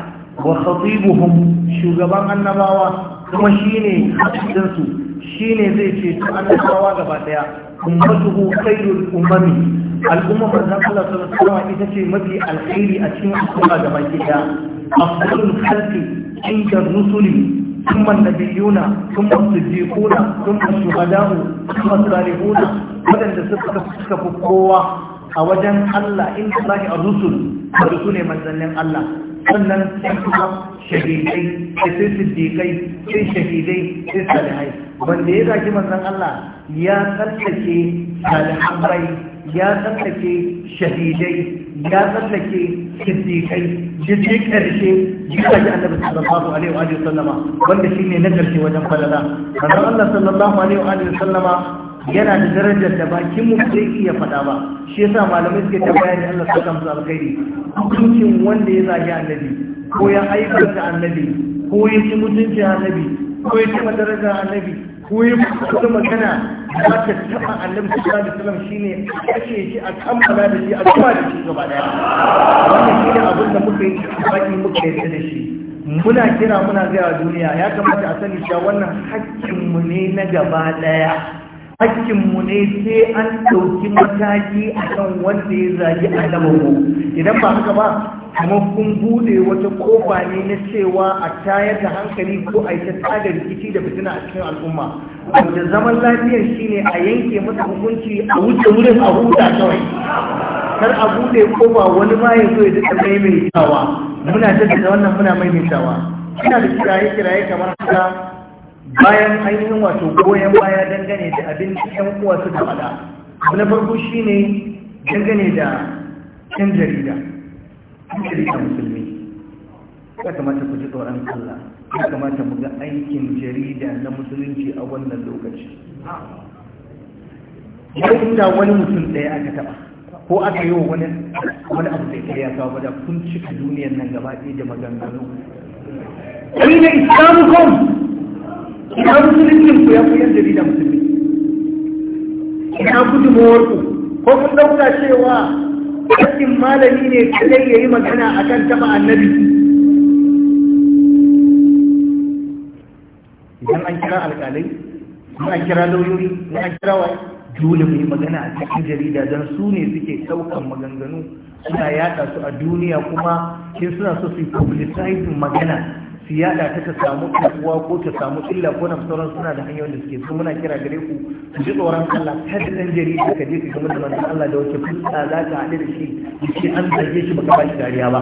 wa khatibuhum shugaban annabawa kuma shine hadisin su shine zai ce to annabawa gaba daya ummatuhu khairul umarni. al'umma manzon Allah sallallahu alaihi ita ce mafi alkhairi a cikin al'umma gaba daya afdalul khalqi inda rusuli ثم النبيون ثم الصديقون ثم الشهداء ثم الصالحون ولن suka تسبق قوة a wajen Allah in za a rusul da su ne manzannin Allah sannan sai kuma shahidai sai siddiƙai sai shahidai sai salihai wanda ya zaki manzan Allah ya tsallake rai ya tsallake shahidai ya tsallake siddiƙai ya ce ƙarshe ya zaki annabi sallallahu alaihi wa sallama wanda shine na ƙarshe wajen falala manzon Allah sallallahu alaihi wa sallama yana da darajar da bakin mu zai iya faɗa ba shi yasa malamai suke ta bayani Allah ta saka alkhairi mutuncin wanda ya zagi annabi ko ya aikata annabi ko ya ci mutuncin annabi ko ya ci madarajar annabi ko ya fito magana za ta taɓa annabi sallallahu alaihi wasallam shine kashe shi a kammala da shi a kuma da shi gaba daya wannan shine abin da muka yi baki muke yi da shi muna kira muna gaya duniya ya kamata a sani cewa wannan hakkin mu ne na gaba daya hakkinmu ne sai an ɗauki mataki a kan wanda ya zagi alamanmu idan ba haka ba kamar kun bude wata kofa ne na cewa a tayar da hankali ko a yi ta rikici da fitina a cikin al'umma wanda zaman lafiyar shine a yanke masa hukunci a wuce wurin a huta kawai kar a bude kofa wani ma ya zo ya duka maimaitawa muna jaddada wannan muna maimaitawa Kina da kiraye kiraye kamar haka bayan ainihin wato goyon baya dangane da abin da ƴan uwa suka faɗa abu na farko shi ne dangane da yan jarida ƴan jarida musulmi ya kamata ku ji tsoron Allah ya kamata mu ga aikin jarida na musulunci a wannan lokaci yau inda wani mutum ɗaya aka taɓa ko aka yi wa wani abu da ya kawo ba da kun cika duniyar nan gaba ɗaya da maganganu. Ƙari na Islamu ina musulmin ku ya fi yan jarida musulmi ina gudunmuwar ku ko kun dauka cewa kaskin malami ne kadai ya yi magana akan taba annabi idan an kira alkalai kuma an kira lauyoyi kuma an kira waye dole mu yi magana a cikin jarida don su ne suke ɗaukan maganganu suna yaɗa su a duniya kuma sai suna so su yi publicizing magana su yada ta ta samu kuwa ko ta samu illa ko na sauran suna da hanyoyin da suke su muna kira gare ku su ji tsoron Allah ta da ɗan jarida ka je su da mutum Allah da wace fuska za ta haɗe da shi da shi an zage shi baka ba shi dariya ba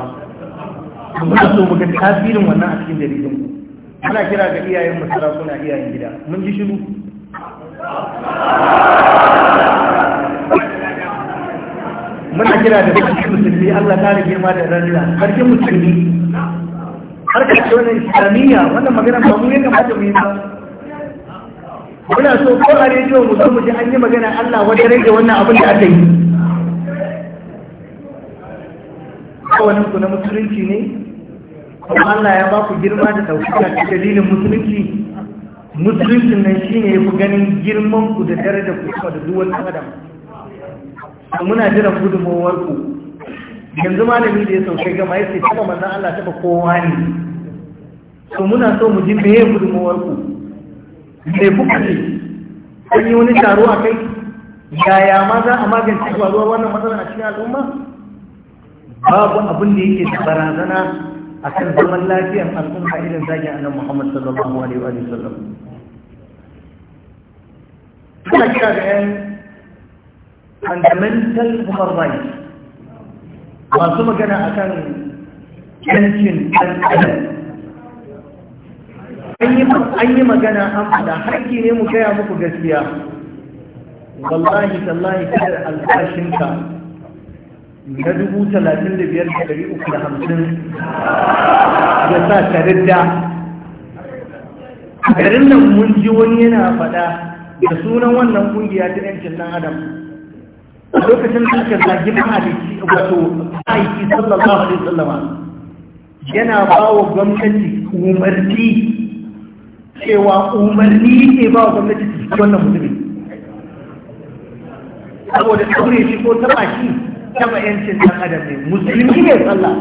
muna so mu ga tasirin wannan a cikin jaridun ku muna kira ga iyayen mu suna iyayen gida mun ji shiru muna kira da sarkin musulmi Allah ta rage ma da rarra sarkin musulmi harkar ce wannan islamiyya wannan magana ba mu ya kamata mu yi ba muna so ko a rediyo mu zo mu ji an yi magana Allah wata rage wannan abin da aka yi kawanin ku na musulunci ne kuma Allah ya ba ku girma da ɗaukaka ta dalilin musulunci musuluncin nan shine ya fi ganin girman ku da dare da ku kuma da duwan adam muna jiran gudunmawar ku yanzu malami da ya sauke gama ya ce taba manzan Allah taba kowa ne to muna so mu ji meye gudunmawar ku me kuka ce an yi wani taro a kai yaya ma za a magance faruwar wannan matsalar a cikin al'umma babu abin da yake da barazana a kan zaman lafiyar al'umma irin zagin annan muhammad sallallahu alaihi wa sallam suna kira da yan fundamental human rights masu magana a kan yancin ɗanɗan an yi magana an fada haƙƙi ne mu gaya muku gaskiya wallahi tallahi kadar alfashinka na dubu talatin da biyar da ɗari uku da hamsin da sa taridda a garin nan mun ji wani yana faɗa da sunan wannan kungiya ta yancin ɗan adam lokacin da a zagi mahalicci wato aiki sallallahu alaihi sallama yana ba wa gwamnati umarni cewa umarni ne ba wa gwamnati su wannan musulmi saboda ɗaure shi ko taba shi taba yancin ɗan adam ne musulmi ne sallah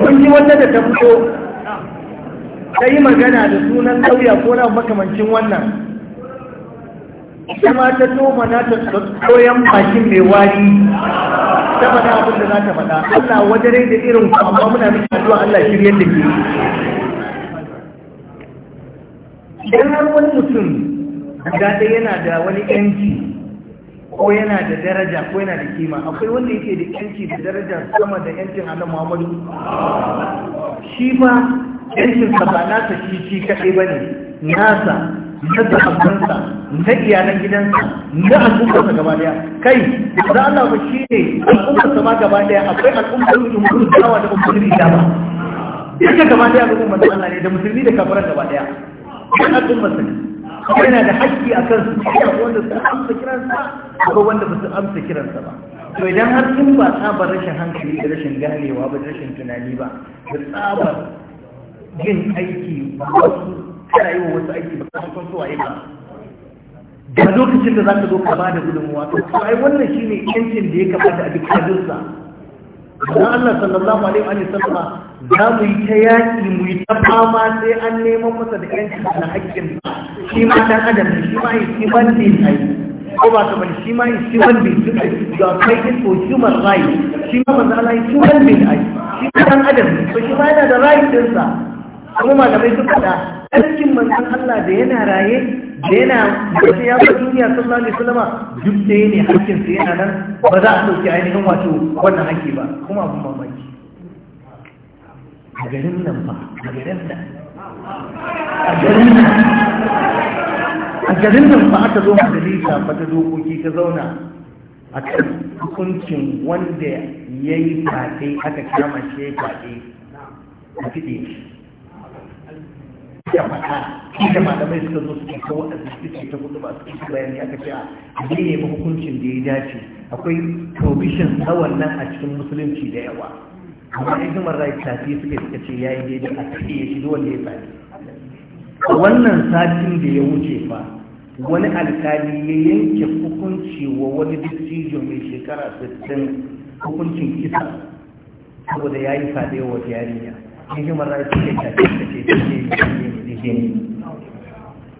mun yi wanda da ta fito ta yi magana da sunan ɗauya ko na makamancin wannan ita ma ta toma na ta tsoyon bakin mai wari ta faɗa abin da za ta faɗa Allah wajen rai da irin ku amma muna miki addu'a Allah shiryar da ke idan har wani mutum da yana da wani yanci ko yana da daraja ko yana da kima akwai wanda yake da yanci da daraja sama da yancin ala Muhammadu shi ma yancin sa ba nasa shi shi kaɗai bane nasa na sahabbansa na iyalan gidansa na al'ummarsa gaba daya kai da Allah ba shi ne al'ummarsa ma gaba daya akwai al'ummar jumhur dawa da ummul ba duka gaba daya ga ummar Allah ne da musulmi da kafiran gaba daya kan al'ummar sa yana da haƙƙi a kan su ya wanda su amsa kiransa ko wanda ba su amsa kiransa ba to idan har sun ba tsabar rashin hankali da rashin ganewa ba da rashin tunani ba da tsabar yin aiki ba wasu kana yi wa wasu aiki ba su san suwaye ba da lokacin da za ka zo ka ba da gudunmuwa to ko ai wannan shine yancin da ya kamata a duk hajjinsa dan Allah sallallahu alaihi wa sallam za mu yi ta yaƙi mu yi ta fama sai an neman masa da yancin da haƙƙin shi ma dan adam ne shi ma yi shi wanda ne ai ko ba ta bari shi ma yi shi ma ne you are fighting for human rai, shi ma manzo Allah yi wanda being ai shi dan adam to shi ma yana da right din sa kuma malamai suka da aikin manzan Allah da yana raye da yana wata ya fi duniya sallallahu alaihi wasallam duk da ya hakkin sa yana nan ba za a ɗauki ainihin wato wannan hakki ba kuma kuma mamaki a garin nan ba a garin nan a garin nan a garin nan ba aka zo majalisa ba ta dokoki ta zauna a kan hukuncin wanda ya yi fate aka kama shi ya fate a fiɗe shi ya fata inda malamai suka zo suke ta waɗanda suke ta kudu ba suke ta bayani aka ce a ne hukuncin da ya dace akwai provision na wannan a cikin musulunci da yawa amma hikimar rai tafi suka suka ce ya yi daidai a kaɗe ya shiga wanda ya sani wannan satin da ya wuce fa wani alkali ya yanke hukunci wa wani dattijo mai shekara 60 hukuncin kisa saboda ya yi sadewa yarinya in human rights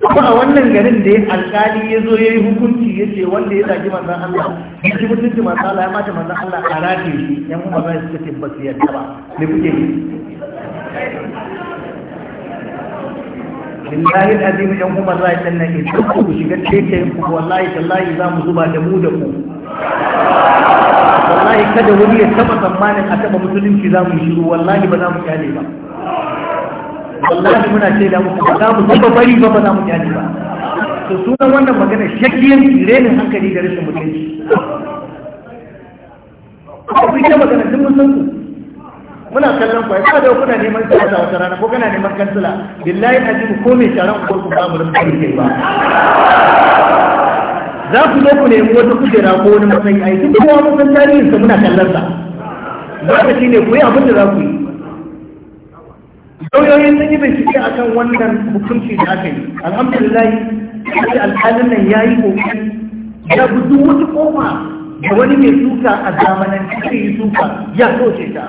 da kuma a wannan garin da ya alkali ya zo ya yi hukunci ya ce wanda ya zagi manzan Allah ya ci mutunci manzan Allah ya mata manzan Allah a rafe shi yan human zai suka ce ba su yarda ba me kuke yi billahi azim yan human rights nan idan ku shiga cikin ku wallahi tallahi za mu zuba da mu da ku wallahi kada wani ya taba tsammanin a taba musulunci za mu shiru wallahi ba za mu kyale ba wallahi muna da muku ba za mu taba bari ba ba za mu kyale ba to sunan wannan magana shakkiyar renin hankali da rashin mutunci abu ita magana duk mun san ku muna kallon ku ai da kuna neman siyasa wata rana ko kana neman kansila billahi ajibu ko mai sharan ku ku ba mu rinka ba za ku zo ku nemi wata kujera ko wani matsayi a yi kowa musan tarihinsa muna kallon sa shi ne ku yi abin da za ku yi lauyoyi sun yi bincike a kan wannan hukunci da aka yi alhamdulillah shi alhalin nan ya yi kokari ya gudu duk wata da wani mai suka a zamanin cikin yi suka ya soce ta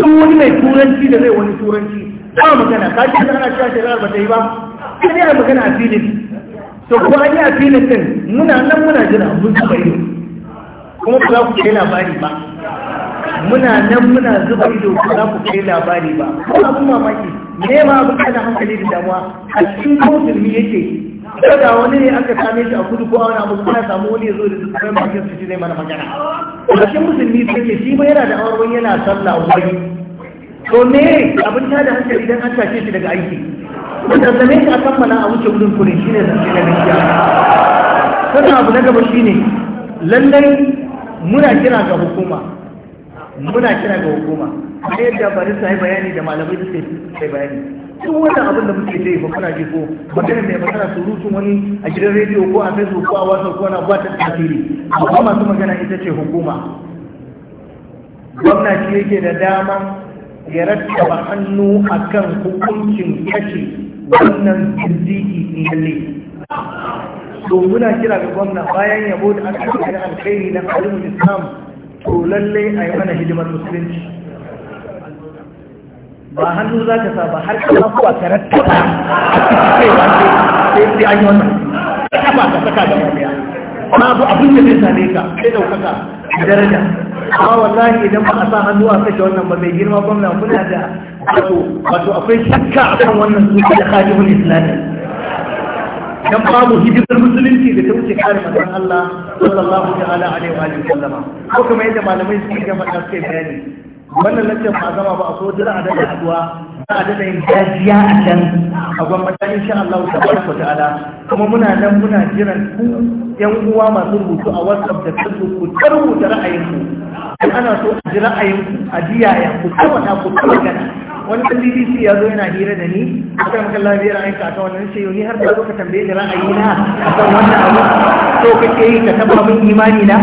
duk wani mai turanci da zai wani turanci ba magana ka ce ana cewa shari'ar ba ta yi ba sai dai magana a filin to kuma an yi a filin din muna nan muna jira mun zuba ido kuma ku za ku kai labari ba muna nan muna zuba ido ku za ku kai labari ba ko abin mamaki ne ma abin kada hankali da damuwa a cikin turmi yake kada wani ne aka same shi a kudu ko wani abu kuma samu wani ya zo da dukkan bakin su shi zai mana magana a cikin musulmi sai shi ma yana da awar wani yana sallah wani to me abin ta da hankali dan an tashi shi daga aiki da zazzame shi a kammala a wuce gudun kure shi ne zance na gaskiya sannan abu na gaba shine lallai muna kira ga hukuma muna kira ga hukuma a yadda bari sai bayani da malamai da sai bayani duk wannan abin da muke dai ba kuna ji ko magana mai magana surutun wani a gidan rediyo ko a facebook ko a whatsapp ko na ba ta tasiri amma masu magana ita ce hukuma Gwamna shi yake da dama ya rattaba hannu akan hukuncin kashe wannan zindiki lalle to muna kira ga gwamna bayan yabo da aka yi da alkhairi na alimul islam to lalle a yi mana hidimar musulunci ba hannu za ka sa ba har kama kuwa ka rattaba a cikin kai sai sai an yi wannan rattaba ka saka da mabiya amma abu abin da zai same ka sai daukaka daraja amma wallahi idan ba a sa hannu a kashe wannan ba mai girma gwamna muna da wato akwai shakka akan wannan suke da kajibin islami dan babu hidimar musulunci da ta wuce kare manzon Allah sallallahu ta'ala alaihi wa sallama ko kamar yadda malamai suke ga faɗa suke bayani wannan lantar ba zama ba a so jira a daga haduwa za a daga yin gajiya a can a gwamnati insha Allah ta baraka ta'ala kuma muna nan muna jiran ku yan uwa masu rubutu a WhatsApp da Facebook ku tarbuta ra'ayinku in ana so a ji ra'ayinku a diyaya ku tarwata ku tarwata wani ɗan BBC ya zo yana hira da ni a kan makan lafiyar aika a kan wannan shi ni har da zo ka tambaye ni ra'ayi na a kan wannan abu so kake yi ka taba min imani na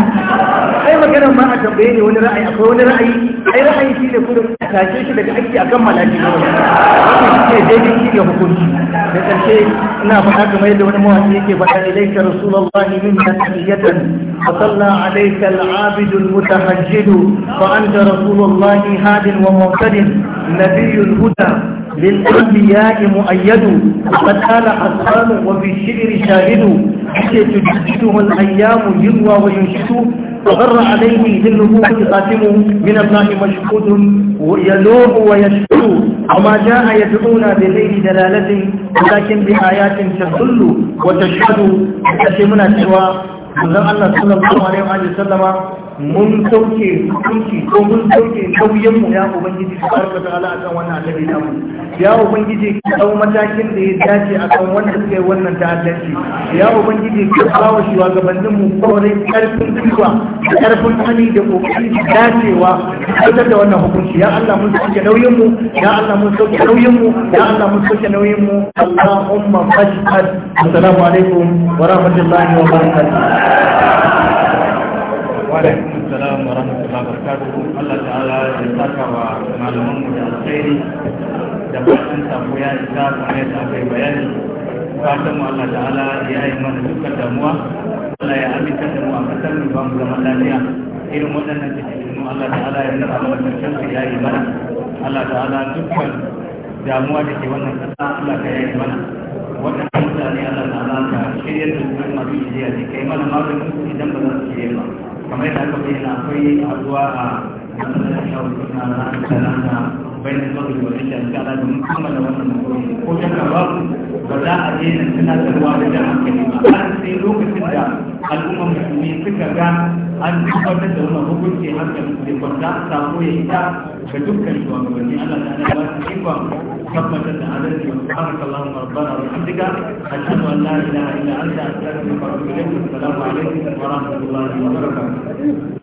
sai maganar ma a tambaye ni wani ra'ayi akwai wani ra'ayi ai ra'ayi shi ne kudin a tashe shi daga aiki a kan malaki ne shi ne daidai shi ne hukunci da ƙarshe ina faɗa kamar yadda wani mawaƙi yake faɗa ilaika rasulullahi min tasmiyatan wa salla alayka al-abid al-mutahajjid fa anta rasulullahi hadin wa muhtadin nabiyyul huda للأنبياء مؤيد وقد آل حسان وبالشعر شاهد حتى تجدده الأيام يروى وينشد فغر عليه بالنبوة قاتم من الله مشهود يلوح ويشكو وما جاء يدعونا بغير دلالة ولكن بآيات تدل وتشهد تشهد من manzon Allah sallallahu alaihi wa sallama mun sauke hukunci ko mun sauke kauyen mu ya ubangiji tabaraka ta'ala akan wannan da mu ya ubangiji dau matakin da ya dace akan wanda suke wannan ta'addanci ya ubangiji ka kawo shi wa gabanin mu kore karfin kiwa karfin hali da kokari dacewa fitar da wannan hukunci ya Allah mun sauke nauyin mu ya Allah mun sauke nauyin mu ya Allah mun sauke nauyin mu Allahumma fashhad assalamu alaikum wa rahmatullahi wa barakatuh alaikum salam wa rahmatullahi wa barakatuhu Allah ta'ala ya saka wa malaman mu da alkhairi da ya isa aka yi bayani fatan mu Allah ta'ala ya yi mana dukkan damuwa Allah ya da mu a kasar mu ba mu lafiya irin waɗannan Allah ta'ala ya nuna mana su ya yi mana Allah ta'ala dukkan damuwa da ke wannan kasa Allah yi mana wannan ne a na lata shirya da kuma masu shirya ne kai mana maganin idan ba za su shirya ba kamar yadda aka bayyana akwai zuwa a bayan magana wa isha da ala domin kammala wannan makoyi ko shakka ba ba za a daina tunatarwa da jan hankali ba har sai lokacin da al'ummar musulmi suka ga an tabbatar da wannan hukunci hankali da kwanta sako ya ita ga dukkan shugabanni Allah ta ba su ikon tabbatar da adalci wa subhanaka allahumma rabbana wa bihamdika ashhadu an la ilaha illa anta astaghfiruka wa atubu ilayk assalamu alaikum wa rahmatullahi wa barakatuh